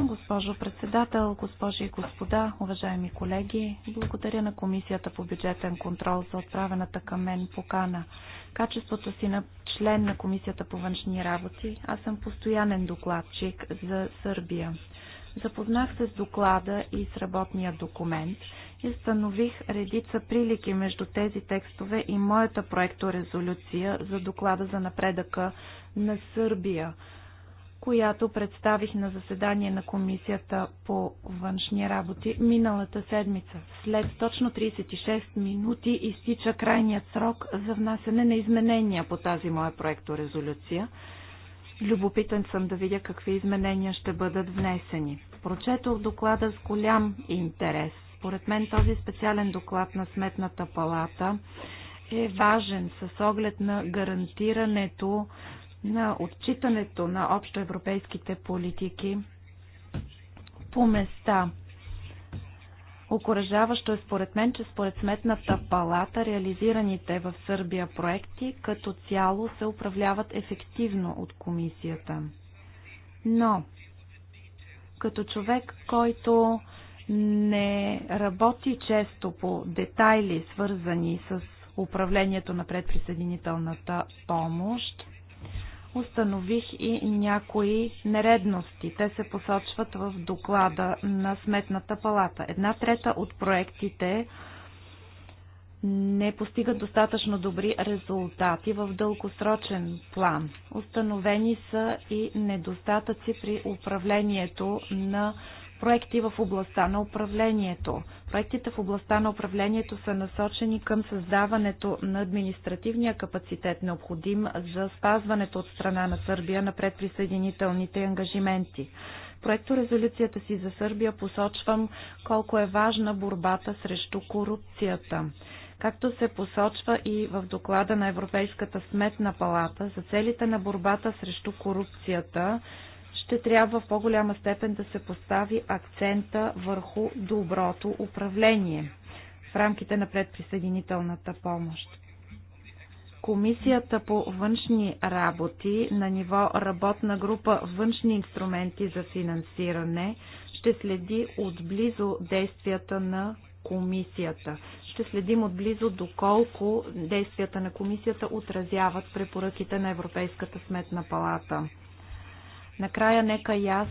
Госпожо председател, госпожи и господа, уважаеми колеги, благодаря на Комисията по бюджетен контрол за отправената към мен покана. Качеството си на член на Комисията по външни работи, аз съм постоянен докладчик за Сърбия. Запознах се с доклада и с работния документ и установих редица прилики между тези текстове и моята проекторезолюция за доклада за напредъка на Сърбия която представих на заседание на Комисията по външни работи миналата седмица. След точно 36 минути изтича крайният срок за внасене на изменения по тази моя проекторезолюция. Любопитен съм да видя какви изменения ще бъдат внесени. Прочетох доклада с голям интерес. Според мен този специален доклад на Сметната палата е важен с оглед на гарантирането на отчитането на общоевропейските политики по места. Окоръжаващо е според мен, че според Сметната палата реализираните в Сърбия проекти като цяло се управляват ефективно от комисията. Но, като човек, който не работи често по детайли, свързани с управлението на предприсъединителната помощ, установих и някои нередности. Те се посочват в доклада на Сметната палата. Една трета от проектите не постигат достатъчно добри резултати в дългосрочен план. Установени са и недостатъци при управлението на проекти в областта на управлението. Проектите в областта на управлението са насочени към създаването на административния капацитет, необходим за спазването от страна на Сърбия на предприсъединителните ангажименти. Проекто резолюцията си за Сърбия посочвам колко е важна борбата срещу корупцията. Както се посочва и в доклада на Европейската сметна палата, за целите на борбата срещу корупцията ще трябва в по-голяма степен да се постави акцента върху доброто управление в рамките на предприсъединителната помощ. Комисията по външни работи на ниво работна група външни инструменти за финансиране ще следи отблизо действията на комисията. Ще следим отблизо доколко действията на комисията отразяват препоръките на Европейската сметна палата. Накрая нека и аз